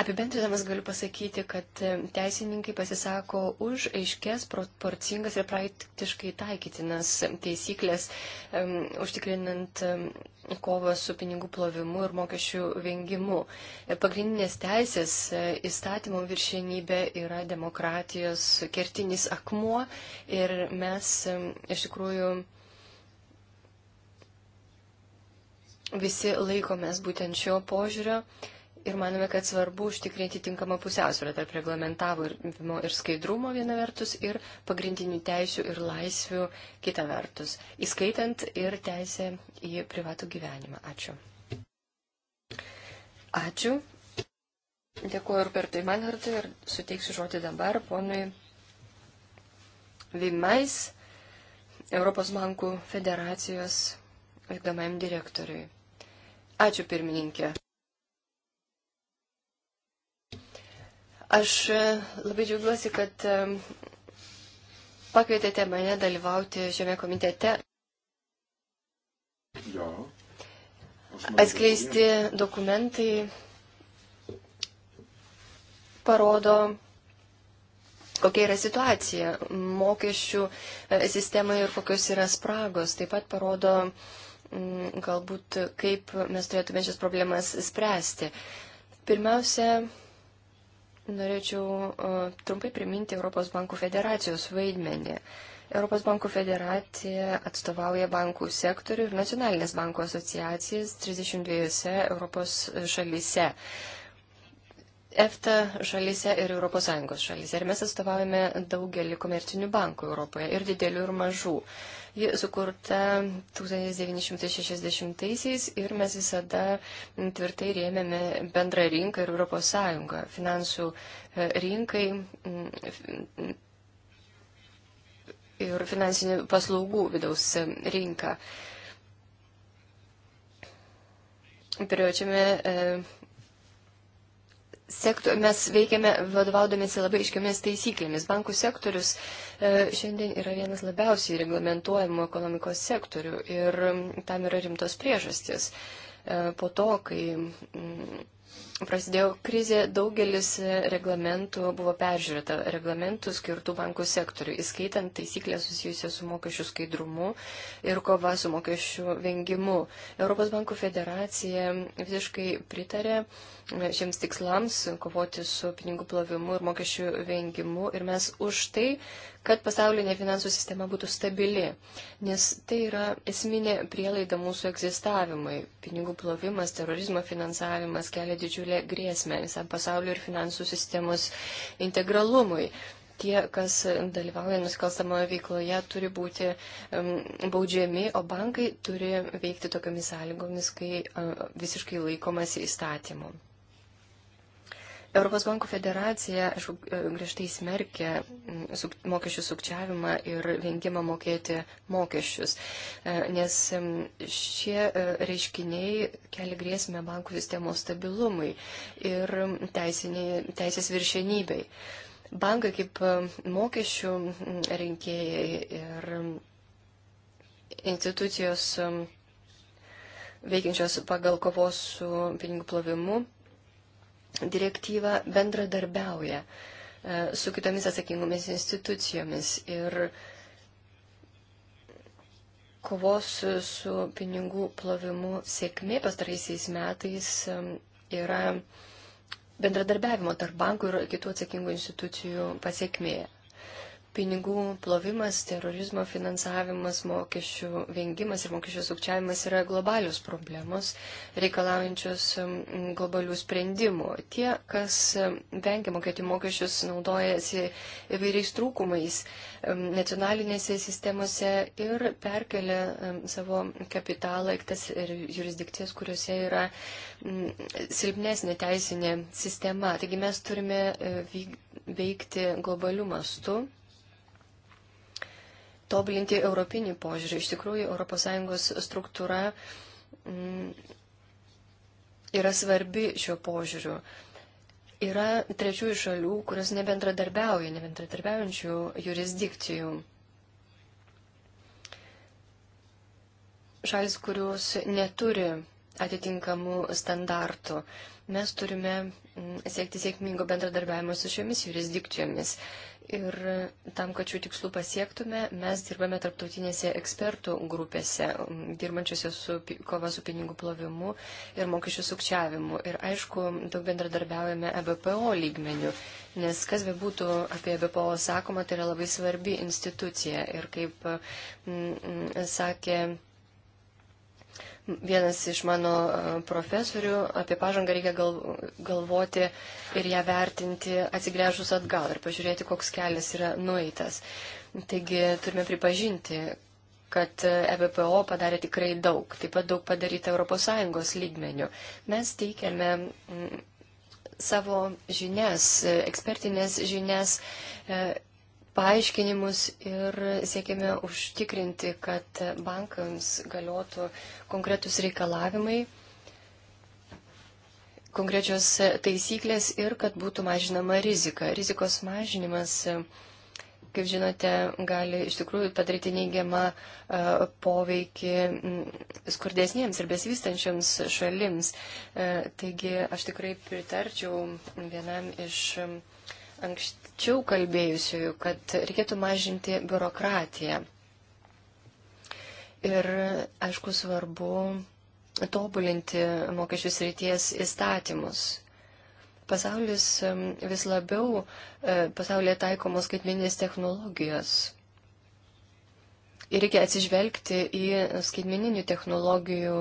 Apibendrinamas galiu pasakyti, kad e, teisininkai pasisako už aiškės, proporcingas ir praktiškai taikytinas taisyklės, um, užtikrinant um, kovą su pinigų plovimu ir mokesčių vengimu. Pagrindinės teisės įstatymų viršienybė yra demokratijos kertinis akmuo ir mes um, iš tikrųjų visi laikomės būtent šio požiūrio ir manome, kad svarbu užtikrinti tinkamą pusiausvyrą tarp reglamentavimo ir skaidrumo viena vertus ir pagrindinių teisių ir laisvių kita vertus, įskaitant ir teisę į privatų gyvenimą. Ačiū. Ačiū. Dėkuoju Rupertui Manhartui ir suteiksiu žodį dabar ponui Vimais, Europos bankų federacijos vykdomajam direktoriui. Ačiū pirmininkė. Aš e, labai džiaugiuosi, kad e, pakvietėte mane dalyvauti šiame komitete. Jo. Atskleisti dokumentai parodo, kokia yra situacija mokesčių e, sistemoje ir kokios yra spragos. Taip pat parodo uh, Mm, galbūt kaip mes turėtume šias problemas spręsti. Pirmiausia, norėčiau trumpai priminti Europos bankų federacijos vaidmenį. Europos bankų federacija atstovauja bankų sektorių ir nacionalinės bankų asociacijas 32 Europos šalyse. EFTA šalyse ir ES šalyse. Ir mes atstovaujame daugelį komercinių bankų Europoje ir didelių ir mažų. Uh, Ji sukurta 1960-aisiais ir mes visada tvirtai rėmėme bendrą rinką ir Europos Sąjungą. Finansų e, rinkai mm, ir finansinių paslaugų vidaus e, rinką. Piriočiame e, sektor, mes veikiame vadovaudomėsi labai iškiomis taisyklėmis. Bankų sektorius e, šiandien yra vienas labiausiai reglamentuojamų ekonomikos sektorių ir tam yra rimtos priežastis. E, po to, kai prasidėjo krizė, daugelis reglamentų buvo peržiūrėta, reglamentų skirtų bankų sektoriui, įskaitant taisyklę susijusią su mokesčių skaidrumu ir kova su mokesčių vengimu. Europos bankų federacija visiškai pritarė šiems tikslams kovoti su pinigų plovimu ir mokesčių vengimu ir mes už tai, kad pasaulinė finansų sistema būtų stabili, nes tai yra esminė prielaida mūsų egzistavimui. Pinigų plovimas, terorizmo finansavimas kelia didžiulį kelia grėsmę visam pasauliu ir finansų sistemos integralumui. Tie, kas dalyvauja nusikalstamoje veikloje, turi būti um, baudžiami, o bankai turi veikti tokiamis sąlygomis, kai uh, visiškai laikomasi įstatymu. Europos bankų federacija, aišku, e, griežtai smerkia suk, mokesčių sukčiavimą ir vengimą mokėti mokesčius, e, nes šie e, reiškiniai kelia grėsmę bankų sistemos stabilumui ir teisiniai, teisės viršenybei. Bankai kaip mokesčių rinkėjai ir institucijos veikiančios pagal kovos su pinigų plovimu direktyvą bendradarbiauja e, su kitomis atsakingomis institucijomis ir kovos su pinigų plovimu sėkmė pastaraisiais metais e, yra bendradarbiavimo tarp bankų ir kitų atsakingų institucijų pasiekmė pinigų plovimas, terorizmo finansavimas, mokesčių vengimas ir mokesčių sukčiavimas yra globalios problemos, reikalaujančios globalių sprendimų. Tie, kas vengia mokėti mokesčius, naudojasi įvairiais trūkumais nacionalinėse sistemose ir perkelia savo kapitalą į tas jurisdikcijas, kuriuose yra silpnesnė teisinė sistema. Taigi mes turime e, veikti globalių mastų tobulinti europinį požiūrį. Iš tikrųjų, ES struktūra mm, yra svarbi šiuo požiūriu. Yra trečiųjų šalių, kurios nebendradarbiauja, nebendradarbiaujančių jurisdikcijų. Šalis, kurios neturi atitinkamų standartų. Mes turime mm, siekti sėkmingo bendradarbiavimo su šiomis jurisdikcijomis. Ir tam, kad šių tikslų pasiektume, mes dirbame tarptautinėse ekspertų grupėse, dirbančiose su kova su pinigų plovimu ir mokesčių sukčiavimu. Ir aišku, daug bendradarbiaujame EBPO lygmenių, nes kas be būtų apie EBPO sakoma, tai yra labai svarbi institucija. Ir kaip m, m, sakė Vienas iš mano e, profesorių apie pažangą reikia gal, galvoti ir ją vertinti atsigręžus atgal ir pažiūrėti, koks kelias yra nueitas. Taigi turime pripažinti, kad EBPO e padarė tikrai daug, taip pat daug padaryta ES lygmenių. Mes teikiame mm, savo žinias, e, ekspertinės žinias paaiškinimus ir siekėme užtikrinti, kad bankams galiotų konkretus reikalavimai, konkrečios taisyklės ir kad būtų mažinama rizika. Rizikos mažinimas kaip žinote, gali iš tikrųjų padaryti neigiamą e, poveikį mm, skurdesniems ir besivystančiams šalims. E, taigi aš tikrai pritarčiau vienam iš anksčiau anksčiau kalbėjusiųjų, kad reikėtų mažinti biurokratiją. Ir, aišku, svarbu tobulinti mokesčių srities įstatymus. Pasaulis vis labiau, e, pasaulyje taikomos skaitmeninės technologijos. Ir reikia atsižvelgti į skaitmeninių technologijų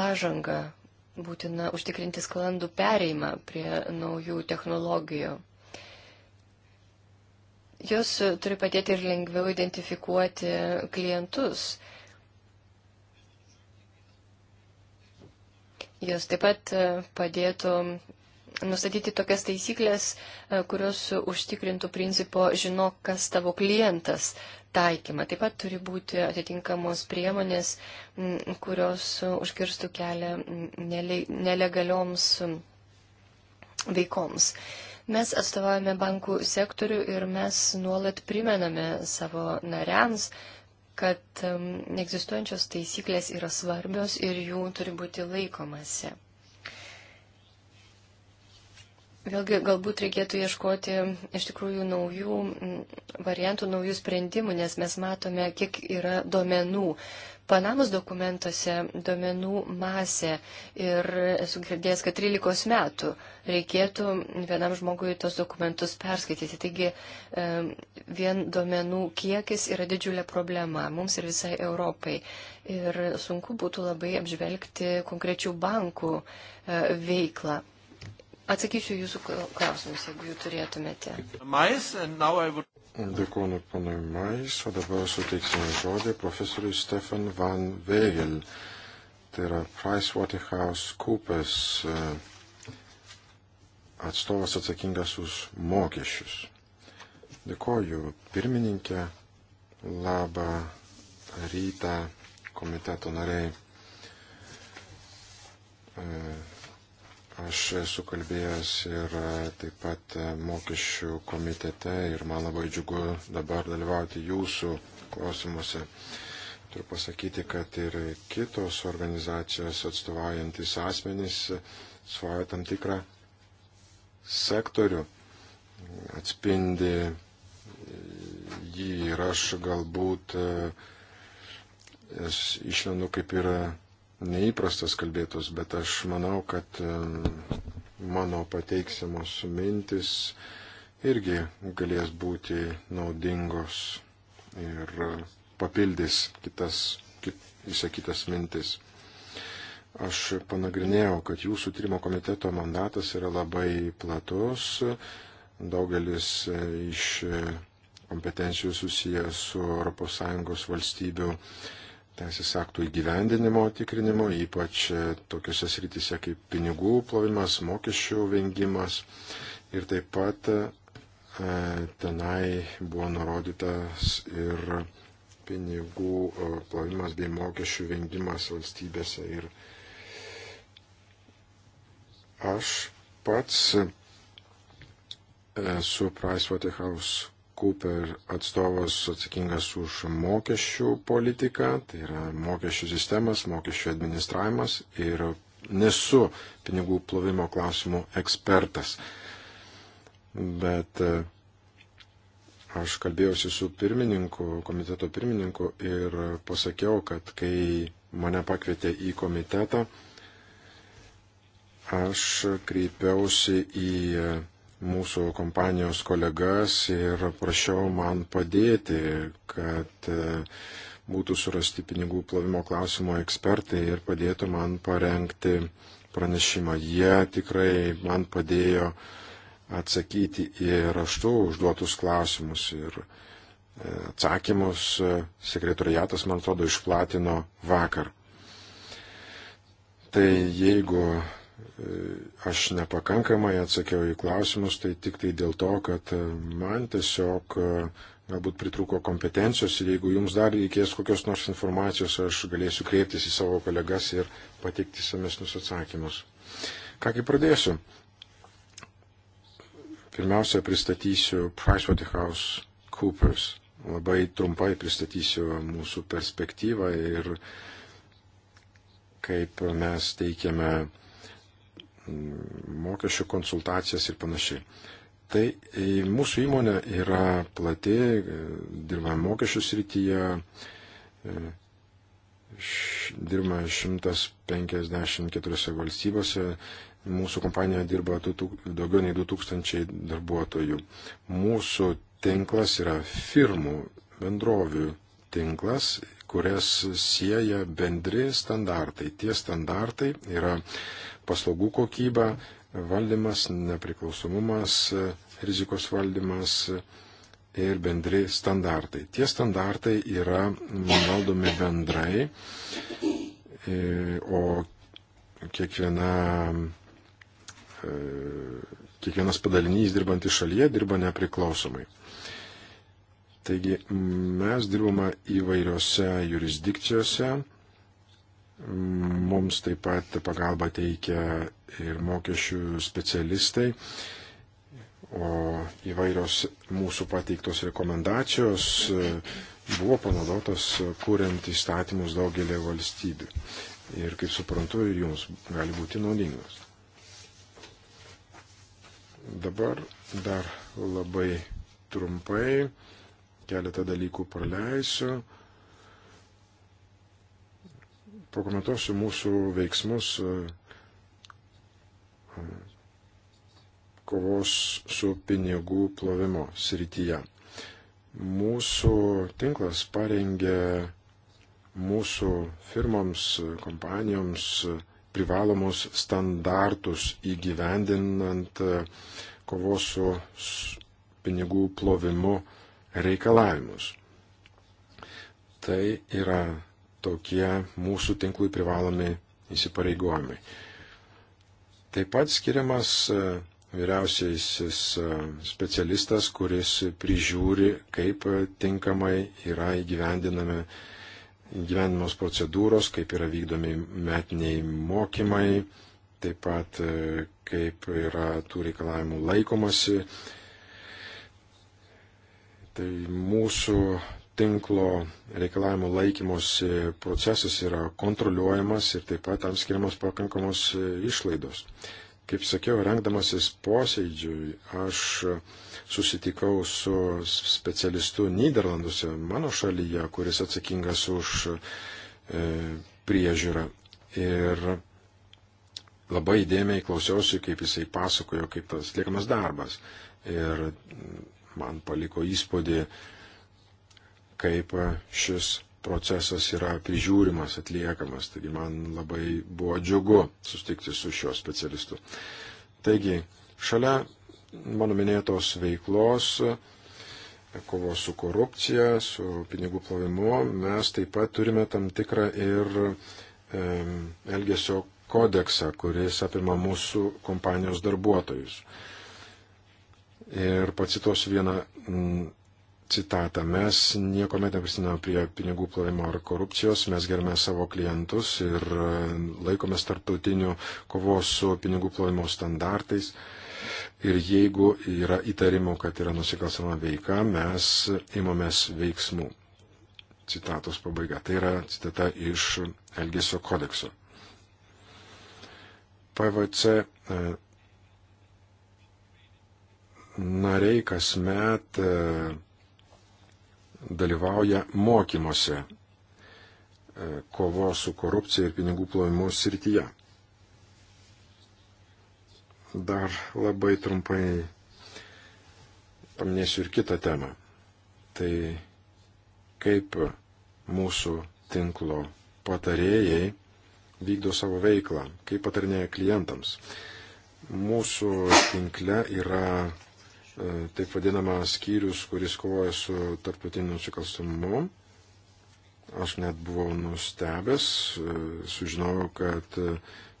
pažangą. Būtina užtikrinti sklandų pereimą prie naujų technologijų. Jos e, turi padėti ir lengviau identifikuoti klientus. Jos taip pat e, padėtų nustatyti tokias taisyklės, e, kurios užtikrintų principo žino, kas tavo klientas taikymą. Taip pat turi būti atitinkamos priemonės, kurios užkirstų kelią nelegalioms veikoms. Mes atstovaujame bankų sektorių ir mes nuolat primename savo nariams, kad egzistuojančios taisyklės yra svarbios ir jų turi būti laikomasi. Vėlgi, galbūt reikėtų ieškoti iš tikrųjų naujų variantų, naujų sprendimų, nes mes matome, kiek yra duomenų, Panamos dokumentuose duomenų masė ir esu girdėjęs, kad 13 metų reikėtų vienam žmogui tos dokumentus perskaityti. Taigi vien duomenų kiekis yra didžiulė problema mums ir visai Europai. Ir sunku būtų labai apžvelgti konkrečių bankų e, veiklą. Atsakysiu jūsų klausimus, jeigu jų turėtumėte. Mais, would... Dėkuoju panui Mais, o dabar suteiksime žodį profesoriui Stefan Van Vegel. Tai yra PricewaterhouseCoopers eh, atstovas atsakingas už mokesčius. Dėkuoju pirmininkė, labą rytą komiteto nariai. E, Aš esu kalbėjęs ir e, taip pat e, mokesčių komitete ir man labai džiugu dabar dalyvauti jūsų klausimuose. Turiu pasakyti, kad ir kitos organizacijos atstovaujantis asmenys suvoja tam tikrą sektorių, atspindi jį ir aš galbūt e, išlendu kaip yra neįprastas kalbėtos, bet aš manau, kad mano pateiksiamos mintis irgi galės būti naudingos ir papildys kitas kit, įsakytas mintis. Aš panagrinėjau, kad jūsų tyrimo komiteto mandatas yra labai platus, daugelis e, iš e, kompetencijų susijęs su ES valstybių teisės aktų įgyvendinimo tikrinimo, ypač e, tokiuose srityse kaip pinigų plovimas, mokesčių vengimas. Ir taip pat e, tenai buvo nurodytas ir pinigų e, plovimas bei mokesčių vengimas valstybėse. Ir aš pats su Pricewaterhouse Cooper atstovas atsakingas už mokesčių politiką, tai yra mokesčių sistemas, mokesčių administravimas ir nesu pinigų plovimo klausimų ekspertas. Bet e, aš kalbėjausi su pirmininku, komiteto pirmininku ir pasakiau, kad kai mane pakvietė į komitetą, aš kreipiausi į mūsų kompanijos kolegas ir prašiau man padėti, kad e, būtų surasti pinigų plovimo klausimo ekspertai ir padėtų man parengti pranešimą. Jie tikrai man padėjo atsakyti į raštų užduotus klausimus ir e, atsakymus sekretoriatas, man atrodo, išplatino vakar. Tai jeigu aš nepakankamai atsakiau į klausimus, tai tik tai dėl to, kad e, man tiesiog e, galbūt pritruko kompetencijos ir jeigu jums dar reikės kokios nors informacijos, aš galėsiu kreiptis į savo kolegas ir pateikti samesnius atsakymus. Ką kaip pradėsiu? Pirmiausia, pristatysiu PricewaterhouseCoopers. Labai trumpai pristatysiu mūsų perspektyvą ir kaip mes teikiame Mm, mokesčių konsultacijas ir panašiai. Tai mūsų įmonė yra plati, e, dirbame mokesčių srityje, e, dirbame 154 valstybėse, mūsų kompanijoje dirba daugiau nei 2000 darbuotojų. Mūsų tinklas yra firmų, bendrovių tinklas kurias sieja bendri standartai. Tie standartai yra paslaugų kokyba, valdymas, nepriklausomumas, rizikos valdymas ir bendri standartai. Tie standartai yra valdomi bendrai, e, o kiekviena, e, kiekvienas padalinys dirbantį šalyje dirba nepriklausomai. Taigi mes dirbame įvairiose jurisdikcijose, mums taip pat pagalba teikia ir mokesčių specialistai, o įvairios mūsų pateiktos rekomendacijos e, buvo panaudotos kuriant įstatymus daugelį valstybių. Ir kaip suprantu, ir jums gali būti naudingos. Dabar dar labai trumpai keletą dalykų praleisiu. Pakomentuosiu mūsų veiksmus e, kovos su pinigų plovimo srityje. Mūsų tinklas parengė mūsų firmoms, kompanijoms privalomus standartus įgyvendinant kovos su pinigų plovimu reikalavimus. Tai yra tokie mūsų tinklui privalomi įsipareigojimai. Taip pat skiriamas e, vyriausiasis e, specialistas, kuris prižiūri, kaip e, tinkamai yra įgyvendinami gyvenimos procedūros, kaip yra vykdomi metiniai mokymai, taip pat kaip yra tų reikalavimų laikomasi, Tai mūsų tinklo reikalavimų laikymosi procesas yra kontroliuojamas ir taip pat tam skiriamos pakankamos išlaidos. Kaip sakiau, rengdamasis posėdžiui, aš susitikau su specialistu Niderlanduose, mano šalyje, kuris atsakingas už e, priežiūrą. Ir labai įdėmiai klausiausi, kaip jisai pasakojo, kaip tas liekamas darbas. Ir man paliko įspūdį, kaip šis procesas yra prižiūrimas, atliekamas. Taigi man labai buvo džiugu sustikti su šiuo specialistu. Taigi, šalia mano minėtos veiklos, kovos su korupcija, su pinigų plovimu, mes taip pat turime tam tikrą ir e, elgesio kodeksą, kuris apima mūsų kompanijos darbuotojus. E, Ir pacituosiu vieną mm, citatą. Mes nieko neprisinam prie pinigų plovimo ar korupcijos, mes gerime savo klientus ir e, laikomės tarptautinių kovos su pinigų plovimo standartais. Ir jeigu yra įtarimų, kad yra nusikalstama veika, mes imamės veiksmų. Citatos pabaiga. Tai yra citata iš Elgesio kodekso. PVC e, nariai kasmet e, dalyvauja mokymuose e, kovos su korupcija ir pinigų plovimu srityje. Dar labai trumpai paminėsiu ir kitą temą. Tai kaip mūsų tinklo patarėjai vykdo savo veiklą, kaip patarinėja klientams. Mūsų tinkle yra E, taip vadinamą skyrius, kuris kovoja su tarptautiniu nusikalstamumu. Aš net buvau nustebęs, e, sužinojau, kad e,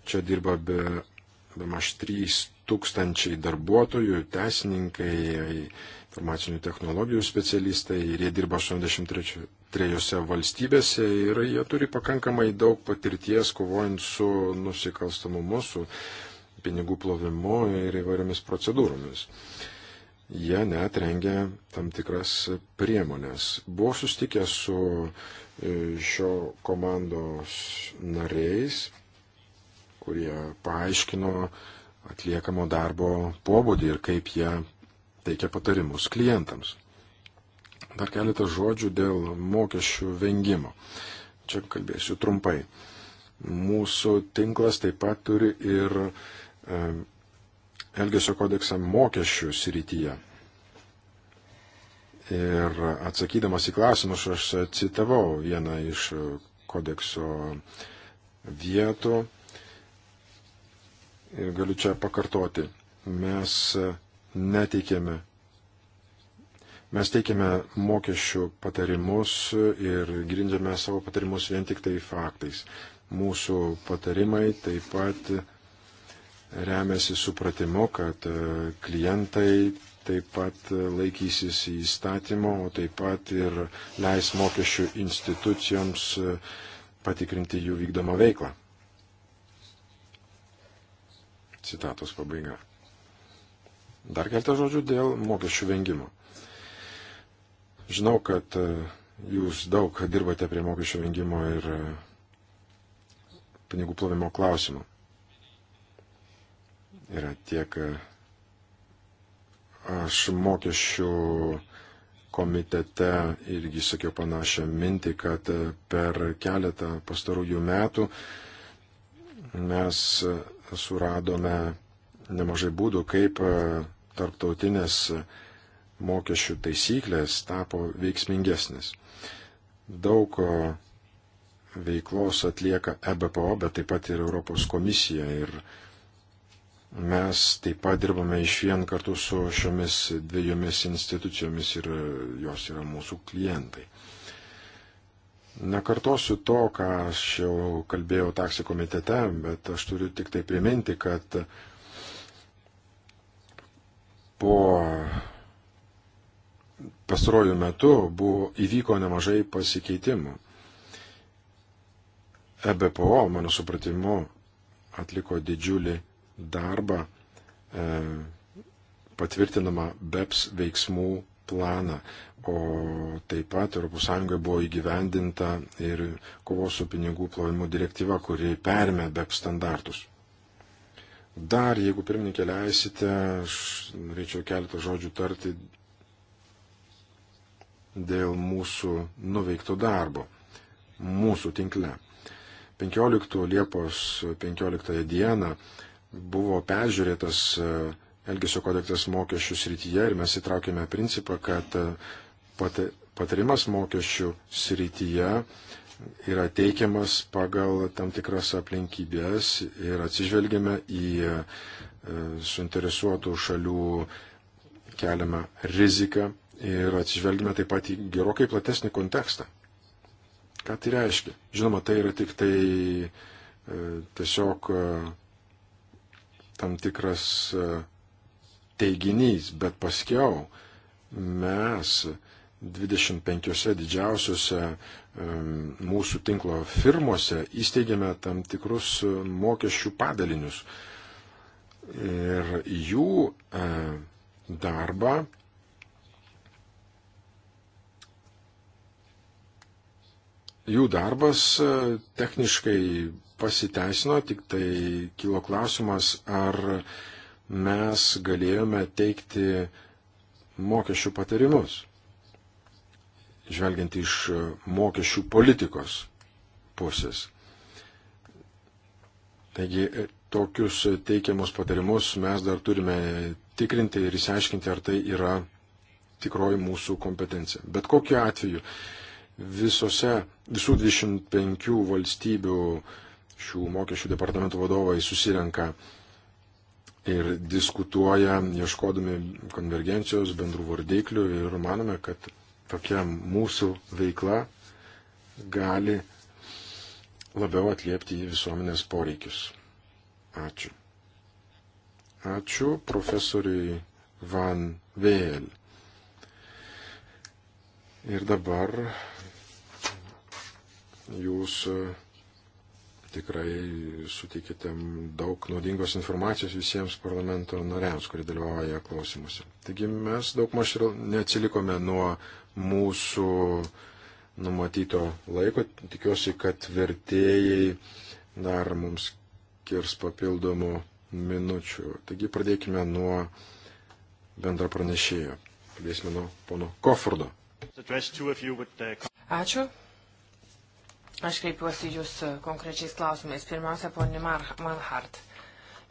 čia dirba be, be maž 3 tūkstančiai darbuotojų, teisininkai, informacinių technologijų specialistai ir jie dirba 83 trejose valstybėse ir jie turi pakankamai daug patirties kovojant su nusikalstamumu, su pinigų plovimu ir įvairiomis procedūromis. Uh, jie net rengia tam tikras priemonės. Buvo sustikęs su e, šio komandos nariais, kurie paaiškino atliekamo darbo pobūdį ir kaip jie teikia patarimus klientams. Dar keletą žodžių dėl mokesčių vengimo. Čia kalbėsiu trumpai. Mūsų tinklas taip pat turi ir e, Elgesio kodeksą mokesčių srityje. Ir atsakydamas į klausimus, aš citavau vieną iš kodekso vietų. Ir galiu čia pakartoti. Mes neteikėme. Mes teikėme mokesčių patarimus ir grindžiame savo patarimus vien tik tai faktais. Mūsų patarimai taip pat remiasi supratimu, kad e, klientai taip pat e, laikysis įstatymo, o taip pat ir leis mokesčių institucijoms e, patikrinti jų vykdomą veiklą. Citatos pabaiga. Dar keltą žodžių dėl mokesčių vengimo. Žinau, kad jūs daug dirbate prie mokesčių vengimo ir pinigų plovimo klausimų yra tiek e, aš mokesčių komitete irgi sakiau panašią mintį, kad e, per keletą pastarųjų metų mes e, suradome nemažai būdų, kaip tarptautinės mokesčių taisyklės tapo veiksmingesnis. Daug veiklos atlieka EBPO, bet taip pat ir Europos komisija. Ir Mes taip pat dirbame iš vien kartu su šiomis dviejomis institucijomis ir jos yra mūsų klientai. Nekartosiu to, ką aš jau kalbėjau taksi komitete, bet aš turiu tik tai priminti, kad po pastarojų metų buvo, įvyko nemažai pasikeitimų. EBPO, mano supratimu, atliko didžiulį darbą e, patvirtinama BEPS veiksmų planą, o taip pat ES buvo įgyvendinta ir kovos su pinigų plovimu direktyva, kuri perėmė BEPS standartus. Dar, jeigu pirmininkė leisite, aš norėčiau keletą žodžių tarti dėl mūsų nuveikto darbo, mūsų tinkle. 15 Liepos 15 dieną buvo peržiūrėtas e, Elgesio kodeksas mokesčių srityje ir mes įtraukėme principą, kad e, patarimas mokesčių srityje yra teikiamas pagal tam tikras aplinkybės ir atsižvelgiame į e, suinteresuotų šalių keliamą riziką ir atsižvelgiame taip pat į gerokai platesnį kontekstą. Ką tai reiškia? Žinoma, tai yra tik tai tiesiog tam tikras e, teiginys, bet paskiau mes 25 didžiausiose e, mūsų tinklo firmose įsteigėme tam tikrus e, mokesčių padalinius. Ir jų darbą jų darbas techniškai pasiteisino, tik tai kilo klausimas, ar mes galėjome teikti mokesčių patarimus, žvelgiant iš mokesčių politikos pusės. Taigi tokius teikiamus patarimus mes dar turime tikrinti ir įsiaiškinti, ar tai yra tikroji mūsų kompetencija. Bet kokiu atveju visose, visų 25 valstybių šių mokesčių departamentų vadovai susirenka ir diskutuoja, ieškodami konvergencijos, bendrų vardiklių ir manome, kad tokia mūsų veikla gali labiau atliepti į visuomenės poreikius. Ačiū. Ačiū profesoriui Van Vėl. Ir dabar jūs. Uh, tikrai suteikėte daug naudingos informacijos visiems parlamento nariams, kurie dalyvauja klausimuose. Taigi mes daug maž ir neatsilikome nuo mūsų numatyto laiko. Tikiuosi, kad vertėjai dar mums skirs papildomų minučių. Taigi pradėkime nuo bendra pranešėjo. Pradėsime nuo pono Kofordo. Ačiū. Aš kreipiuosi jūs e, konkrečiais klausimais. Pirmiausia, poni Manhart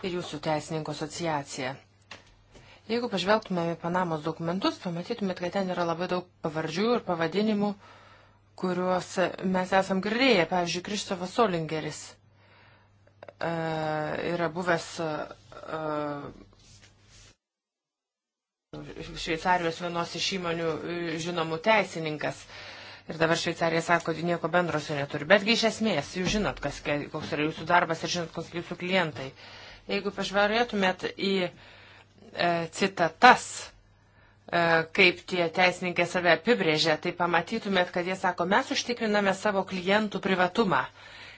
ir jūsų teisininkų asociacija. Jeigu pažvelgtumėme į Panamos dokumentus, pamatytumėt, kad ten yra labai daug pavardžių ir pavadinimų, kuriuos e, mes esam girdėję. Pavyzdžiui, Kristofas Solingeris e, yra buvęs e, e Šveicarijos vienos iš įmonių žinomų teisininkas. E, Ir dabar Šveicarija sako, kad nieko bendro su neturi. Betgi iš esmės, jūs žinot, kas, koks yra jūsų darbas ir žinot, kokie jūsų klientai. Jeigu pažvarėtumėt į e, citatas, e, kaip tie teisininkė save apibrėžia, tai pamatytumėt, kad jie sako, mes užtikriname savo klientų privatumą.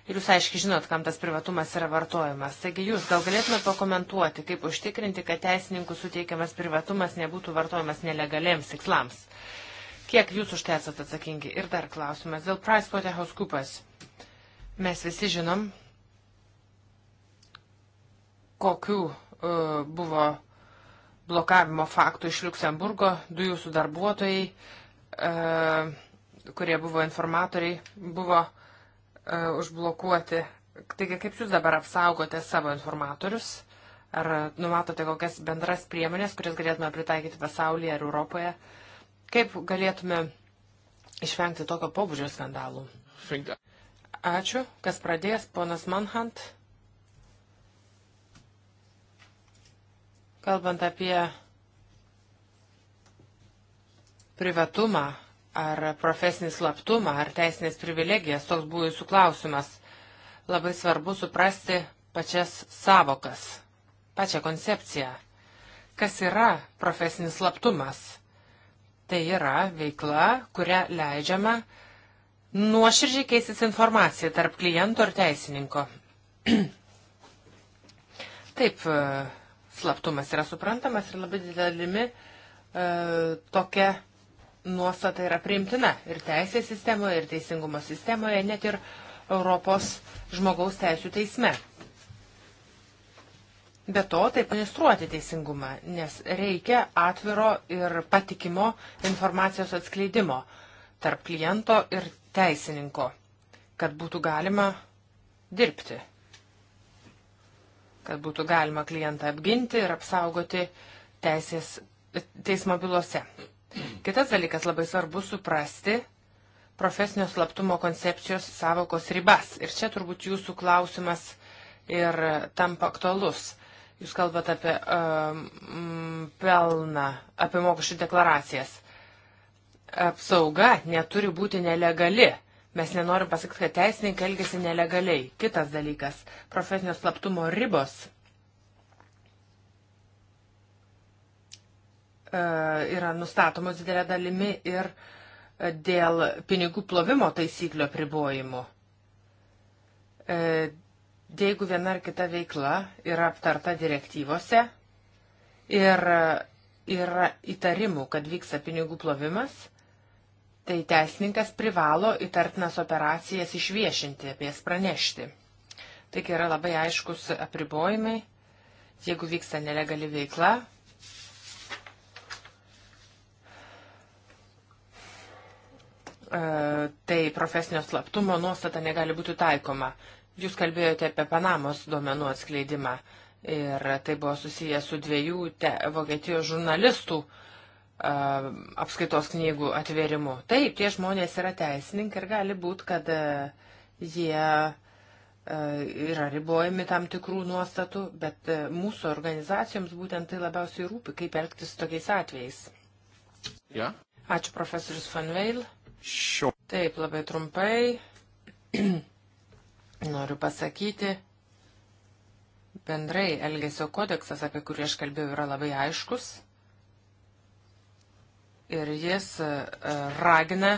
Ir jūs aiškiai žinot, kam tas privatumas yra vartojamas. Taigi jūs gal galėtumėte pakomentuoti, kaip užtikrinti, kad teisininkų suteikiamas privatumas nebūtų vartojamas nelegaliems tikslams. Kiek jūs už tai esate atsakingi? Ir dar klausimas dėl PricewaterhouseCoopers. Mes visi žinom, kokių uh, e, buvo blokavimo faktų iš Luksemburgo, du jūsų darbuotojai, uh, kurie buvo informatoriai, buvo uh, užblokuoti. Taigi, kaip jūs dabar apsaugote savo informatorius? Ar numatote kokias bendras priemonės, kurias galėtume pritaikyti pasaulyje ar Europoje? Uh, Kaip galėtume išvengti tokio pobūdžio skandalų? Ačiū. Kas pradės, ponas Manhant? Kalbant apie privatumą ar profesinį slaptumą ar teisinės privilegijas, toks buvo jūsų klausimas. Labai svarbu suprasti pačias savokas, pačią koncepciją. Kas yra profesinis slaptumas? Tai yra veikla, kurią leidžiama nuoširdžiai keisis informacija tarp kliento ir teisininko. Taip, e, slaptumas yra suprantamas ir labai didelimi e, tokia nuostata yra priimtina ir teisės sistemoje, ir teisingumo sistemoje, net ir Europos žmogaus teisų teisme. Be to, taip administruoti teisingumą, nes reikia atviro ir patikimo informacijos atskleidimo tarp kliento ir teisininko, kad būtų galima dirbti, kad būtų galima klientą apginti ir apsaugoti teisės, teismo bylose. Kitas dalykas labai svarbu suprasti profesinio slaptumo koncepcijos savokos ribas. Ir čia turbūt jūsų klausimas ir tampa aktualus. Jūs kalbate apie um, pelną, apie mokesčių deklaracijas. Apsauga neturi būti nelegali. Mes nenorim pasakyti, kad teisininkai elgesi nelegaliai. Kitas dalykas - profesinio slaptumo ribos e, yra nustatomos didelė dalimi ir dėl pinigų plovimo taisyklių apribojimų. E, jeigu viena ar kita veikla yra aptarta direktyvose ir yra įtarimų, kad vyksta pinigų plovimas, tai teisininkas privalo įtartinas operacijas išviešinti, apie jas pranešti. Taigi yra labai aiškus apribojimai, jeigu vyksta nelegali veikla. E, tai profesinio slaptumo nuostata negali būti taikoma. Jūs kalbėjote apie Panamos duomenų atskleidimą ir tai buvo susiję su dviejų te, Vokietijos žurnalistų a, apskaitos knygų atvėrimu. Taip, tie žmonės yra teisininkai ir gali būti, kad a, jie a, yra ribojami tam tikrų nuostatų, bet a, mūsų organizacijoms būtent tai labiausiai rūpi, kaip elgtis tokiais atvejais. Ja. Ačiū profesorius Fanveil. Šio. Taip, labai trumpai. Noriu pasakyti, bendrai Elgesio kodeksas, apie kurį aš kalbėjau, yra labai aiškus ir jis e, e, ragina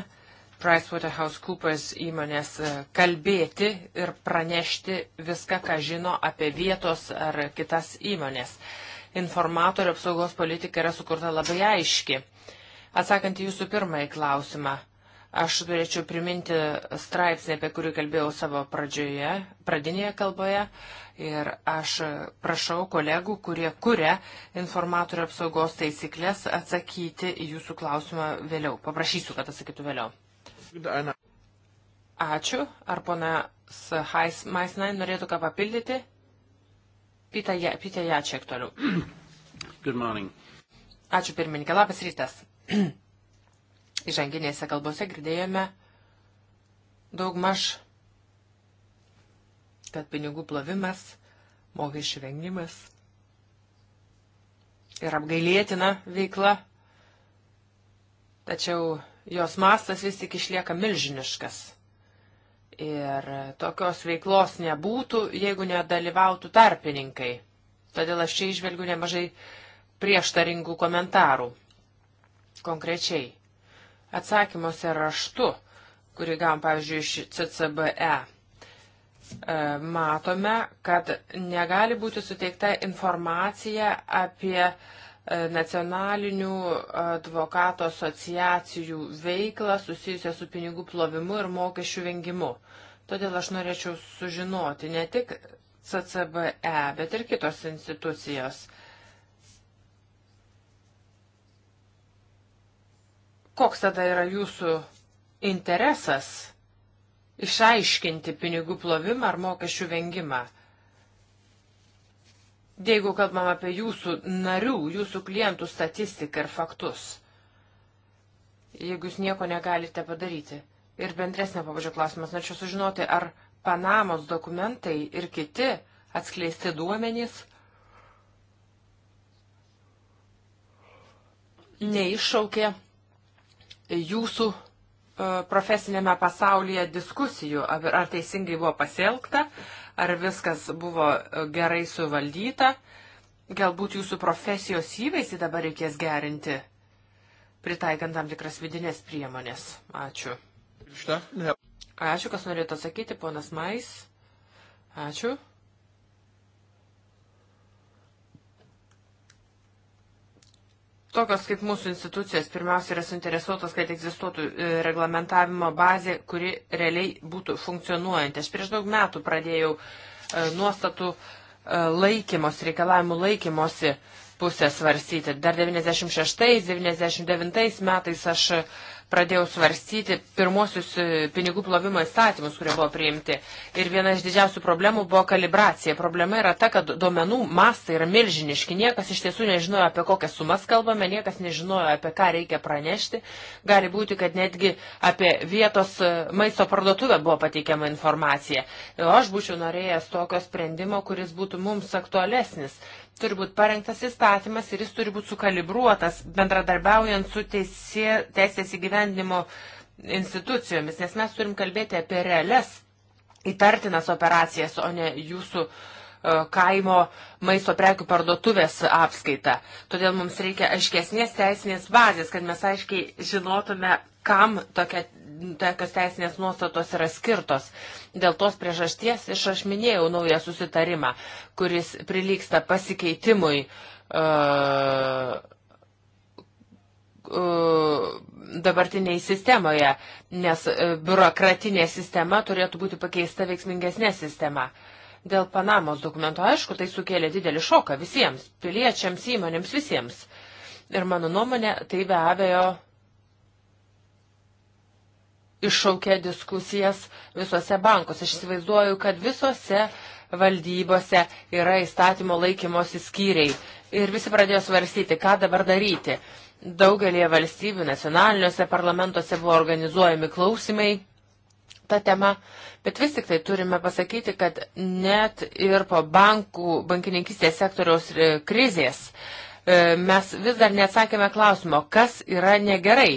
PricewaterhouseCoopers įmonės e, kalbėti ir pranešti viską, ką žino apie vietos ar kitas įmonės. Informatorių apsaugos politika yra sukurta labai aiški. Atsakant į jūsų pirmąjį klausimą, Aš turėčiau priminti straipsnį, apie kurį kalbėjau savo pradžioje, pradinėje kalboje. Ir aš prašau kolegų, kurie kuria informatorių apsaugos taisyklės, atsakyti į jūsų klausimą vėliau. Paprašysiu, kad atsakytų vėliau. Ačiū. Ar ponas Maisnai norėtų ką papildyti? Pita, ja, Pita Jačiak toliau. Ačiū pirmininkė. Labas rytas. Įžanginėse kalbose girdėjome daug maž, kad pinigų plovimas, mokesčių vengimas ir apgailėtina veikla, tačiau jos mastas vis tik išlieka milžiniškas. Ir tokios veiklos nebūtų, jeigu nedalyvautų tarpininkai. Todėl aš čia išvelgiu nemažai prieštaringų komentarų. Konkrečiai, atsakymuose raštu, kurį gavom, pavyzdžiui, iš CCBE, e, matome, kad negali būti suteikta informacija apie e, nacionalinių advokato asociacijų veiklą susijusią su pinigų plovimu ir mokesčių vengimu. Todėl aš norėčiau sužinoti ne tik CCBE, bet ir kitos institucijos. Uh, Koks tada yra jūsų interesas išaiškinti pinigų plovimą ar mokesčių vengimą? Jeigu kalbam apie jūsų narių, jūsų klientų statistiką ir faktus, jeigu jūs nieko negalite padaryti. Ir bendresnio pabudžio klausimas, norėčiau sužinoti, ar Panamos dokumentai ir kiti atskleisti duomenys neiššaukė jūsų e, profesinėme pasaulyje diskusijų, ar teisingai buvo pasielgta, ar viskas buvo e, gerai suvaldyta, galbūt jūsų profesijos įvaizdį dabar reikės gerinti, pritaikant tam tikras vidinės priemonės. Ačiū. Ačiū, kas norėtų atsakyti, ponas Mais. Ačiū. Tokios kaip mūsų institucijos pirmiausia yra suinteresuotos, kad egzistuotų e, reglamentavimo bazė, kuri realiai būtų funkcionuojanti. Aš prieš daug metų pradėjau e, nuostatų e, laikymos, reikalavimų laikymosi pusę svarstyti. Dar 96-99 metais aš pradėjau svarstyti pirmosius e, pinigų plovimo įstatymus, kurie buvo priimti. Ir viena iš didžiausių problemų buvo kalibracija. Problema yra ta, kad duomenų mastai yra milžiniški. Niekas iš tiesų nežinojo, apie kokias sumas kalbame, niekas nežinojo, apie ką reikia pranešti. Gali būti, kad netgi apie vietos e, maisto parduotuvę buvo pateikiama informacija. O aš būčiau norėjęs tokio sprendimo, kuris būtų mums aktualesnis turi būti parengtas įstatymas ir jis turi būti sukalibruotas bendradarbiaujant su teisė, teisės įgyvendimo institucijomis, nes mes turim kalbėti apie realias įtartinas operacijas, o ne jūsų e, kaimo maisto prekių parduotuvės apskaita. Todėl mums reikia aiškesnės teisinės bazės, kad mes aiškiai žinotume, kam tokia tokios teisinės nuostatos yra skirtos. Dėl tos priežasties iš aš minėjau naują susitarimą, kuris prilyksta pasikeitimui. Uh, dabartiniai sistemoje, nes e, biurokratinė sistema turėtų būti pakeista veiksmingesnė sistema. Dėl Panamos dokumento, aišku, tai sukėlė didelį šoką visiems, piliečiams, įmonėms, visiems. Ir mano nuomonė, tai be abejo iššaukė diskusijas visuose bankuose. Aš įsivaizduoju, kad visuose valdybose yra įstatymo laikymosi skyriai. Ir visi pradėjo svarstyti, ką dabar daryti. Daugelie valstybių nacionaliniuose parlamentuose buvo organizuojami klausimai ta tema, bet vis tik tai turime pasakyti, kad net ir po bankų, bankininkistės sektoriaus e, krizės uh, E, mes vis dar neatsakėme klausimo, kas yra negerai.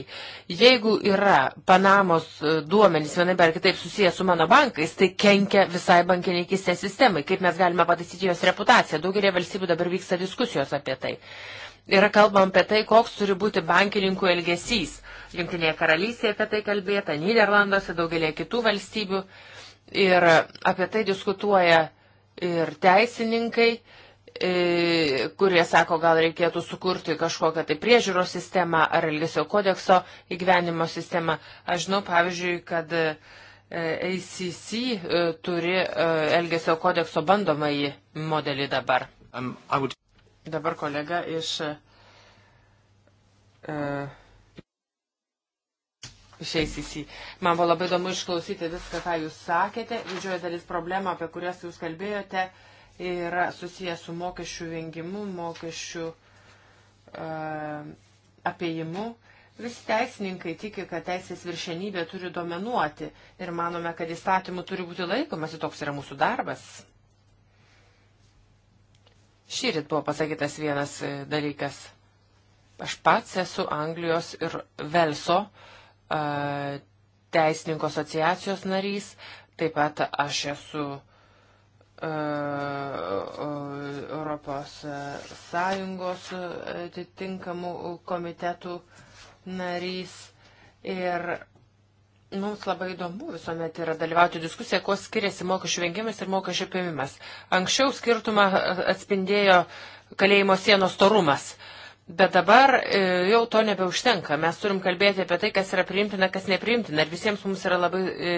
Jeigu yra Panamos e, duomenys vienaip ar kitaip susijęs su mano bankais, tai kenkia visai bankininkistės sistemai. Kaip mes galime pataisyti jos reputaciją? Daugelį valstybių dabar vyksta diskusijos apie tai. Yra kalbam apie tai, koks turi būti bankininkų elgesys. Junktinėje karalystėje apie tai kalbėta, Niderlanduose, daugelėje kitų valstybių. Ir apie tai diskutuoja ir teisininkai, E, kurie sako, gal reikėtų sukurti kažkokią tai priežiūros sistemą ar elgesio kodekso įgyvenimo sistemą. Aš žinau, pavyzdžiui, kad e, ACC e, turi elgesio kodekso bandomąjį modelį dabar. Um, would... Dabar kolega iš, uh, iš ACC. Man buvo labai įdomu išklausyti viską, ką jūs sakėte. Didžioji dalis problemų, apie kurias jūs kalbėjote, uh, yra susijęs su mokesčių vengimu, mokesčių uh, apėjimu. Visi teisininkai tiki, kad teisės viršenybė turi dominuoti ir manome, kad įstatymų turi būti laikomasi, toks yra mūsų darbas. Šįryt buvo pasakytas vienas e, dalykas. Aš pats esu Anglijos ir Velso uh, e, teisininkų asociacijos narys, taip pat aš esu uh, E, Europos Sąjungos atitinkamų komitetų narys. Ir mums labai įdomu visuomet yra dalyvauti diskusiją, kuo skiriasi mokesčių vengimas ir mokesčių pėmimas. Anksčiau skirtumą atspindėjo kalėjimo sienos storumas. Uh, Bet dabar e, jau to nebeužtenka. Mes turim kalbėti apie tai, kas yra priimtina, kas nepriimtina. Ir visiems mums yra labai e,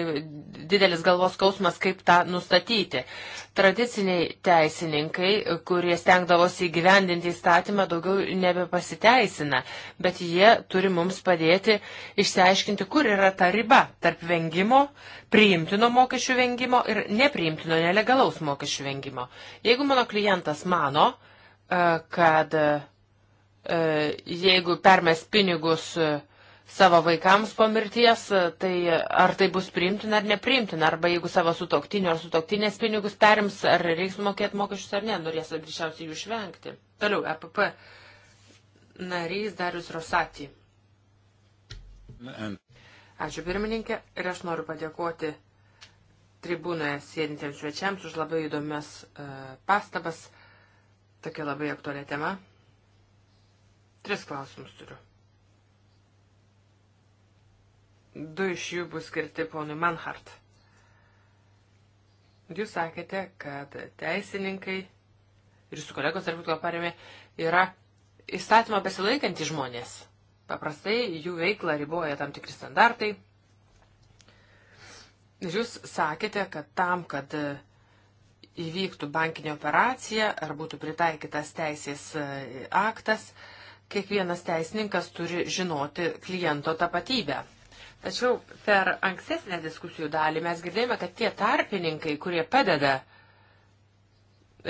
didelis galvos skausmas, kaip tą nustatyti. Tradiciniai teisininkai, kurie stengdavosi įgyvendinti įstatymą, daugiau nebepasiteisina. Bet jie turi mums padėti išsiaiškinti, kur yra ta riba tarp vengimo, priimtino mokesčių vengimo ir nepriimtino nelegalaus mokesčių vengimo. Jeigu mano klientas mano, e, kad E, jeigu permes pinigus e, savo vaikams po mirties, e, tai ar tai bus priimtina ar nepriimtina, arba jeigu savo sutoktinio ar sutoktinės pinigus perims, ar reiks mokėti mokesčius ar ne, norės greičiausiai jų išvengti. Toliau, EPP narys Darius Rosati. Ačiū pirmininkė ir aš noriu padėkoti tribūnoje sėdintiems svečiams už labai įdomias uh, pastabas, tokia labai aktuali tema. Tris klausimus turiu. Du iš jų bus skirti ponui Manhart. Jūs sakėte, kad teisininkai ir jūsų kolegos, tarp kitko, parėmė, yra įstatymą besilaikantys žmonės. Paprastai jų veiklą riboja tam tikri standartai. Ir jūs sakėte, kad tam, kad įvyktų bankinė operacija ar būtų pritaikytas teisės e, aktas, kiekvienas teisininkas turi žinoti kliento tapatybę. Tačiau per ankstesnę diskusijų dalį mes girdėjome, kad tie tarpininkai, kurie padeda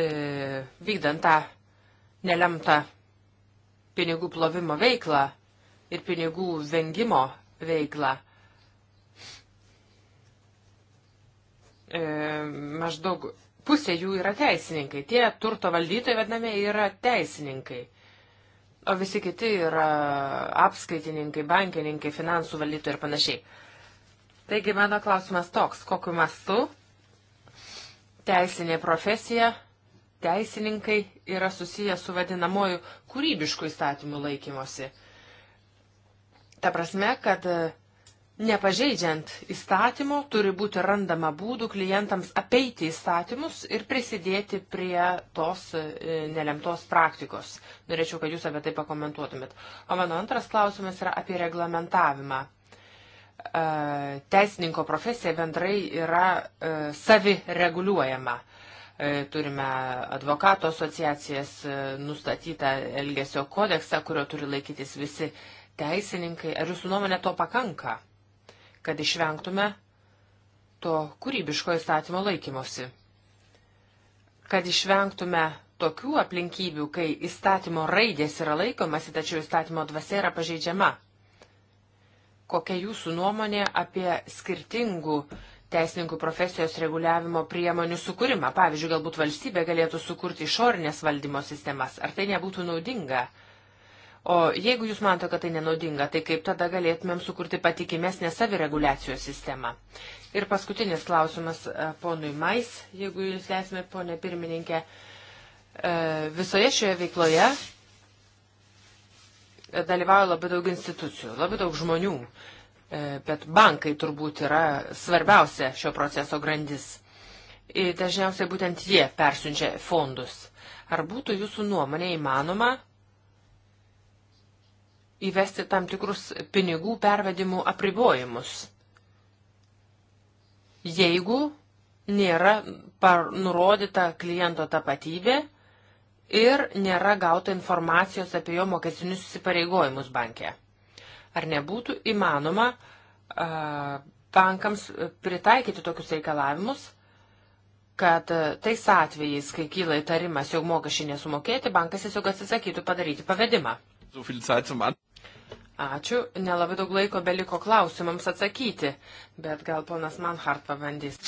e, vykdant tą nelemtą pinigų plovimo veiklą ir pinigų vengimo veiklą, e, maždaug pusė jų yra teisininkai. Tie turto valdytojai, vadiname, yra teisininkai o visi kiti yra apskaitininkai, bankininkai, finansų valytojai ir panašiai. Taigi mano klausimas toks, kokiu mastu teisinė profesija, teisininkai yra susiję su vadinamoju kūrybišku įstatymu laikymosi. Ta prasme, kad Nepažeidžiant įstatymų, turi būti randama būdų klientams apeiti įstatymus ir prisidėti prie tos e, nelemtos praktikos. Norėčiau, kad jūs apie tai pakomentuotumėt. O mano antras klausimas yra apie reglamentavimą. E, teisininko profesija bendrai yra e, savi reguliuojama turime advokato asociacijas, nustatytą Elgesio kodeksą, kurio turi laikytis visi teisininkai. Ar jūsų nuomonė to pakanka? kad išvengtume to kūrybiško įstatymo laikymosi. Kad išvengtume tokių aplinkybių, kai įstatymo raidės yra laikomasi, tačiau įstatymo dvasia yra pažeidžiama. Kokia jūsų nuomonė apie skirtingų teisininkų profesijos reguliavimo priemonių sukūrimą? Pavyzdžiui, galbūt valstybė galėtų sukurti išorinės valdymo sistemas. Ar tai nebūtų naudinga? O jeigu jūs manote, kad tai nenaudinga, tai kaip tada galėtumėm sukurti patikimesnę savireguliacijos sistemą? Ir paskutinis klausimas e, ponui Mais, jeigu jūs leisime, ponė pirmininkė, e, visoje šioje veikloje e, dalyvauja labai daug institucijų, labai daug žmonių, bet bankai turbūt yra svarbiausia šio proceso grandis. Ir dažniausiai būtent jie persiunčia fondus. Ar būtų jūsų nuomonė įmanoma įvesti tam tikrus pinigų pervedimų apribojimus. Jeigu nėra nurodyta kliento tapatybė ir nėra gauta informacijos apie jo mokestinius įsipareigojimus banke. Ar nebūtų įmanoma a, bankams pritaikyti tokius reikalavimus, kad tais atvejais, kai kyla įtarimas, jog mokesčiai nesumokėti, bankas tiesiog atsisakytų padaryti pavedimą. So Ačiū. Nelabai daug laiko beliko klausimams atsakyti, bet gal ponas Manhart pabandys.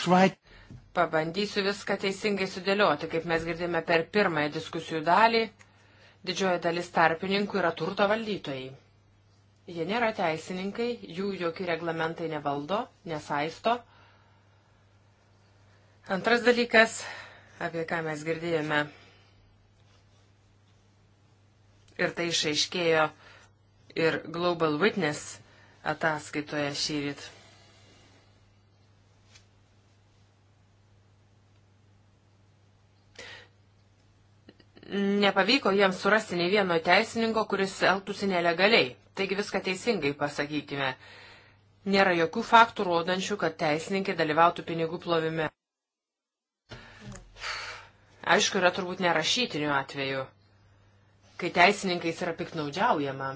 Pabandysiu viską teisingai sudėlioti, kaip mes girdėjome per pirmąją diskusijų dalį. Didžioji dalis tarpininkų yra turto valdytojai. Jie nėra teisininkai, jų jokių reglamentai nevaldo, nesaisto. Antras dalykas, apie ką mes girdėjome ir tai išaiškėjo ir Global Witness ataskaitoje šyrit. Nepavyko jiems surasti nei vieno teisininko, kuris elgtųsi nelegaliai. Taigi viską teisingai pasakykime. Nėra jokių faktų rodančių, kad teisininkai dalyvautų pinigų plovime. Aišku, yra turbūt nerašytinių atvejų, kai teisininkais yra piknaudžiaujama.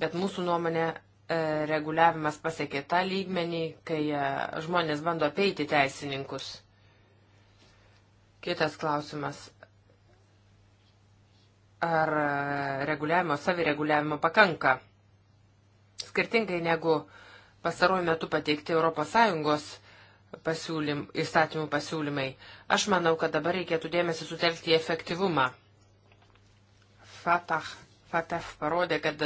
Bet mūsų nuomonė e, reguliavimas pasiekė tą lygmenį, kai e, žmonės bando apeiti teisininkus. Kitas klausimas. Ar e, reguliavimo, savireguliavimo pakanka? Skirtingai negu pasaruoju metu pateikti ES pasiūlym, įstatymų pasiūlymai, aš manau, kad dabar reikėtų dėmesį sutelkti į efektyvumą. Fatah FATF parodė, kad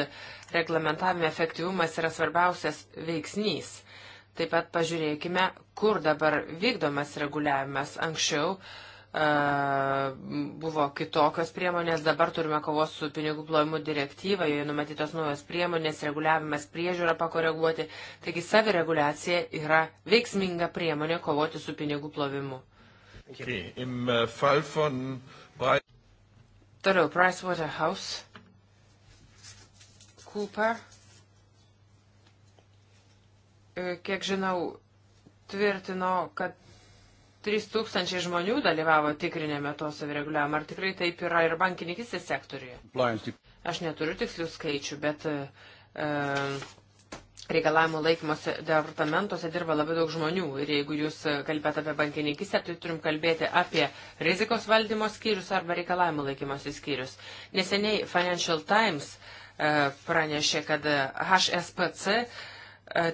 reglamentavimo efektyvumas yra svarbiausias veiksnys. Taip pat pažiūrėkime, kur dabar vykdomas reguliavimas. Anksčiau uh, buvo kitokios priemonės, dabar turime kovos su pinigų plovimu direktyvą, joje numatytos naujos priemonės, reguliavimas priežiūra pakoreguoti. Taigi savireguliacija yra veiksminga priemonė kovoti su pinigų plovimu. Okay. Im äh, Fall von Toliau, Pricewaterhouse Cooper, e, kiek žinau, tvirtino, kad 3000 žmonių dalyvavo tikrinėme to savireguliavimo. Ar tikrai taip yra ir bankininkistės sektoriuje? Aš neturiu tikslių skaičių, bet e, e, reikalavimų laikymosi departamentuose dirba labai daug žmonių. Ir jeigu jūs kalbėt apie bankininkistę, tai turim kalbėti apie rizikos valdymo skyrius arba reikalavimų laikymosi skyrius. Neseniai Financial Times e, E, pranešė, kad HSPC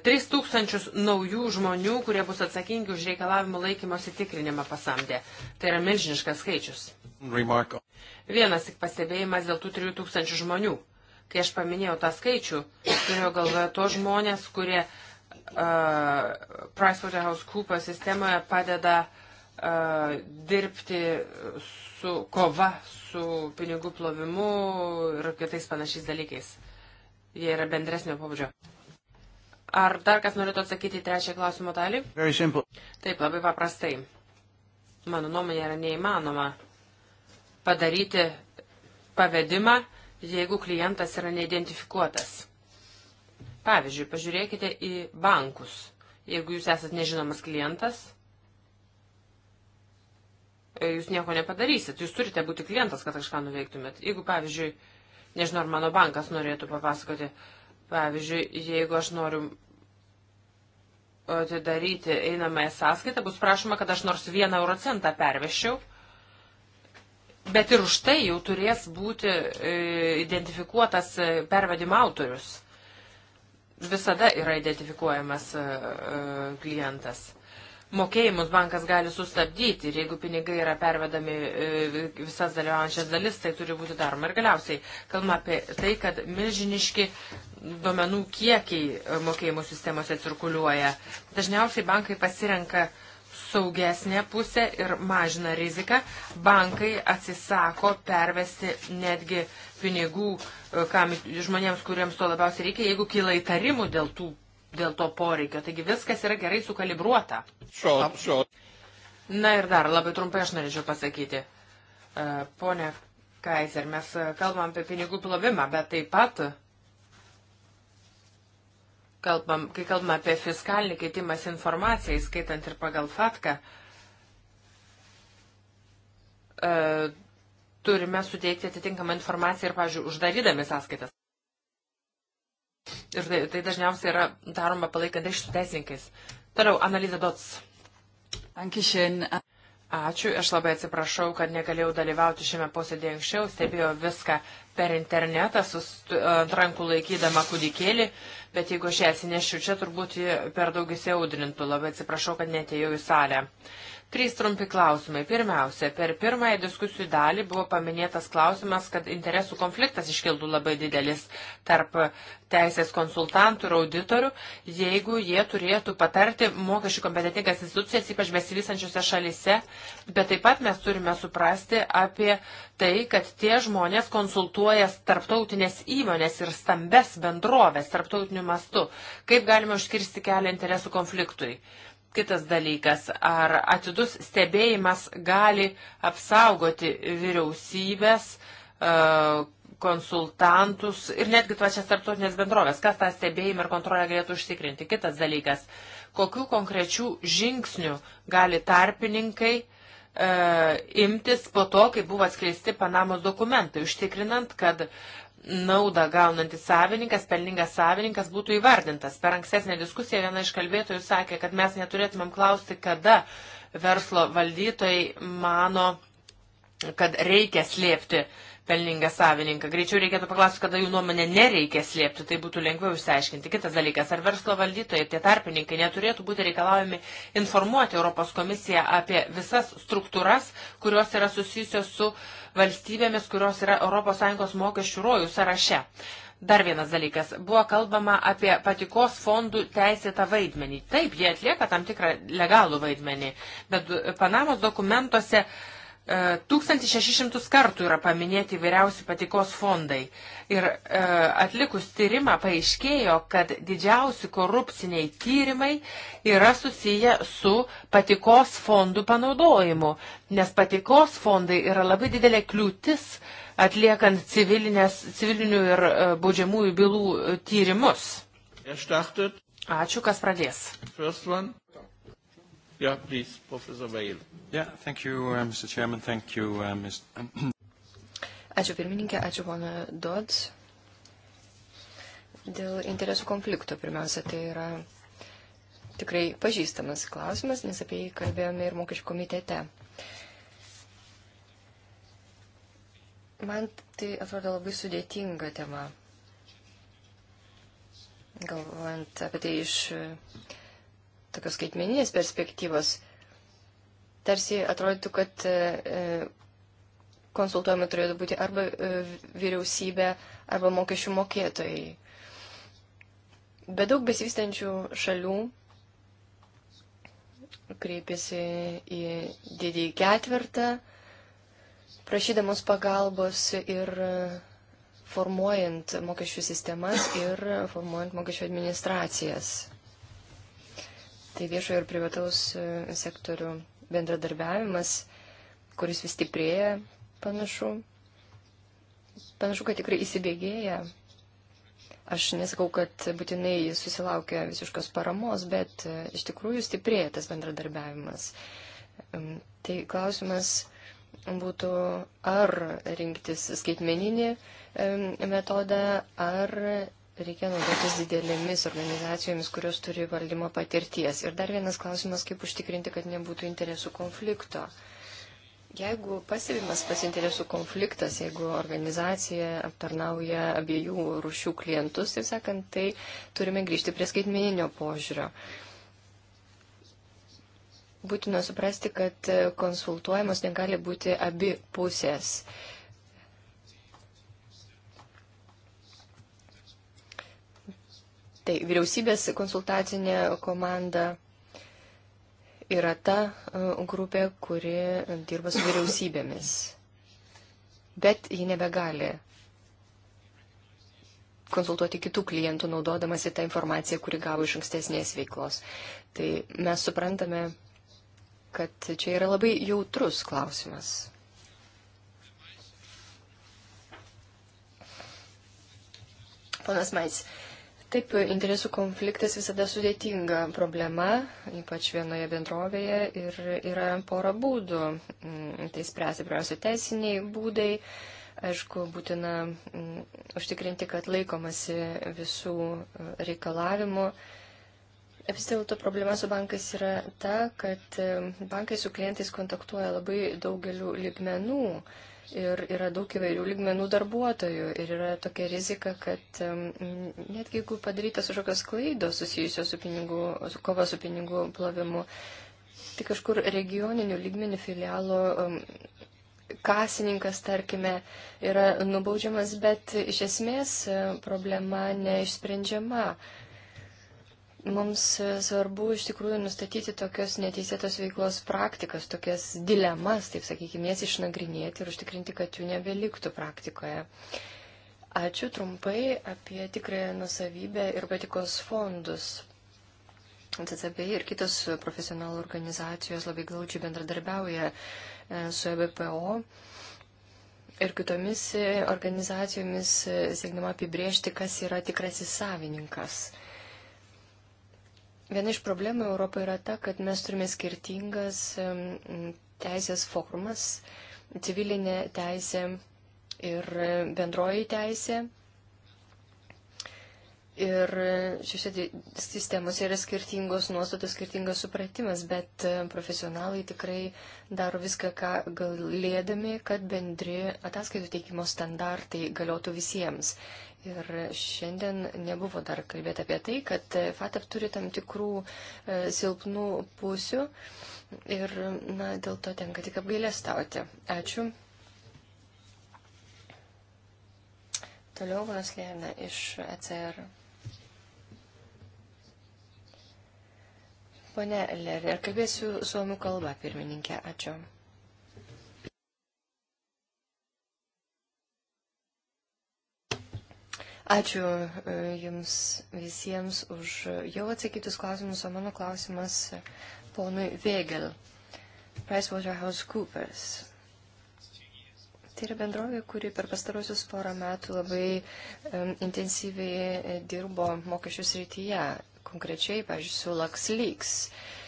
3000 e, naujų žmonių, kurie bus atsakingi už reikalavimų laikymosi tikrinimą pasamdė. Tai yra milžiniškas skaičius. Remark. Vienas tik pastebėjimas dėl tų 3000 žmonių. Kai aš paminėjau tą skaičių, turėjau galvoje to žmonės, kurie uh, PricewaterhouseCoopers sistemoje padeda uh, dirbti su kova su pinigų plovimu ir kitais panašiais dalykais. Jie yra bendresnio pobūdžio. Ar dar kas norėtų atsakyti į trečią klausimo dalį? Taip, labai paprastai. Mano nuomonė yra neįmanoma padaryti pavedimą, jeigu klientas yra neidentifikuotas. Pavyzdžiui, pažiūrėkite į bankus. Jeigu jūs esat nežinomas klientas, jūs nieko nepadarysit. Jūs turite būti klientas, kad kažką nuveiktumėt. Jeigu, pavyzdžiui, nežinau, ar mano bankas norėtų papasakoti, pavyzdžiui, jeigu aš noriu atidaryti einamąją sąskaitą, bus prašoma, kad aš nors vieną euro centą perveščiau. Bet ir už tai jau turės būti e, identifikuotas e, pervedimo autorius. Visada yra identifikuojamas e, klientas mokėjimus bankas gali sustabdyti ir jeigu pinigai yra pervedami e, visas dalyvaujančias dalis, tai turi būti daroma. Ir galiausiai kalbama apie tai, kad milžiniški duomenų kiekiai e, mokėjimų sistemose cirkuliuoja. Dažniausiai bankai pasirenka saugesnė pusė ir mažina riziką. Bankai atsisako pervesti netgi pinigų e, kam, žmonėms, kuriems to labiausiai reikia, jeigu kyla įtarimų dėl tų dėl to poreikio. Taigi viskas yra gerai sukalibruota. Šo, šo. Na ir dar labai trumpai aš norėčiau pasakyti. E, pone Kaiser, mes kalbam apie pinigų plovimą, bet taip pat, kalbam, kai kalbam apie fiskalinį keitimas informaciją, skaitant ir pagal fatką, e, turime suteikti atitinkamą informaciją ir, pavyzdžiui, uždarydami sąskaitas. Ir tai, tai dažniausiai yra daroma palaikant ryšį su teisininkais. Toliau, analizė dots. Ankišin. Ačiū, aš labai atsiprašau, kad negalėjau dalyvauti šiame posėdėje anksčiau, stebėjau viską per internetą, ant rankų laikydama kūdikėlį, bet jeigu aš ją atsineščiau čia, turbūt per daug įsiaudrintų. Labai atsiprašau, kad netėjau į salę. Uh, Trys trumpi klausimai. Pirmiausia, per pirmąją diskusijų dalį buvo paminėtas klausimas, kad interesų konfliktas iškildų labai didelis tarp teisės konsultantų ir auditorių, jeigu jie turėtų patarti mokesčių kompetitingas institucijas, ypač besivysančiose šalise. Bet taip pat mes turime suprasti apie tai, kad tie žmonės konsultuoja tarptautinės įmonės ir stambes bendrovės tarptautiniu mastu. Kaip galime užkirsti kelią interesų konfliktui? Kitas dalykas, ar atidus stebėjimas gali apsaugoti vyriausybės, e, konsultantus ir netgi plačias tarptautinės bendrovės, kas tą stebėjimą ir kontrolę galėtų užtikrinti. Kitas dalykas, kokių konkrečių žingsnių gali tarpininkai e, imtis po to, kai buvo atskleisti Panamos dokumentai, užtikrinant, kad e, naudą gaunantis savininkas, pelningas savininkas būtų įvardintas. Per ankstesnę diskusiją viena iš kalbėtojų sakė, kad mes neturėtumėm klausti, kada verslo valdytojai mano, kad reikia slėpti uh, pelningą savininką. Greičiau reikėtų paklausti, kada jų nuomonė nereikia slėpti, tai būtų lengviau išsiaiškinti. Kitas dalykas, ar verslo valdytojai, tie tarpininkai neturėtų būti reikalaujami informuoti Europos komisiją apie visas struktūras, kurios yra susijusios su valstybėmis, kurios yra ES mokesčių rojų sąraše. Dar vienas dalykas. Buvo kalbama apie patikos fondų teisėtą vaidmenį. Taip, jie atlieka tam tikrą legalų vaidmenį, bet Panamos dokumentuose uh, 1600 e, kartų yra paminėti įvairiausi patikos fondai. Ir e, atlikus tyrimą paaiškėjo, kad didžiausi korupciniai tyrimai yra susiję su patikos fondų panaudojimu, nes patikos fondai yra labai didelė kliūtis atliekant civilinių ir e, baudžiamųjų bylų e, tyrimus. Ačiū, kas pradės. Yeah, please, Professor Vail. Yeah, thank you, uh, Mr. Chairman. Thank you, uh, Ms. ačiū pirmininkė, ačiū pana Dodds. Dėl interesų konflikto pirmiausia, tai yra tikrai pažįstamas klausimas, nes apie jį kalbėjome ir mokesčių komitete. Man tai atrodo labai sudėtinga tema, galvojant apie tai iš tokios skaitmeninės perspektyvos, tarsi atrodytų, kad e, e, konsultuojami turėtų būti arba e, vyriausybė, arba mokesčių mokėtojai. Bet daug besivystančių šalių kreipėsi į didįjį ketvirtą, prašydamos pagalbos ir formuojant mokesčių sistemas ir formuojant mokesčių administracijas. Tai viešojo ir privataus e, sektorių bendradarbiavimas, kuris vis stiprėja, panašu. Panašu, kad tikrai įsibėgėja. Aš nesakau, kad būtinai susilaukia visiškos paramos, bet e, iš tikrųjų stiprėja tas bendradarbiavimas. Tai klausimas būtų ar rinktis skaitmeninį metodą, ar reikia naudotis didelėmis organizacijomis, kurios turi valdymo patirties. Ir dar vienas klausimas, kaip užtikrinti, kad nebūtų interesų konflikto. Jeigu pasivimas pas interesų konfliktas, jeigu organizacija aptarnauja abiejų rušių klientus, taip sakant, tai turime grįžti prie skaitmeninio požiūrio. Būtina suprasti, kad konsultuojamos negali būti abi pusės. Uh, Tai vyriausybės konsultacinė komanda yra ta e, grupė, kuri dirba su vyriausybėmis. Bet ji nebegali konsultuoti kitų klientų, naudodamasi tą informaciją, kuri gavo iš ankstesnės veiklos. Tai mes suprantame, kad čia yra labai jautrus klausimas. Ponas Mais, Taip, interesų konfliktas visada sudėtinga problema, ypač vienoje bendrovėje ir yra pora būdų. Mm, tai spręsti pirmiausia teisiniai būdai. Aišku, būtina mm, užtikrinti, kad laikomasi visų e, reikalavimų. Vis dėlto problema su bankais yra ta, kad e, bankai su klientais kontaktuoja labai daugeliu ligmenų ir yra daug įvairių lygmenų darbuotojų ir yra tokia rizika, kad netgi jeigu padarytas kažkokios klaidos susijusios su, pinigų, su kova su pinigų plovimu, tai kažkur regioninių lygmenių filialo kasininkas, tarkime, yra nubaudžiamas, bet iš esmės problema neišsprendžiama. Mums svarbu iš tikrųjų nustatyti tokios neteisėtos veiklos praktikas, tokias dilemas, taip sakykime, jas išnagrinėti ir užtikrinti, kad jų nebeliktų praktikoje. Ačiū trumpai apie tikrąją nusavybę ir patikos fondus. CCB ir kitos profesionalų organizacijos labai glaučiai bendradarbiauja e, su EBPO ir kitomis e, organizacijomis, e, siekdama apibriežti, kas yra tikrasis savininkas. Viena iš problemų Europoje yra ta, kad mes turime skirtingas teisės formas - civilinė teisė ir bendroji teisė. Ir šiuose sistemose yra skirtingos nuostatos, skirtingas supratimas, bet profesionalai tikrai daro viską, ką galėdami, kad bendri ataskaitų teikimo standartai galiotų visiems. Ir šiandien nebuvo dar kalbėta apie tai, kad FATF turi tam tikrų e, silpnų pusių ir na, dėl to tenka tik apgailestauti. Ačiū. Toliau vanas Lėna iš ECR. Pone Lerner, kalbėsiu suomių kalba, pirmininkė. Ačiū. Ačiū e, Jums visiems už jau atsakytus klausimus, o mano klausimas ponui Vėgel. PricewaterhouseCoopers. Tai yra bendrovė, kuri per pastarosius porą metų labai um, intensyviai dirbo mokesčių srityje, konkrečiai, pažiūrėjau, su LuxLeaks. Uh,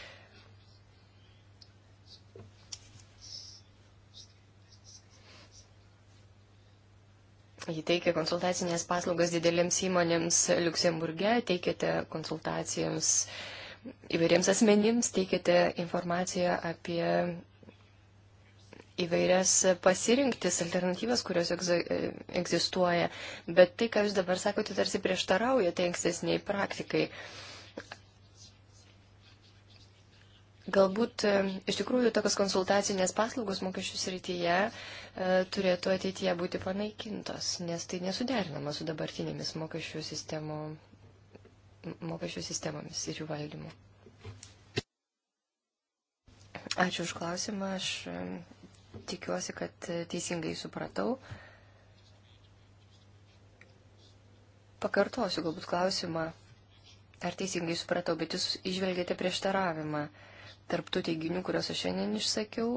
Ji teikia konsultacinės paslaugas didelėms įmonėms Luksemburge, teikiate konsultacijoms įvairiems asmenims, teikiate informaciją apie įvairias pasirinktis, alternatyvas, kurios egzistuoja. Bet tai, ką jūs dabar sakote, tarsi prieštarauja tai ankstesniai praktikai. Uh, Galbūt e, iš tikrųjų tokios konsultacinės paslaugos mokesčių srityje e, turėtų ateityje būti panaikintos, nes tai nesuderinama su dabartinėmis mokesčių, sistemo, mokesčių sistemomis ir jų valdymu. Ačiū už klausimą, aš e, tikiuosi, kad e, teisingai supratau. Pakartosiu galbūt klausimą, ar teisingai supratau, bet jūs išvelgėte prieštaravimą tarptų teiginių, kuriuos aš šiandien išsakiau,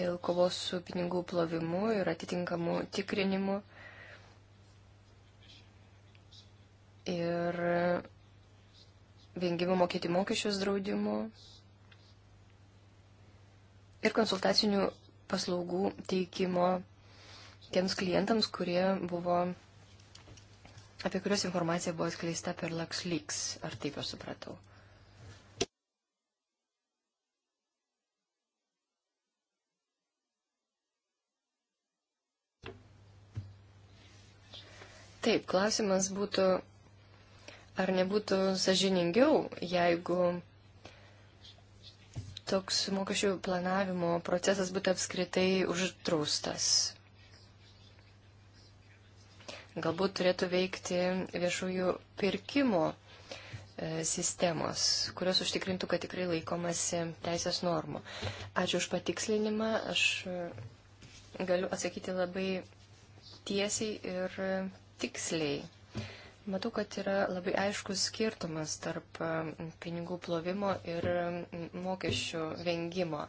dėl kovos su pinigų plovimu ir atitinkamų tikrinimu. Ir vengimo mokėti mokesčius draudimu. Ir konsultacinių paslaugų teikimo tiems klientams, kurie buvo, apie kuriuos informacija buvo skleista per LuxLeaks, ar taip aš supratau. Taip, klausimas būtų, ar nebūtų sažiningiau, jeigu toks mokesčių planavimo procesas būtų apskritai uždraustas. Galbūt turėtų veikti viešųjų pirkimo e, sistemos, kurios užtikrintų, kad tikrai laikomasi teisės normų. Ačiū už patikslinimą. Aš e, galiu atsakyti labai tiesiai ir tiksliai. Matau, kad yra labai aiškus skirtumas tarp um, pinigų plovimo ir um, mokesčių vengimo.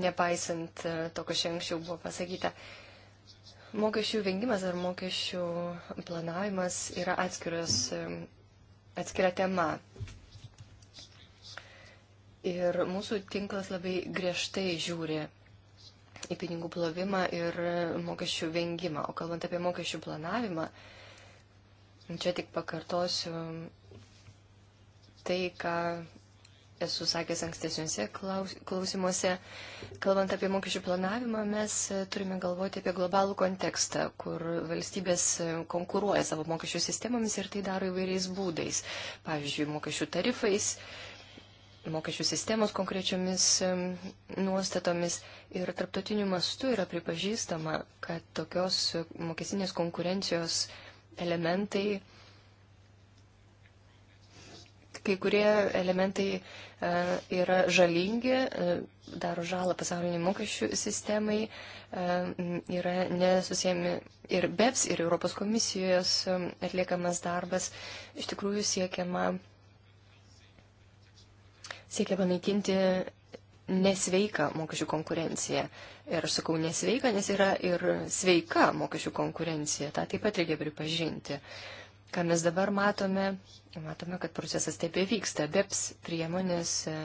Nepaisant uh, to, kas čia anksčiau buvo pasakyta, mokesčių vengimas ar mokesčių planavimas yra atskiras, um, atskira tema. Ir mūsų tinklas labai griežtai žiūri į pinigų plovimą ir mokesčių vengimą. O kalbant apie mokesčių planavimą, čia tik pakartosiu tai, ką esu sakęs ankstesniuose klausimuose. Kalbant apie mokesčių planavimą, mes turime galvoti apie globalų kontekstą, kur valstybės konkuruoja savo mokesčių sistemomis ir tai daro įvairiais būdais. Pavyzdžiui, mokesčių tarifais mokesčių sistemos konkrečiomis nuostatomis ir tarptautiniu mastu yra pripažįstama, kad tokios mokestinės konkurencijos elementai, kai kurie elementai e, yra žalingi, e, daro žalą pasauliniai mokesčių sistemai, e, yra nesusijami ir BEPS, ir Europos komisijos atliekamas darbas, iš tikrųjų siekiama siekia panaikinti nesveiką mokesčių konkurenciją. Ir aš sakau nesveiką, nes yra ir sveika mokesčių konkurencija. Ta taip pat reikia pripažinti. Ką mes dabar matome, matome, kad procesas tebe vyksta. BEPS priemonės e,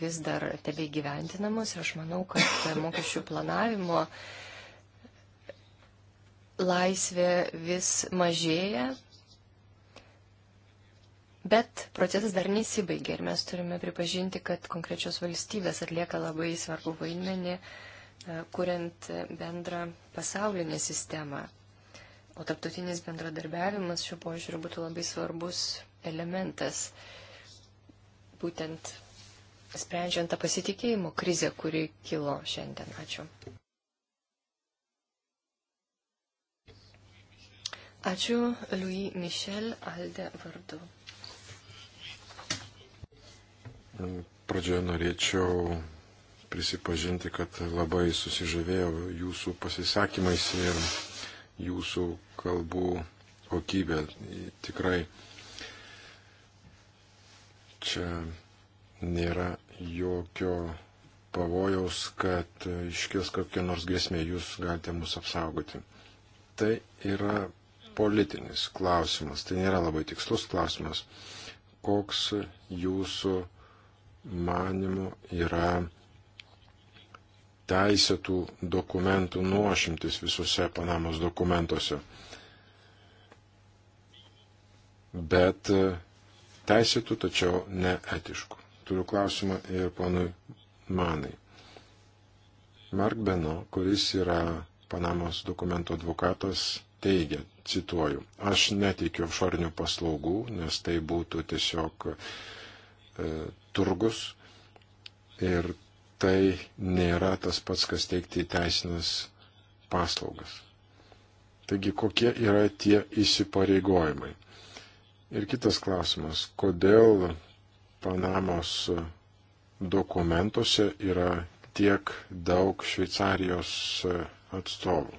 vis dar tebe gyventinamos ir aš manau, kad e, mokesčių planavimo laisvė vis mažėja Bet procesas dar nesibaigė ir mes turime pripažinti, kad konkrečios valstybės atlieka labai svarbu vaidmenį, e, kuriant bendrą pasaulinę sistemą. O tarptautinis bendradarbiavimas šiuo požiūriu būtų labai svarbus elementas, būtent sprendžiant tą pasitikėjimo krizę, kuri kilo šiandien. Ačiū. Ačiū Louis Michel Alde vardu. Pradžioje norėčiau prisipažinti, kad labai susižavėjau jūsų pasisakymais ir jūsų kalbų kokybė. Tikrai čia nėra jokio pavojaus, kad iškės kokia nors grėsmė, jūs galite mus apsaugoti. Tai yra politinis klausimas, tai nėra labai tikslus klausimas. Koks jūsų manimu yra teisėtų dokumentų nuošimtis visuose Panamos dokumentuose. Bet e, teisėtų, tačiau neetiškų. Turiu klausimą ir ponui Manai. Mark Beno, kuris yra Panamos dokumento advokatas, teigia, cituoju, aš netikiu offshore paslaugų, nes tai būtų tiesiog e, turgus ir tai nėra tas pats, kas teikti teisinės paslaugas. Taigi, kokie yra tie įsipareigojimai? Ir kitas klausimas, kodėl Panamos dokumentuose yra tiek daug Šveicarijos atstovų?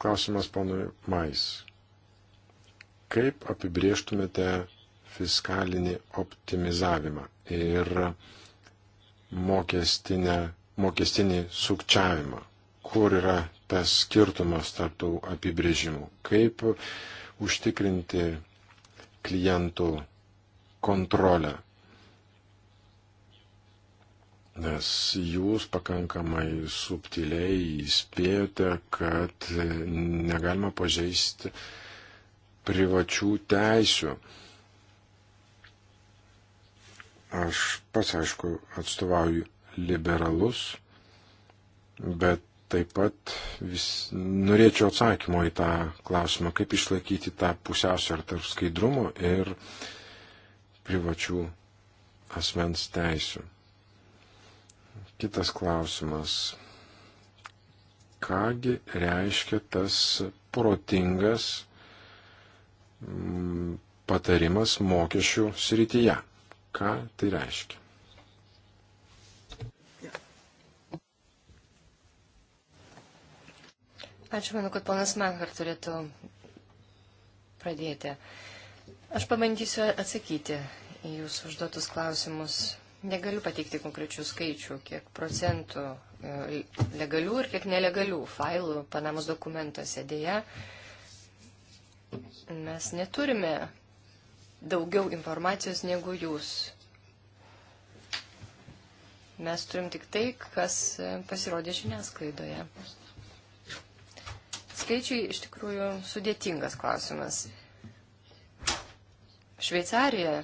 Klausimas panui Mais. Kaip apibrieštumėte fiskalinį optimizavimą ir mokestinį sukčiavimą. Kur yra tas skirtumas tarp tų apibrėžimų? Kaip užtikrinti klientų kontrolę? Nes jūs pakankamai subtiliai įspėjote, kad negalima pažeisti privačių teisių. Aš pats, aišku, atstovauju liberalus, bet taip pat vis norėčiau atsakymo į tą klausimą, kaip išlaikyti tą pusiausvyrą tarp skaidrumo ir privačių asmens teisių. Kitas klausimas. Kągi reiškia tas protingas patarimas mokesčių srityje? ką tai reiškia. Ačiū, manau, kad ponas Manhart turėtų pradėti. Aš pabandysiu atsakyti į jūsų užduotus klausimus. Negaliu pateikti konkrečių skaičių, kiek procentų e, legalių ir kiek nelegalių failų Panamos dokumentuose. Deja, mes neturime daugiau informacijos negu jūs. Mes turim tik tai, kas e, pasirodė žiniasklaidoje. Skaičiai iš tikrųjų sudėtingas klausimas. Šveicarija,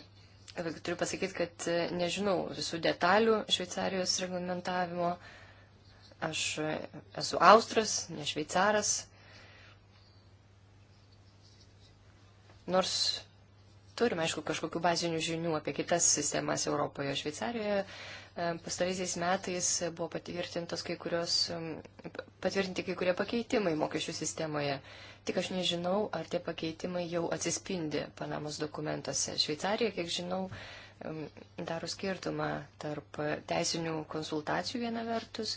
turiu pasakyti, kad e, nežinau visų detalių Šveicarijos reglamentavimo. Aš e, esu Austras, ne Šveicaras. Nors turime, aišku, kažkokių bazinių žinių apie kitas sistemas Europoje. Šveicarijoje e, pastaraisiais metais buvo patvirtintos kai kurios, patvirtinti kai kurie pakeitimai mokesčių sistemoje. Tik aš nežinau, ar tie pakeitimai jau atsispindi Panamos dokumentuose. Šveicarija, kiek žinau, daro skirtumą tarp teisinių konsultacijų viena vertus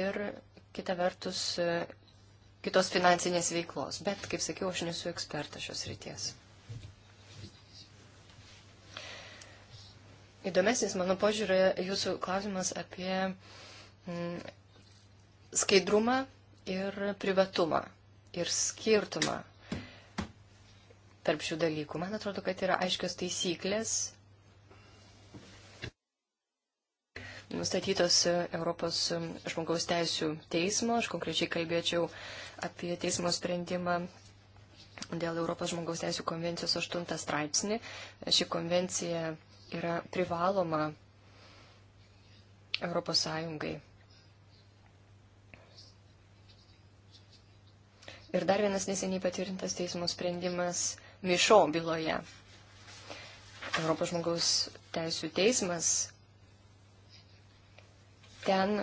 ir kita vertus e, kitos finansinės veiklos. Bet, kaip sakiau, aš nesu ekspertas šios ryties. įdomesnis, mano požiūrė, jūsų klausimas apie mm, skaidrumą ir privatumą ir skirtumą tarp šių dalykų. Man atrodo, kad yra aiškios taisyklės nustatytos Europos žmogaus teisų teismo. Aš konkrečiai kalbėčiau apie teismo sprendimą dėl Europos žmogaus teisų konvencijos 8 straipsnį. Ši konvencija yra privaloma Europos Sąjungai. Ir dar vienas neseniai patvirtintas teismo sprendimas Mišo byloje. Europos žmogaus teisų teismas ten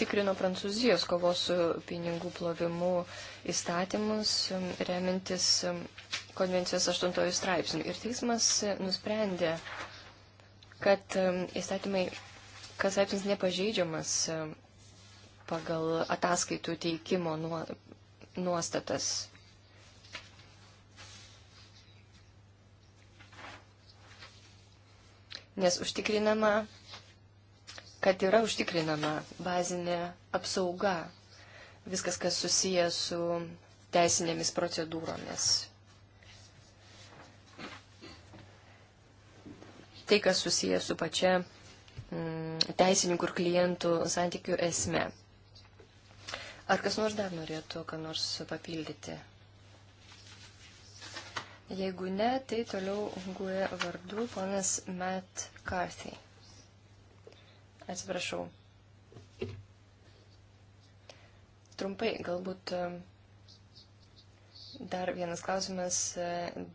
tikrino Prancūzijos kovos su pinigų plovimu įstatymus, um, remintis um, konvencijos 8 straipsnių. Ir teismas uh, nusprendė, kad įstatymai, kas laipsnis nepažeidžiamas pagal ataskaitų teikimo nuostatas. Nes užtikrinama, kad yra užtikrinama bazinė apsauga, viskas, kas susiję su teisinėmis procedūromis, tai, kas susijęs su pačia mm, teisininkų ir klientų santykių esme. Ar kas nors dar norėtų, ką nors papildyti? Jeigu ne, tai toliau guė vardu ponas Matt Carthy. Atsiprašau. Trumpai, galbūt e, dar vienas klausimas e,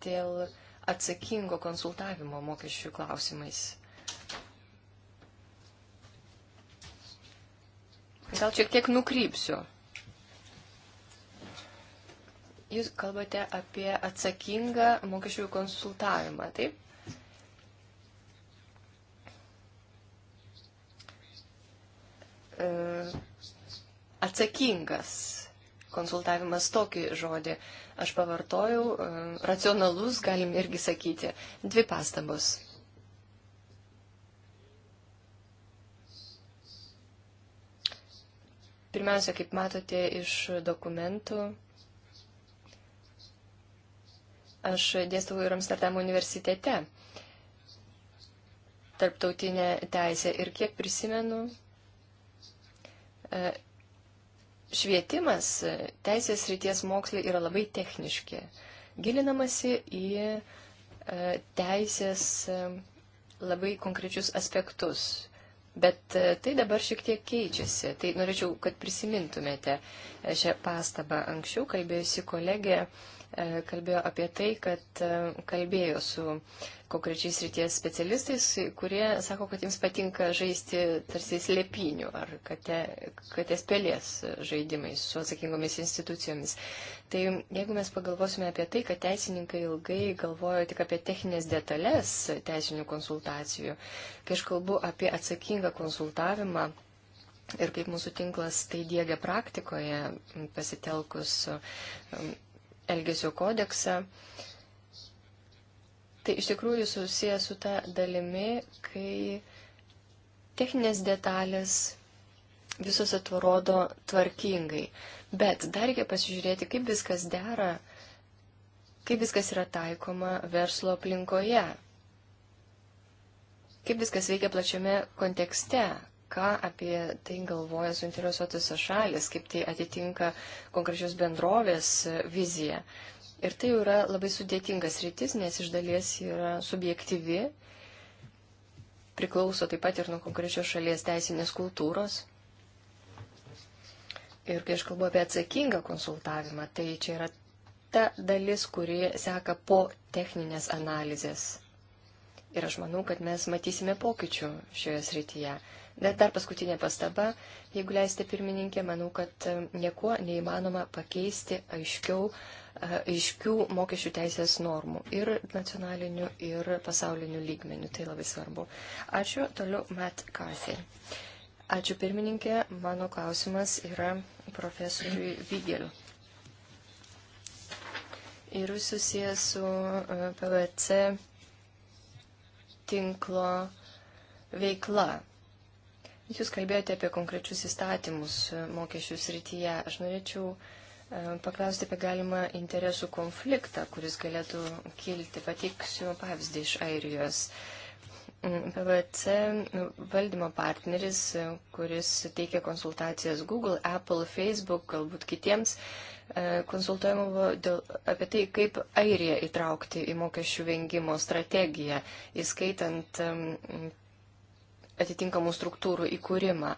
dėl atsakingo konsultavimo mokesčių klausimais. Gal šiek tiek nukrypsiu. Jūs kalbate apie atsakingą mokesčių konsultavimą, taip? E, atsakingas konsultavimas tokį žodį. Aš pavartojau, e, racionalus galim irgi sakyti. Dvi pastabos. Pirmiausia, kaip matote iš dokumentų, aš dėstau ir Amsterdamo universitete tarptautinę teisę. Ir kiek prisimenu, e, švietimas, teisės ryties mokslai yra labai techniški. Gilinamasi į e, teisės e, labai konkrečius aspektus. Bet e, tai dabar šiek tiek keičiasi. Tai norėčiau, kad prisimintumėte šią pastabą. Anksčiau kalbėjusi kolegė E, kalbėjo apie tai, kad e, kalbėjo su konkrečiais ryties specialistais, kurie sako, kad jiems patinka žaisti tarsi slėpinių ar katės pelės žaidimais su atsakingomis institucijomis. Tai jeigu mes pagalvosime apie tai, kad teisininkai ilgai galvojo tik apie techninės detalės teisinių konsultacijų, kai aš kalbu apie atsakingą konsultavimą, ir kaip mūsų tinklas tai dėgia praktikoje, pasitelkus Elgesio kodeksą, tai iš tikrųjų susijęs su ta dalimi, kai techninės detalės visos atrodo tvarkingai. Bet dar reikia pasižiūrėti, kaip viskas dera, kaip viskas yra taikoma verslo aplinkoje, kaip viskas veikia plačiame kontekste, ką apie tai galvoja suinteresuotis šalis, kaip tai atitinka konkrečios bendrovės viziją. Ir tai jau yra labai sudėtingas rytis, nes iš dalies yra subjektyvi, priklauso taip pat ir nuo konkrečios šalies teisinės kultūros. Ir kai aš kalbu apie atsakingą konsultavimą, tai čia yra ta dalis, kuri seka po techninės analizės. Ir aš manau, kad mes matysime pokyčių šioje srityje. Dar paskutinė pastaba. Jeigu leisite pirmininkė, manau, kad e, nieko neįmanoma pakeisti aiškiau, e, aiškių mokesčių teisės normų ir nacionalinių, ir pasaulinių lygmenių. Tai labai svarbu. Ačiū. Toliau Matt Carthy. Ačiū pirmininkė. Mano klausimas yra profesoriui Vigel. Ir susijęs su e, PVC tinklo veikla. Jūs kalbėjote apie konkrečius įstatymus mokesčių srityje. Aš norėčiau e, paklausti apie galimą interesų konfliktą, kuris galėtų kilti. Pateiksiu pavyzdį iš Airijos. Mm, PVC valdymo partneris, e, kuris teikia konsultacijas Google, Apple, Facebook, galbūt kitiems, e, konsultuojama buvo dėl, apie tai, kaip Airiją įtraukti į mokesčių vengimo strategiją, įskaitant atitinkamų struktūrų įkūrimą.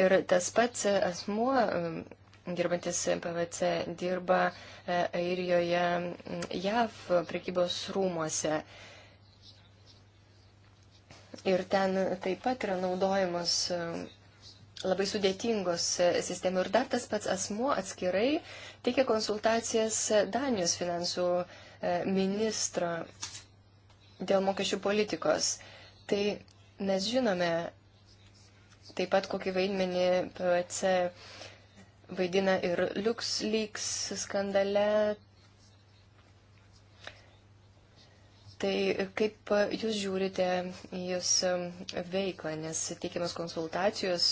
Ir tas pats asmuo, mm, dirbantis PVC, dirba e, Airijoje, mm, JAV prekybos rūmuose. Ir ten taip pat yra naudojamos mm, labai sudėtingos sistemų. Ir dar tas pats asmuo atskirai teikia konsultacijas Danijos finansų e, ministro dėl mokesčių politikos. Tai Mes žinome taip pat, kokį vaidmenį PVC e vaidina ir LuxLeaks skandale. Tai kaip jūs žiūrite į jūs veiklą, nes teikiamas konsultacijos,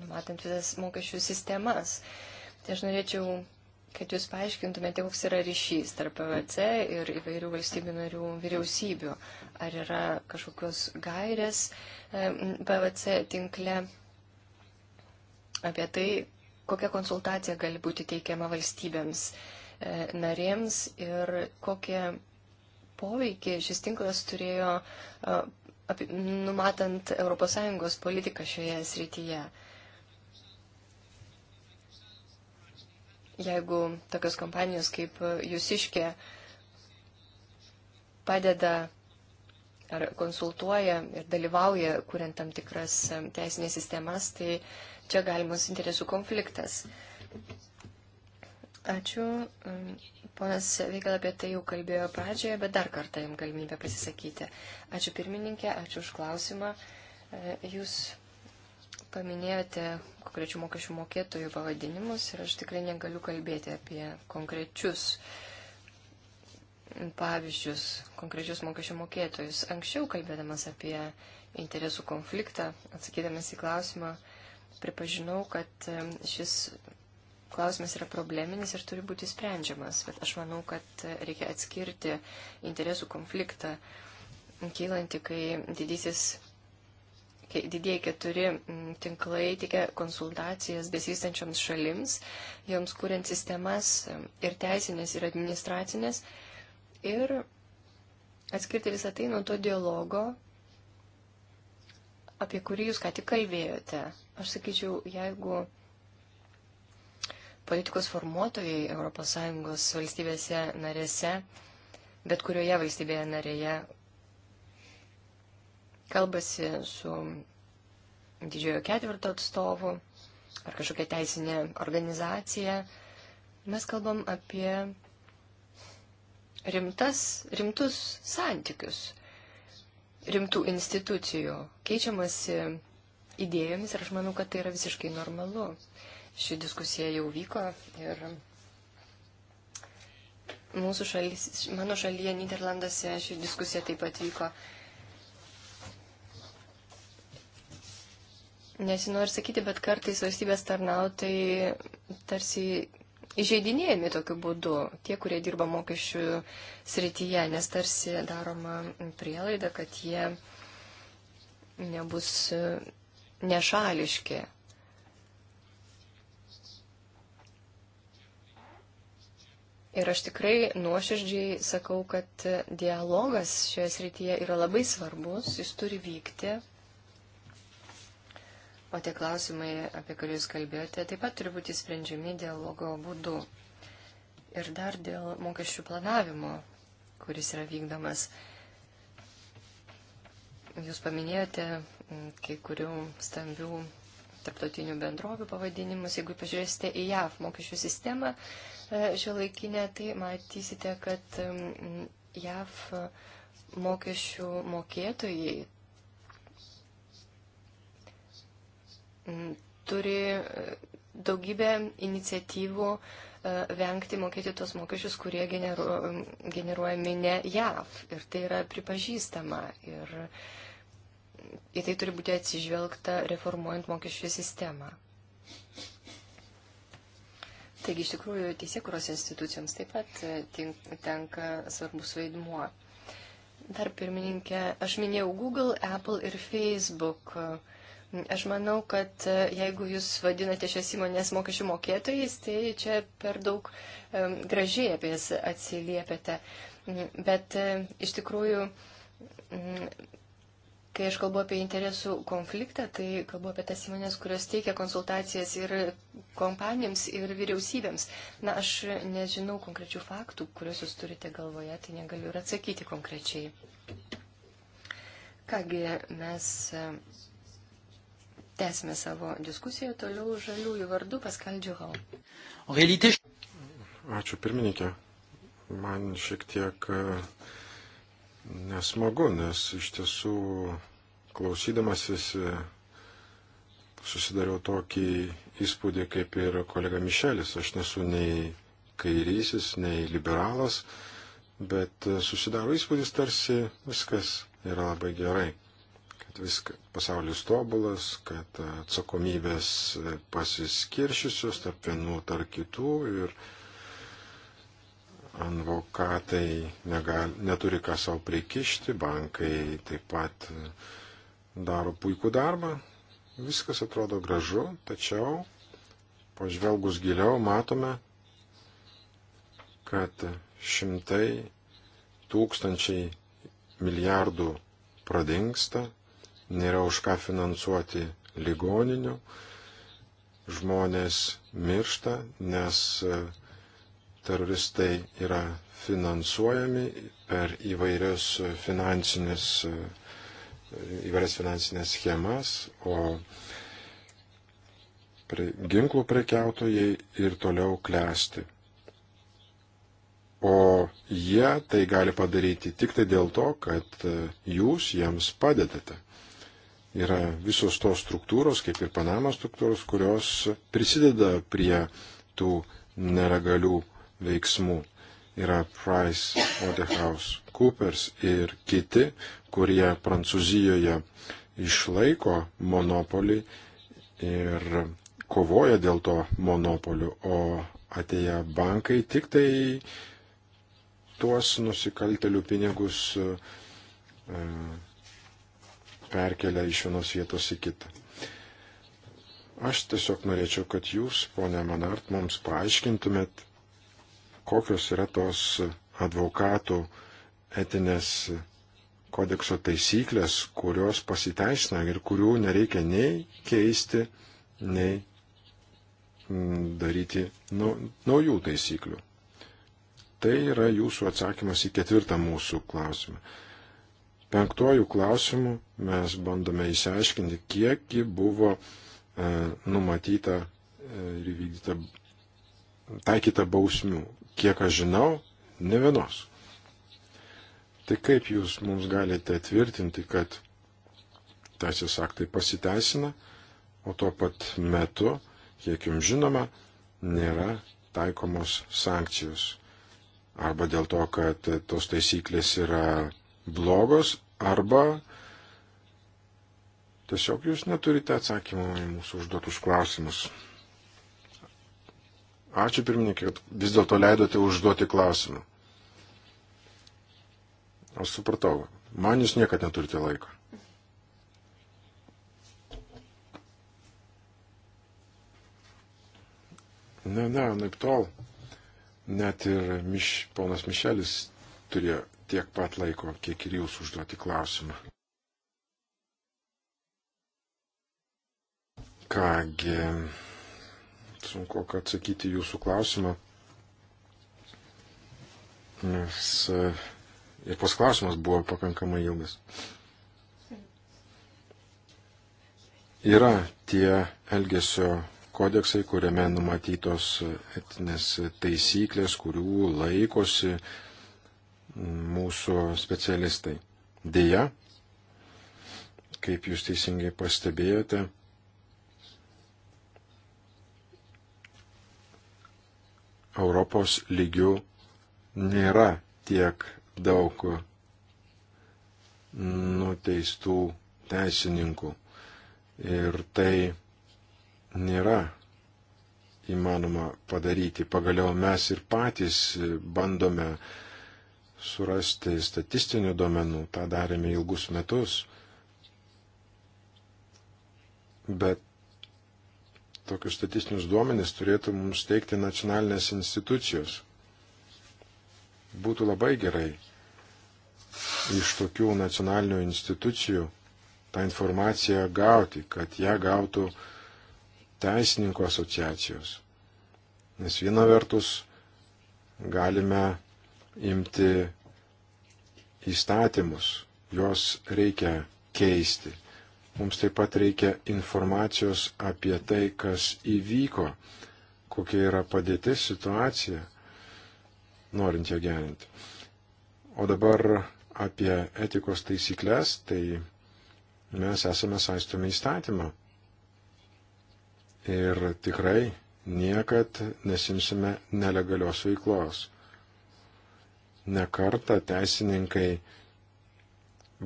numatant visas mokesčių sistemas. Tai aš norėčiau kad jūs paaiškintumėte, koks yra ryšys tarp PVC ir įvairių valstybių narių vyriausybių. Ar yra kažkokios gairės e, PVC tinkle apie tai, kokia konsultacija gali būti teikiama valstybėms e, narėms ir kokie poveikiai šis tinklas turėjo e, numatant ES politiką šioje srityje. jeigu tokios kompanijos kaip e, Jūsiškė padeda ar konsultuoja ir dalyvauja, kuriant tam tikras e, teisinės sistemas, tai čia galimas interesų konfliktas. Ačiū. Mm, ponas Veigal apie tai jau kalbėjo pradžioje, bet dar kartą jam galimybę pasisakyti. Ačiū pirmininkė, ačiū už klausimą. E, jūs paminėjote konkrečių mokesčių mokėtojų pavadinimus ir aš tikrai negaliu kalbėti apie konkrečius pavyzdžius, konkrečius mokesčių mokėtojus. Anksčiau kalbėdamas apie interesų konfliktą, atsakydamas į klausimą, pripažinau, kad šis klausimas yra probleminis ir turi būti sprendžiamas, bet aš manau, kad reikia atskirti interesų konfliktą, kylanti, kai didysis didieji keturi mm, tinklai teikia konsultacijas besistančioms šalims, joms kuriant sistemas mm, ir teisinės, ir administracinės. Ir atskirti visą tai nuo to dialogo, apie kurį jūs ką tik kalbėjote. Aš sakyčiau, jeigu politikos formuotojai ES valstybėse narėse, bet kurioje valstybėje narėje kalbasi su didžiojo ketvirto atstovu ar kažkokia teisinė organizacija, mes kalbam apie rimtas, rimtus santykius, rimtų institucijų, keičiamasi idėjomis ir aš manau, kad tai yra visiškai normalu. Ši diskusija jau vyko ir mūsų šalis, mano šalyje Niderlanduose ši diskusija taip pat vyko. Uh, nesinori sakyti, bet kartais valstybės tarnautai tarsi įžeidinėjami tokiu būdu tie, kurie dirba mokesčių srityje, nes tarsi daroma prielaida, kad jie nebus nešališki. Ir aš tikrai nuoširdžiai sakau, kad dialogas šioje srityje yra labai svarbus, jis turi vykti. O tie klausimai, apie kuriuos jūs kalbėjote, taip pat turi būti sprendžiami dialogo būdu. Ir dar dėl mokesčių planavimo, kuris yra vykdomas. Jūs paminėjote mm, kai kurių stambių tarptautinių bendrovių pavadinimus. Jeigu pažiūrėsite į JAV mokesčių sistemą e, šio laikinę, tai matysite, kad mm, JAV mokesčių mokėtojai turi e, daugybę iniciatyvų e, vengti mokėti tos mokesčius, kurie generu, generuojami ne JAV. Ir tai yra pripažįstama. Ir į tai turi būti atsižvelgta reformuojant mokesčių sistemą. Taigi iš tikrųjų teisėkuros institucijoms taip pat e, tenka svarbus vaidmuo. Dar pirmininkė, aš minėjau Google, Apple ir Facebook. Uh, Aš manau, kad e, jeigu jūs vadinate šios įmonės mokesčių mokėtojais, tai čia per daug gražiai apie jas atsiliepiate. Mm, bet e, iš tikrųjų, mm, kai aš kalbu apie interesų konfliktą, tai kalbu apie tas įmonės, kurios teikia konsultacijas ir kompanijoms, ir vyriausybėms. Na, aš nežinau konkrečių faktų, kuriuos jūs turite galvoje, tai negaliu ir atsakyti konkrečiai. Kągi mes Tęsime savo diskusiją toliau žaliųjų vardu paskaldžiu hau. Ačiū pirmininkė. Man šiek tiek e, nesmagu, nes iš tiesų klausydamasis e, susidariau tokį įspūdį kaip ir kolega Mišelis. Aš nesu nei kairysis, nei liberalas, bet e, susidaro įspūdis tarsi viskas yra labai gerai kad viskas pasaulis tobulas, kad atsakomybės pasiskiršysios tarp vienų, tarp kitų ir advokatai negal, neturi ką savo prikišti, bankai taip pat daro puikų darbą, viskas atrodo gražu, tačiau pažvelgus giliau matome, kad šimtai tūkstančiai milijardų pradingsta, nėra už ką finansuoti ligoninių, žmonės miršta, nes e, teroristai yra finansuojami per įvairias finansinės, e, įvairias finansinės schemas, o pre, ginklų prekiautojai ir toliau klesti. O jie tai gali padaryti tik tai dėl to, kad e, jūs jiems padedate yra visos tos struktūros, kaip ir Panama struktūros, kurios prisideda prie tų nelegalių veiksmų. Yra Price, Waterhouse, Coopers ir kiti, kurie Prancūzijoje išlaiko monopolį ir kovoja dėl to monopolių, o ateja bankai tik tai tuos nusikaltelių pinigus uh, perkelia iš vienos vietos į kitą. Aš tiesiog norėčiau, kad jūs, ponė Manart, mums paaiškintumėt, kokios yra tos advokatų etinės kodekso taisyklės, kurios pasiteisina ir kurių nereikia nei keisti, nei daryti naujų taisyklių. Tai yra jūsų atsakymas į ketvirtą mūsų klausimą. Penktojų klausimų mes bandome įsiaiškinti, kiekgi buvo e, numatyta e, ir įvykdyta, taikyta bausmių. Kiek aš žinau, ne vienos. Tai kaip jūs mums galite tvirtinti, kad teisės aktai pasiteisina, o tuo pat metu, kiek jums žinoma, nėra taikomos sankcijos. Arba dėl to, kad tos taisyklės yra blogos arba tiesiog jūs neturite atsakymų į mūsų užduotus klausimus. Ačiū pirmininkai, kad vis dėlto leidote užduoti klausimą. Aš supratau, man jūs niekad neturite laiko. Ne, ne, naip tol. Net ir Miš, ponas Mišelis turėjo tiek pat laiko, kiek ir jūs užduoti klausimą. Kągi, sunku atsakyti jūsų klausimą, nes e, ir pas klausimas buvo pakankamai ilgas. Yra tie elgesio kodeksai, kuriame numatytos etinės taisyklės, kurių laikosi uh, mūsų specialistai. Deja, kaip jūs teisingai pastebėjote, Europos lygių nėra tiek daug nuteistų teisininkų. Ir tai nėra įmanoma padaryti. Pagaliau mes ir patys bandome uh, surasti statistinių duomenų, tą darėme ilgus metus, bet tokius statistinius duomenis turėtų mums teikti nacionalinės institucijos. Būtų labai gerai iš tokių nacionalinių institucijų tą informaciją gauti, kad ją gautų teisininkų asociacijos. Nes viena vertus galime imti įstatymus, juos reikia keisti. Mums taip pat reikia informacijos apie tai, kas įvyko, kokia yra padėtis, situacija, norint ją gerinti. O dabar apie etikos taisyklės, tai mes esame saistomi įstatymą. Ir tikrai niekad nesimsime nelegalios veiklos nekarta teisininkai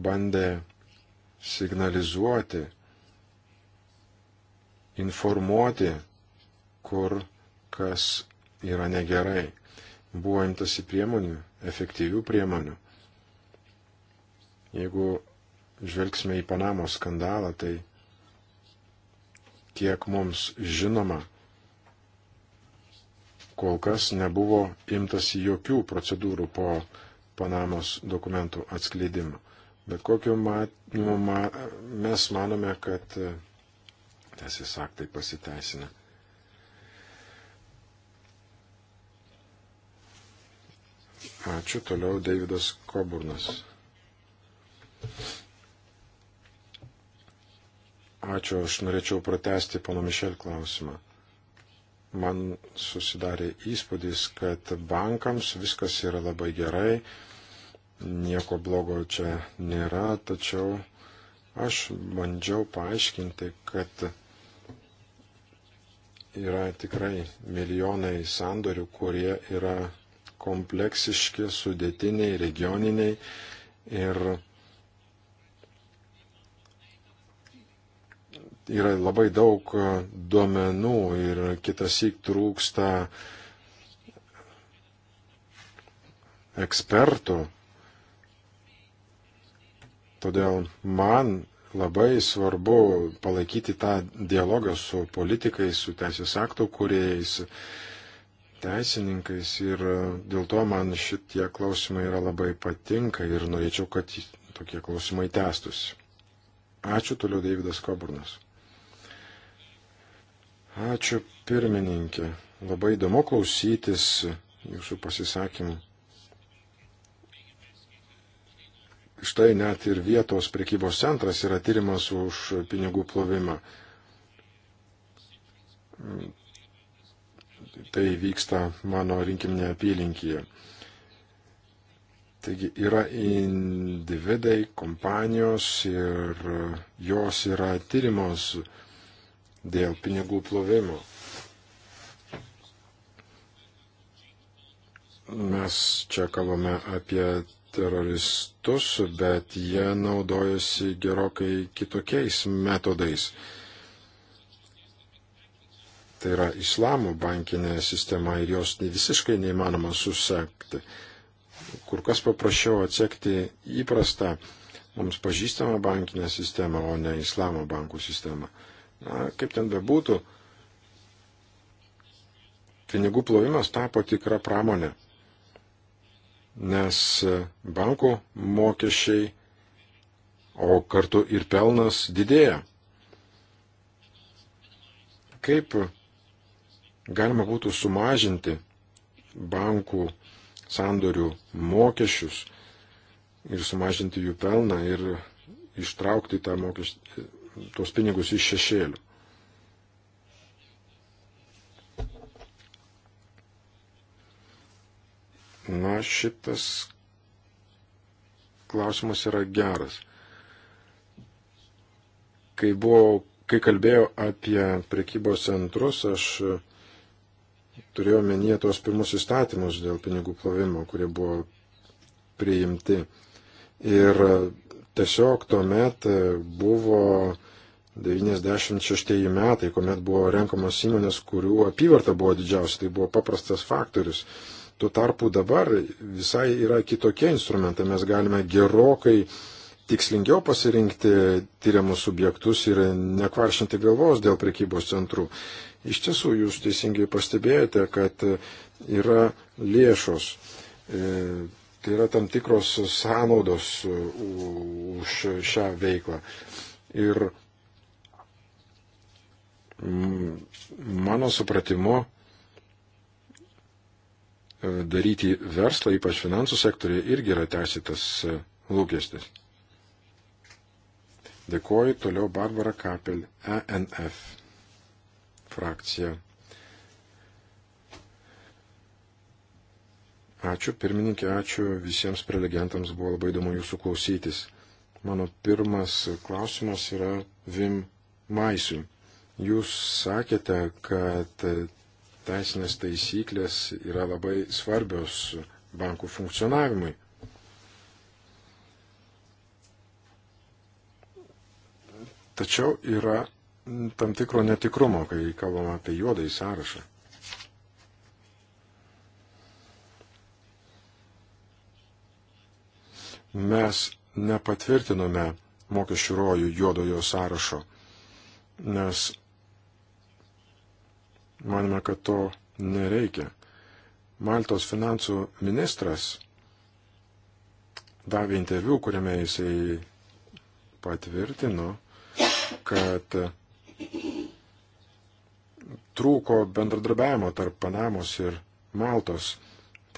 bandė signalizuoti, informuoti, kur kas yra negerai. Buvo imtasi priemonių, efektyvių priemonių. Jeigu žvelgsime į Panamos skandalą, tai kiek mums žinoma, kol kas nebuvo imtasi jokių procedūrų po Panamos dokumentų atskleidimo. Bet kokiu matymu ma, mes manome, kad e, teisės aktai pasiteisina. Ačiū toliau Davidas Koburnas. Ačiū, aš norėčiau pratesti pono Mišel klausimą man susidarė įspūdis, kad bankams viskas yra labai gerai, nieko blogo čia nėra, tačiau aš bandžiau paaiškinti, kad yra tikrai milijonai sandorių, kurie yra kompleksiški, sudėtiniai, regioniniai ir yra labai daug e, duomenų ir kitasik trūksta ekspertų. Todėl man labai svarbu palaikyti tą dialogą su politikais, su teisės aktų kuriejais, teisininkais ir dėl to man šitie klausimai yra labai patinka ir norėčiau, kad tokie klausimai tęstusi. Ačiū toliau Davidas Koburnas. Ačiū pirmininkė. Labai įdomu klausytis jūsų pasisakymų. Štai net ir vietos prekybos centras yra tyrimas už pinigų plovimą. Tai vyksta mano rinkiminė apylinkėje. Taigi yra individai, kompanijos ir jos yra tyrimos dėl pinigų plovimo. Mes čia kalbame apie teroristus, bet jie naudojasi gerokai kitokiais metodais. Tai yra islamų bankinė sistema ir jos visiškai neįmanoma susekti. Kur kas paprasčiau atsekti įprastą mums pažįstamą bankinę sistemą, o ne islamo bankų sistemą. Na, kaip ten bebūtų, pinigų plovimas tapo tikrą pramonę, nes bankų mokesčiai, o kartu ir pelnas didėja. Kaip galima būtų sumažinti bankų sandorių mokesčius ir sumažinti jų pelną ir ištraukti tą mokestį, tuos pinigus iš šešėlių. Na, šitas klausimas yra geras. Kai, buvo, kai kalbėjau apie prekybos centrus, aš turėjau menyje tos pirmus įstatymus dėl pinigų plovimo, kurie buvo priimti. Ir Tiesiog tuomet e, buvo 96 metai, kuomet buvo renkamos įmonės, kurių apyvarta buvo didžiausia, tai buvo paprastas faktorius. Tuo tarpu dabar visai yra kitokie instrumentai, mes galime gerokai tikslingiau pasirinkti tyriamus subjektus ir nekvaršinti galvos dėl prekybos centrų. Iš tiesų, jūs teisingai pastebėjote, kad yra lėšos. E, Tai yra tam tikros sąnaudos už šią veiklą. Ir mano supratimu, e, daryti verslą, ypač finansų sektoriai, irgi yra teisėtas e, lūkestis. Dėkoju toliau Barbara Kapel, ENF frakcija. Ačiū pirmininkė, ačiū visiems prelegentams, buvo labai įdomu jūsų klausytis. Mano pirmas klausimas yra Vim Maisiui. Jūs sakėte, kad teisinės taisyklės yra labai svarbios bankų funkcionavimui. Tačiau yra tam tikro netikrumo, kai kalbama apie juodąjį sąrašą. mes nepatvirtinome mokesčių rojų juodojo sąrašo, nes manome, kad to nereikia. Maltos finansų ministras davė interviu, kuriame jisai patvirtino, kad trūko bendradarbiavimo tarp Panamos ir Maltos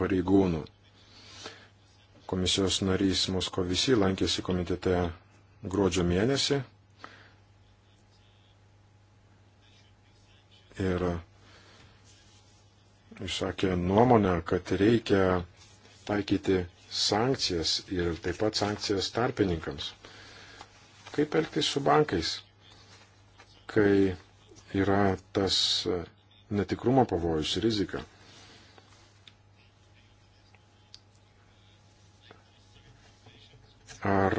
pareigūnų. Komisijos narys Moskovisi lankėsi komitete gruodžio mėnesį ir išsakė nuomonę, kad reikia taikyti sankcijas ir taip pat sankcijas tarpininkams. Kaip elgtis su bankais, kai yra tas netikrumo pavojus rizika? Ar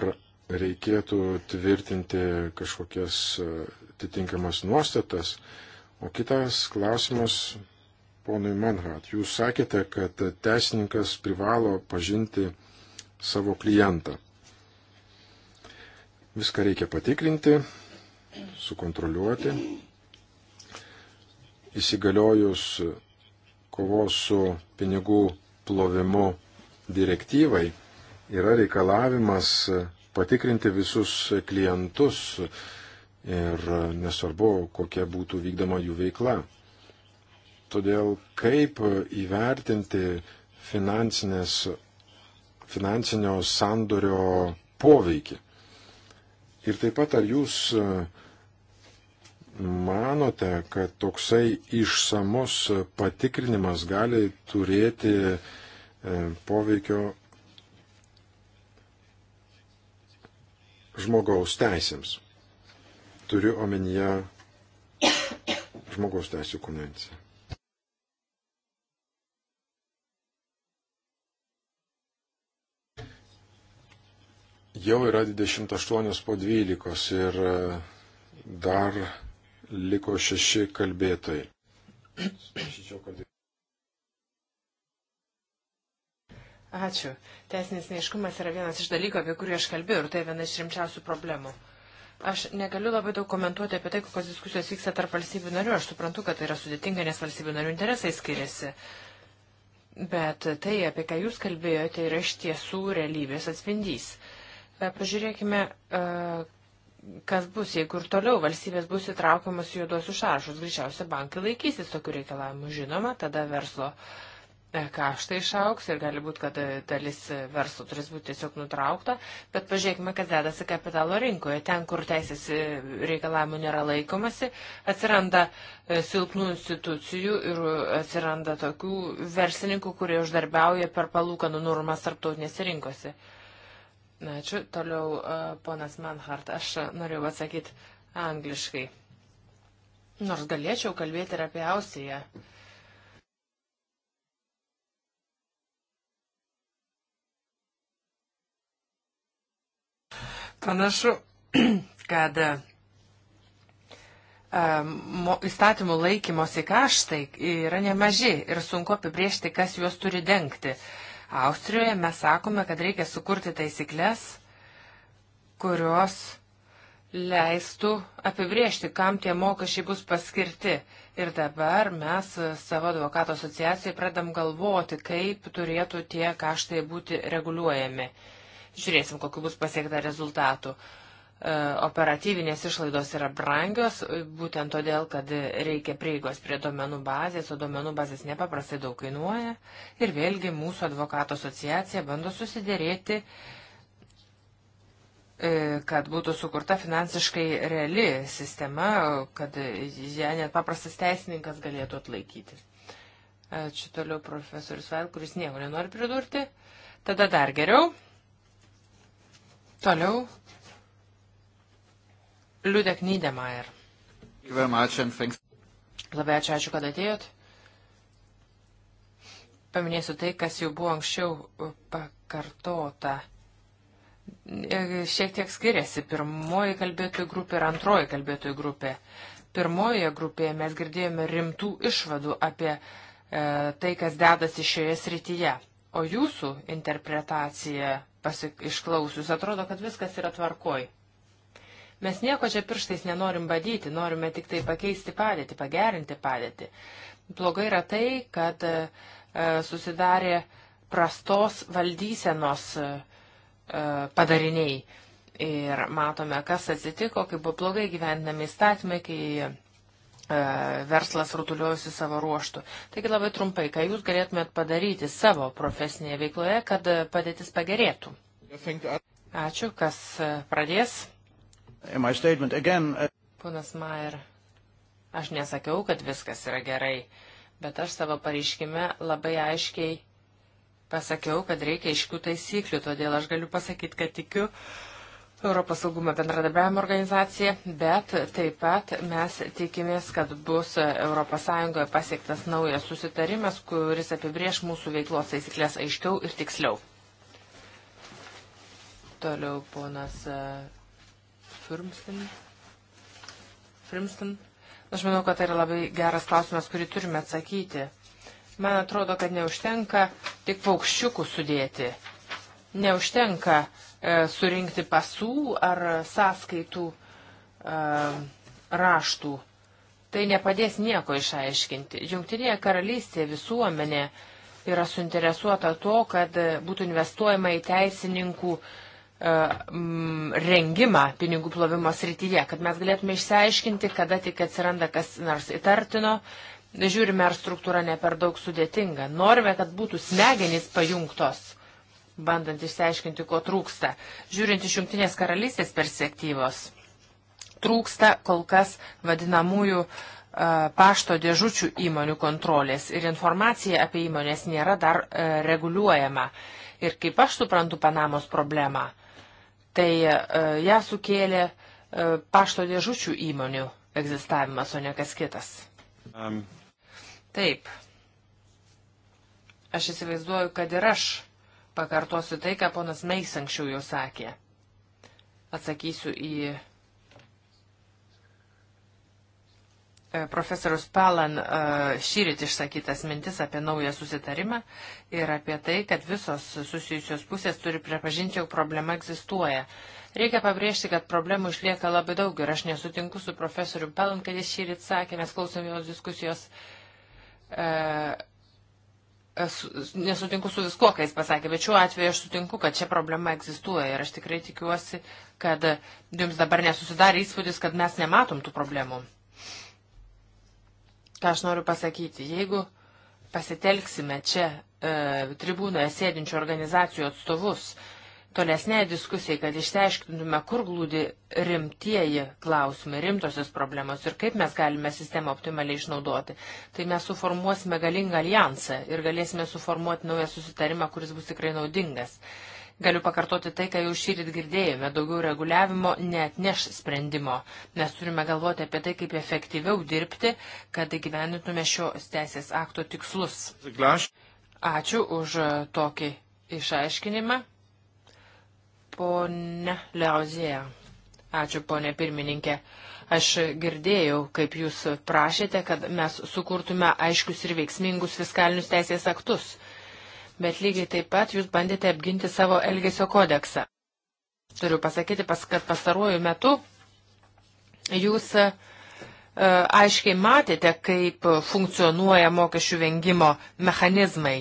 reikėtų tvirtinti kažkokias e, atitinkamas nuostatas? O kitas klausimas ponui Manhat. Jūs sakėte, kad teisininkas privalo pažinti savo klientą. Viską reikia patikrinti, sukontroliuoti. Įsigaliojus kovos su pinigų plovimu direktyvai yra reikalavimas patikrinti visus klientus ir nesvarbu, kokia būtų vykdoma jų veikla. Todėl kaip įvertinti finansinio sandorio poveikį. Ir taip pat ar jūs e, manote, kad toksai išsamus patikrinimas gali turėti e, poveikio žmogaus teisėms. Turiu omenyje žmogaus teisų konvenciją. Jau yra 28 po 12 ir e, dar liko šeši kalbėtojai. Ačiū. Teisinis neiškumas yra vienas iš dalykų, apie kurį aš kalbėjau, ir tai viena iš rimčiausių problemų. Aš negaliu labai daug komentuoti apie tai, kokios diskusijos vyksta tarp valstybių narių. Aš suprantu, kad tai yra sudėtinga, nes valstybių narių interesai skiriasi. Bet tai, apie ką jūs kalbėjote, yra iš tiesų realybės atspindys. E, pažiūrėkime, e, kas bus, jeigu ir toliau valstybės bus įtraukiamas juodosius šaršus. Greičiausia, bankai laikysis tokių reikalavimų, žinoma, tada verslo uh, E, kaštai išauks ir gali būti, kad e, dalis e, verslo turės būti tiesiog nutraukta, bet pažiūrėkime, kas dedasi kapitalo rinkoje. Ten, kur teisės reikalavimų nėra laikomasi, atsiranda silpnų institucijų ir atsiranda tokių verslininkų, kurie uždarbiauja per palūkanų normas tarptautinėse rinkose. Ačiū. Toliau ponas Manhart. Aš norėjau atsakyti angliškai. Nors galėčiau kalbėti ir apie Austriją. Panašu, kad e, įstatymų laikymosi kaštai yra nemaži ir sunku apibriežti, kas juos turi dengti. Austrijoje mes sakome, kad reikia sukurti taisyklės, kurios leistų apibriežti, kam tie mokesčiai bus paskirti. Ir dabar mes savo advokato asociacijai pradam galvoti, kaip turėtų tie kaštai būti reguliuojami. Uh, Žiūrėsim, kokiu bus pasiekta rezultatų. E, operatyvinės išlaidos yra brangios, būtent todėl, kad reikia prieigos prie domenų bazės, o domenų bazės nepaprastai daug kainuoja. Ir vėlgi mūsų advokato asociacija bando susidėrėti e, kad būtų sukurta finansiškai reali sistema, kad ją net paprastas teisininkas galėtų atlaikyti. Ačiū toliau profesorius Vail, kuris nieko nenori pridurti. Tada dar geriau. Toliau. Liudek Nydemajer. Labai ačiū, ačiū, kad atėjot. Paminėsiu tai, kas jau buvo anksčiau pakartota. E, šiek tiek skiriasi pirmoji kalbėtojų grupė ir antroji kalbėtojų grupė. Pirmojoje grupėje mes girdėjome rimtų išvadų apie e, tai, kas dedasi šioje srityje, o jūsų interpretacija pasik, išklausius. Atrodo, kad viskas yra tvarkoj. Mes nieko čia pirštais nenorim badyti, norime tik tai pakeisti padėtį, pagerinti padėtį. Blogai yra tai, kad e, e susidarė prastos valdysenos e, e, padariniai. Ir matome, kas atsitiko, kai buvo blogai gyvendami įstatymai, kai E, verslas rutuliuojusi savo ruoštų. Taigi labai trumpai, ką jūs galėtumėt padaryti savo profesinėje veikloje, kad e, padėtis pagerėtų. Ačiū, kas e, pradės. Uh, Ponas Mayer, aš nesakiau, kad viskas yra gerai, bet aš savo pareiškime labai aiškiai pasakiau, kad reikia iškių taisyklių, todėl aš galiu pasakyti, kad tikiu uh, Europos saugumo bendradarbiavimo organizacija, bet taip pat mes tikimės, kad bus ES pasiektas naujas susitarimas, kuris apibrieš mūsų veiklos taisyklės aiškiau ir tiksliau. Toliau ponas e, Firmstin. Firmstin. Aš manau, kad tai yra labai geras klausimas, kurį turime atsakyti. Man atrodo, kad neužtenka tik paukščiukų sudėti. Neužtenka uh, E, surinkti pasų ar sąskaitų e, raštų. Tai nepadės nieko išaiškinti. Junktinėje karalystėje visuomenė yra suinteresuota to, kad būtų investuojama į teisininkų e, rengimą pinigų plovimo srityje, kad mes galėtume išsiaiškinti, kada tik atsiranda kas nors įtartino, žiūrime, ar struktūra ne per daug sudėtinga. Norime, kad būtų smegenys pajungtos bandant išsiaiškinti, ko trūksta. Žiūrint iš Junktinės karalystės perspektyvos, trūksta kol kas vadinamųjų pašto dėžučių įmonių kontrolės ir informacija apie įmonės nėra dar reguliuojama. Ir kaip aš suprantu Panamos problemą, tai ją sukėlė pašto dėžučių įmonių egzistavimas, o ne kas kitas. Um. Taip. Aš įsivaizduoju, kad ir aš Pakartosiu tai, ką ponas Meis anksčiau jau sakė. Atsakysiu į e, profesorius Palan e, šyrit išsakytas mintis apie naują susitarimą ir apie tai, kad visos susijusios pusės turi pripažinti, jog problema egzistuoja. Reikia pabrėžti, kad problemų išlieka labai daug ir aš nesutinku su profesoriu Palan, kad jis šyrit sakė, mes klausėm jos diskusijos. Uh, esu, nesutinku su viskuo, ką jis pasakė, bet šiuo atveju aš sutinku, kad čia problema egzistuoja ir aš tikrai tikiuosi, kad jums dabar nesusidarė įspūdis, kad mes nematom tų problemų. Ką aš noriu pasakyti, jeigu pasitelksime čia e, tribūnoje sėdinčių organizacijų atstovus, e, tolesnė diskusija, kad išsiaiškintume, kur glūdi rimtieji klausimai, rimtosios problemos ir kaip mes galime sistemą optimaliai išnaudoti, tai mes suformuosime galingą alijansą ir galėsime suformuoti naują susitarimą, kuris bus tikrai naudingas. Galiu pakartoti tai, ką jau šįryt girdėjome, daugiau reguliavimo neatneš sprendimo. Mes turime galvoti apie tai, kaip efektyviau dirbti, kad įgyvenintume šio teisės akto tikslus. Ačiū už tokį išaiškinimą. Pone Leozija. Ačiū, ponė pirmininkė. Aš girdėjau, kaip jūs prašėte, kad mes sukurtume aiškius ir veiksmingus fiskalinius teisės aktus. Bet lygiai taip pat jūs bandėte apginti savo elgesio kodeksą. Turiu pasakyti, pas, kad pastaruoju metu jūs e, aiškiai matėte, kaip funkcionuoja mokesčių vengimo mechanizmai.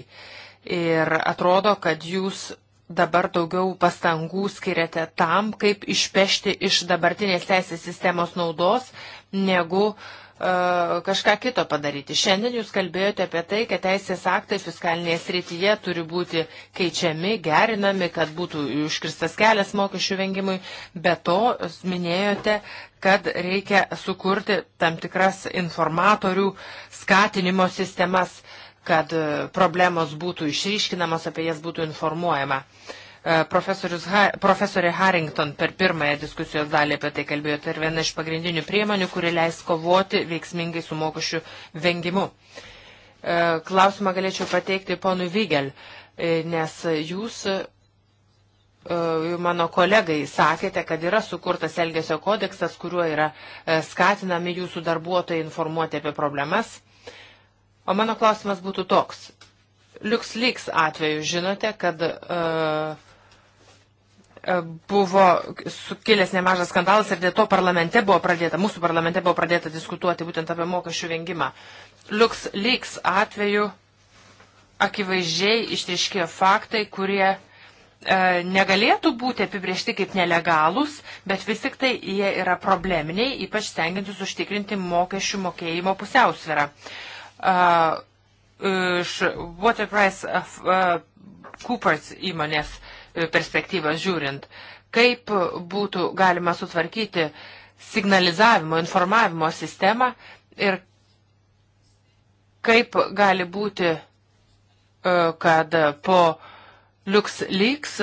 Ir atrodo, kad jūs dabar daugiau pastangų skiriate tam, kaip išpešti iš dabartinės teisės sistemos naudos, negu uh, kažką kito padaryti. Šiandien jūs kalbėjote apie tai, kad teisės aktai fiskalinėje srityje turi būti keičiami, gerinami, kad būtų užkirstas kelias mokesčių vengimui. Be to, minėjote, kad reikia sukurti tam tikras informatorių skatinimo sistemas. Uh, kad e, problemos būtų išryškinamos, apie jas būtų informuojama. E, ha, profesorė Harrington per pirmąją diskusijos dalį apie tai kalbėjo, tai ir viena iš pagrindinių priemonių, kuri leis kovoti veiksmingai su mokesčių vengimu. E, klausimą galėčiau pateikti ponui Vygel, nes jūs mano kolegai sakėte, kad yra sukurtas Elgesio kodeksas, kuriuo yra skatinami jūsų darbuotojai informuoti apie problemas. O mano klausimas būtų toks. LuxLeaks atveju žinote, kad uh, buvo sukilęs nemažas skandalas ir dėl to parlamente buvo pradėta, mūsų parlamente buvo pradėta diskutuoti būtent apie mokesčių vengimą. LuxLeaks atveju akivaizdžiai išriškėjo faktai, kurie uh, negalėtų būti apibriešti kaip nelegalūs, bet vis tik tai jie yra probleminiai, ypač stengiantis užtikrinti mokesčių mokėjimo pusiausvyrą. Uh, uh, iš Waterprice uh, uh, Coopers įmonės uh, perspektyvas žiūrint, kaip būtų galima sutvarkyti signalizavimo, informavimo sistemą ir kaip gali būti, uh, kad po uh, LuxLeaks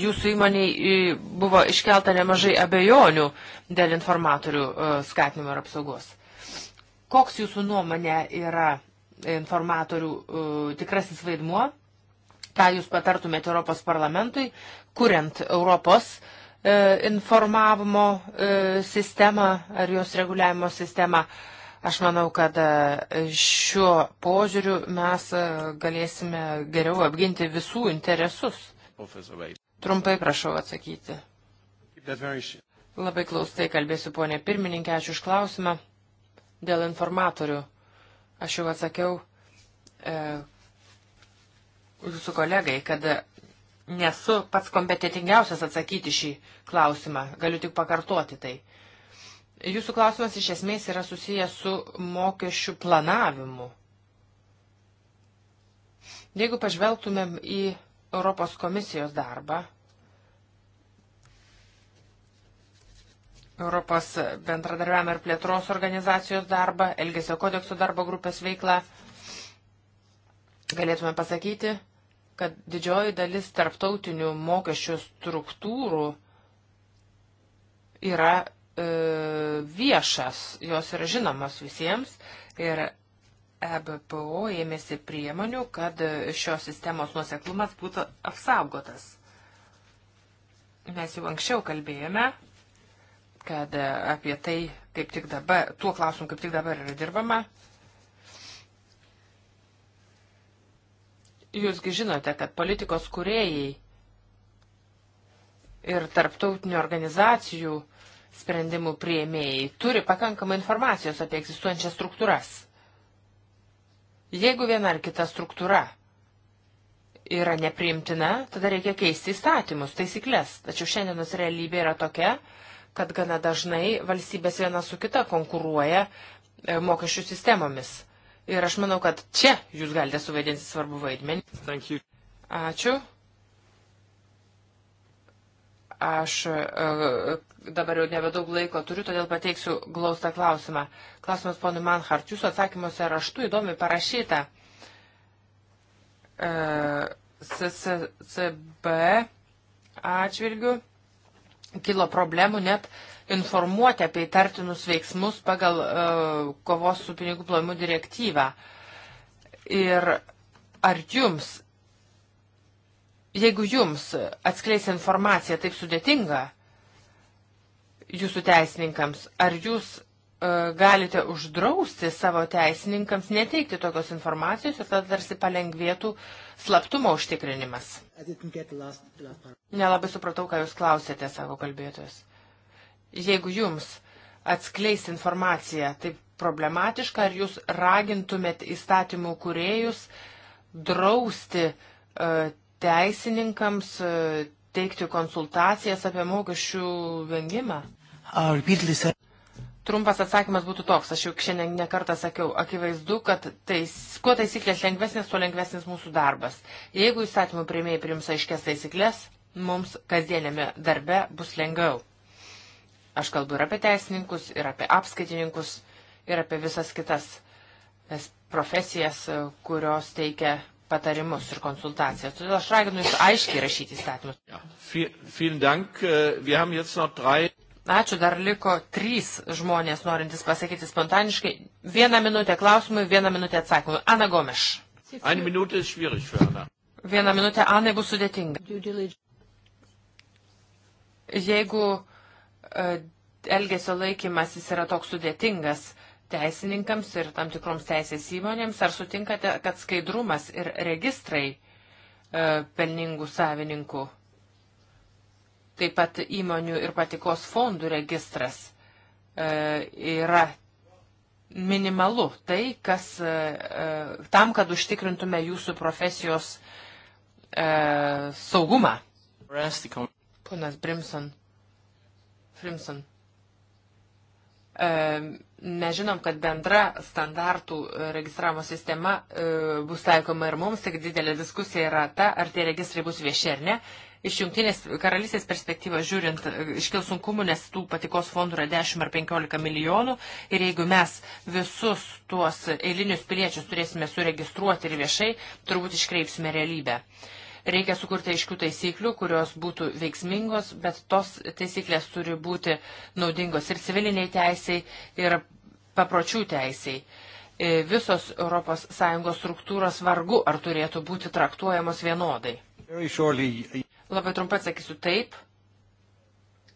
jūsų įmoniai uh, buvo iškelta nemažai abejonių dėl informatorių skatinimo ir apsaugos. Koks jūsų nuomonė yra e, informatorių e, tikrasis vaidmuo? Ką jūs patartumėte Europos parlamentui, kuriant Europos e, informavimo sistemą ar jos reguliavimo sistemą? Aš manau, kad šiuo požiūriu mes galėsime geriau apginti visų interesus. Trumpai prašau atsakyti. Labai klaustai kalbėsiu, ponė pirmininkė, ačiū už klausimą. Dėl informatorių aš jau atsakiau e, jūsų kolegai, kad nesu pats kompetitingiausias atsakyti šį klausimą, galiu tik pakartoti tai. Jūsų klausimas iš esmės yra susijęs su mokesčių planavimu. Jeigu pažvelgtumėm į Europos komisijos darbą, Europos bendradarbiavimo ir plėtros organizacijos darbą, Elgesio kodekso darbo grupės veiklą, galėtume pasakyti, kad didžioji dalis tarptautinių mokesčių struktūrų yra e, viešas, jos yra žinomas visiems ir EBPO ėmėsi priemonių, kad šios sistemos nuoseklumas būtų apsaugotas. Mes jau anksčiau kalbėjome kad e, apie tai kaip tik dabar, tuo klausimu kaip tik dabar yra dirbama. Jūsgi žinote, kad politikos kuriejai ir tarptautinių organizacijų sprendimų prieimėjai turi pakankamai informacijos apie egzistuojančias struktūras. Jeigu viena ar kita struktūra yra nepriimtina, tada reikia keisti įstatymus, taisyklės. Tačiau šiandienos realybė yra tokia, kad gana dažnai valstybės viena su kita konkuruoja e, mokesčių sistemomis. Ir aš manau, kad čia jūs galite suvaidinti svarbu vaidmenį. Ačiū. Aš e, e, dabar jau nebedaug laiko turiu, todėl pateiksiu glaustą klausimą. Klausimas ponui Manhart, jūsų atsakymuose raštu įdomi parašyta. CCCB atžvilgių kilo problemų net informuoti apie įtartinus veiksmus pagal uh, kovos su pinigų plovimu direktyvą. Ir ar jums, jeigu jums atskleis informacija taip sudėtinga jūsų teisininkams, ar jūs e, galite uždrausti savo teisininkams neteikti tokios informacijos ir tada tarsi palengvėtų slaptumo užtikrinimas. Last, last Nelabai supratau, ką Jūs klausėte, sako kalbėtojas. Jeigu Jums atskleis informaciją, tai problematiška, ar Jūs ragintumėt įstatymų kuriejus drausti uh, teisininkams uh, teikti konsultacijas apie mokesčių vengimą? Trumpas atsakymas būtų toks, aš jau šiandien nekartą sakiau, akivaizdu, kad tais, kuo taisyklės lengvesnės, tuo lengvesnis mūsų darbas. Jeigu įstatymų prieimėjai priims aiškės taisyklės, mums kasdienėme darbe bus lengviau. Aš kalbu ir apie teisininkus, ir apie apskaitininkus, ir apie visas kitas profesijas, kurios teikia patarimus ir konsultacijas. Todėl aš raginu jūs aiškiai rašyti įstatymus. Ja, viel, vielen Dank. Äh, wir haben jetzt noch drei. Ačiū, dar liko trys žmonės norintys pasakyti spontaniškai. Vieną minutę klausimui, vieną minutę atsakymui. Ana Gomeš. Vieną minutę Anai bus sudėtinga. Jeigu e, elgesio laikymasis yra toks sudėtingas teisininkams ir tam tikroms teisės įmonėms, ar sutinkate, kad skaidrumas ir registrai e, pelningų savininkų Taip pat įmonių ir patikos fondų registras e, yra minimalu tai, kas e, e, tam, kad užtikrintume jūsų profesijos e, saugumą. Ponas Brimson. Brimson. E, mes žinom, kad bendra standartų registravimo sistema e, bus taikoma ir mums, tik didelė diskusija yra ta, ar tie registrai bus vieši ar ne iš jungtinės karalystės perspektyvos žiūrint, e, iškil sunkumų, nes tų patikos fondų yra 10 ar 15 milijonų ir jeigu mes visus tuos eilinius piliečius turėsime suregistruoti ir viešai, turbūt iškreipsime realybę. Reikia sukurti aiškių taisyklių, kurios būtų veiksmingos, bet tos taisyklės turi būti naudingos ir civiliniai teisiai, ir papročių teisiai e, visos ES struktūros vargu ar turėtų būti traktuojamos vienodai. Labai trumpai atsakysiu taip,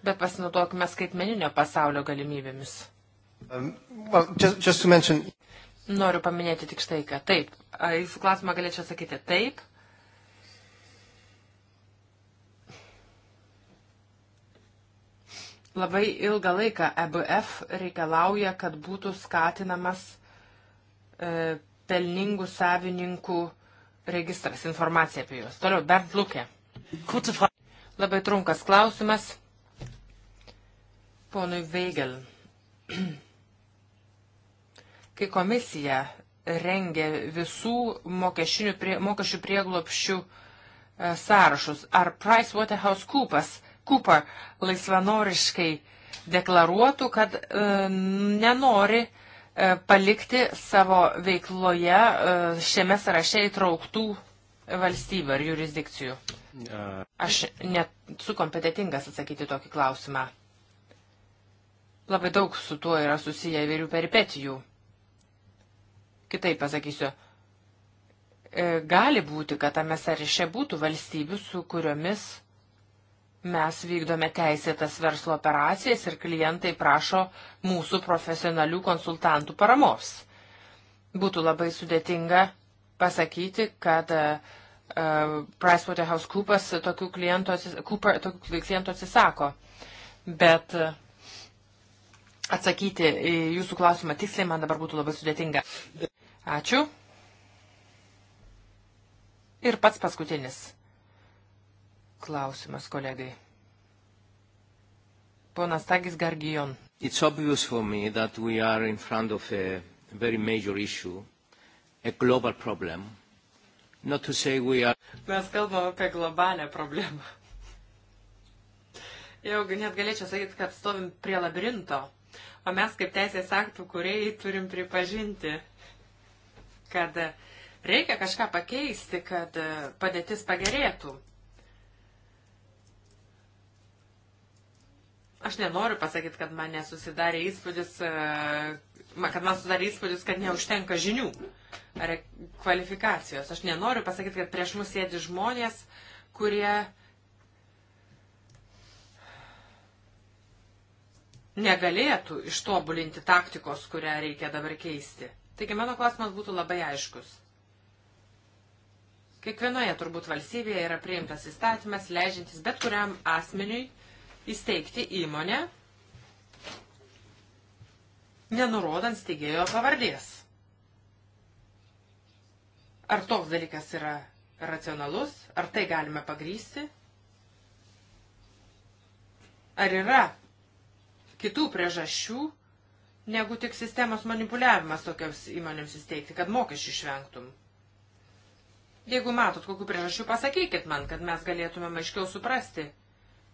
bet pasinaudokime skaitmeninio pasaulio galimybėmis. Um, well, just, just mention... Noriu paminėti tik štai, kad taip. Jūsų klausimą galėčiau sakyti taip. Labai ilgą laiką EBF reikalauja, kad būtų skatinamas e, pelningų savininkų registras, informacija apie juos. Toliau, Bernd Lukė. Labai trumpas klausimas. Ponui Veigel. Kai komisija rengė visų prie, mokesčių prieglopščių e, sąrašus, ar PricewaterhouseCoopers Cooper laisvanoriškai deklaruotų, kad e, nenori e, palikti savo veikloje e, šiame sąraše įtrauktų valstybių ar jurisdikcijų. Aš nesu kompetitingas atsakyti tokį klausimą. Labai daug su tuo yra susiję įvairių peripetijų. Kitaip pasakysiu, e, gali būti, kad tame sąryše būtų valstybių, su kuriomis mes vykdome teisėtas verslo operacijas ir klientai prašo mūsų profesionalių konsultantų paramos. Būtų labai sudėtinga pasakyti, kad uh, PricewaterhouseCoopers tokių klientų, Cooper, tokių klientų atsisako. Bet e, atsakyti į jūsų klausimą tiksliai man dabar būtų labai sudėtinga. Ačiū. Ir pats paskutinis klausimas kolegai. Ponas Tagis Gargijon. It's obvious for me that we are in front of a very major issue, a global problem Are... Mes kalbam apie globalę problemą. Jau net galėčiau sakyti, kad stovim prie labirinto, o mes kaip teisės aktų kuriejai turim pripažinti, kad reikia kažką pakeisti, kad padėtis pagerėtų. Aš nenoriu pasakyti, kad man nesusidarė įspūdis, kad man sudarė įspūdis, kad neužtenka žinių ar kvalifikacijos. Aš nenoriu pasakyti, kad prieš mus sėdi žmonės, kurie negalėtų ištobulinti taktikos, kurią reikia dabar keisti. Taigi mano klausimas būtų labai aiškus. Kiekvienoje turbūt valstybėje yra priimtas įstatymas, leidžiantis bet kuriam asmeniui įsteigti įmonę nenurodant steigėjo pavardės. Ar toks dalykas yra racionalus, ar tai galime pagrysti? Ar yra kitų priežasčių, negu tik sistemos manipuliavimas tokiams įmonėms įsteigti, kad mokesčių išvengtum? Jeigu matot, kokiu priežasčiu, pasakykit man, kad mes galėtume aiškiau suprasti,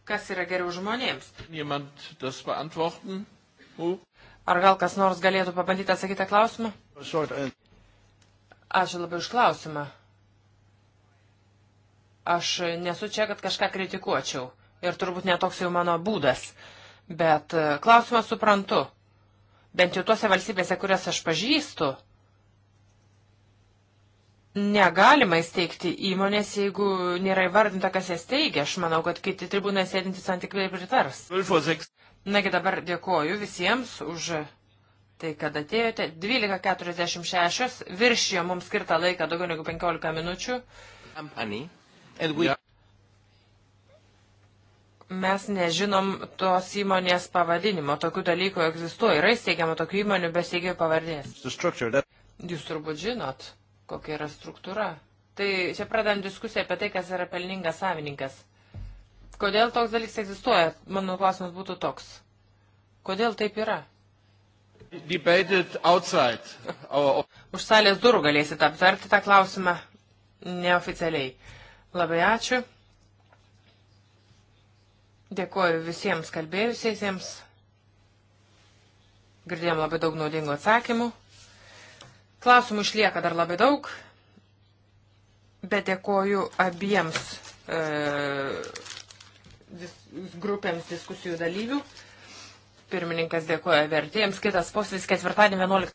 kas yra geriau žmonėms. Niemand das beantworten? Who? Ar gal kas nors galėtų pabandyti atsakyti klausimą? Ačiū labai už klausimą. Aš nesu čia, kad kažką kritikuočiau. Ir turbūt netoks jau mano būdas. Bet e, klausimą suprantu. Bent jau tuose valstybėse, kurias aš pažįstu, negalima įsteigti įmonės, jeigu nėra įvardinta, kas jas teigia. Aš manau, kad kiti tribūnai sėdintys antikvai pritars. Nagi dabar dėkoju visiems už tai, kad atėjote. 12.46 viršijo mums skirtą laiką daugiau negu 15 minučių. Mes nežinom tos įmonės pavadinimo, tokių dalykų egzistuoja, yra įsteigiama tokių įmonių be steigėjų pavardės. Jūs turbūt žinot, kokia yra struktūra. Tai čia pradant diskusiją apie tai, kas yra pelningas savininkas. Kodėl toks dalykas egzistuoja? Mano klausimas būtų toks. Kodėl taip yra? Our... Už salės durų galėsit aptarti tą klausimą neoficialiai. Labai ačiū. Dėkuoju visiems kalbėjusiesiems. Girdėjom labai daug naudingų atsakymų. Klausimų išlieka dar labai daug, bet dėkuoju abiems. E, vis, grupėms diskusijų dalyvių. Pirmininkas dėkoja vertėjams. Kitas posėdis ketvirtadienį 11.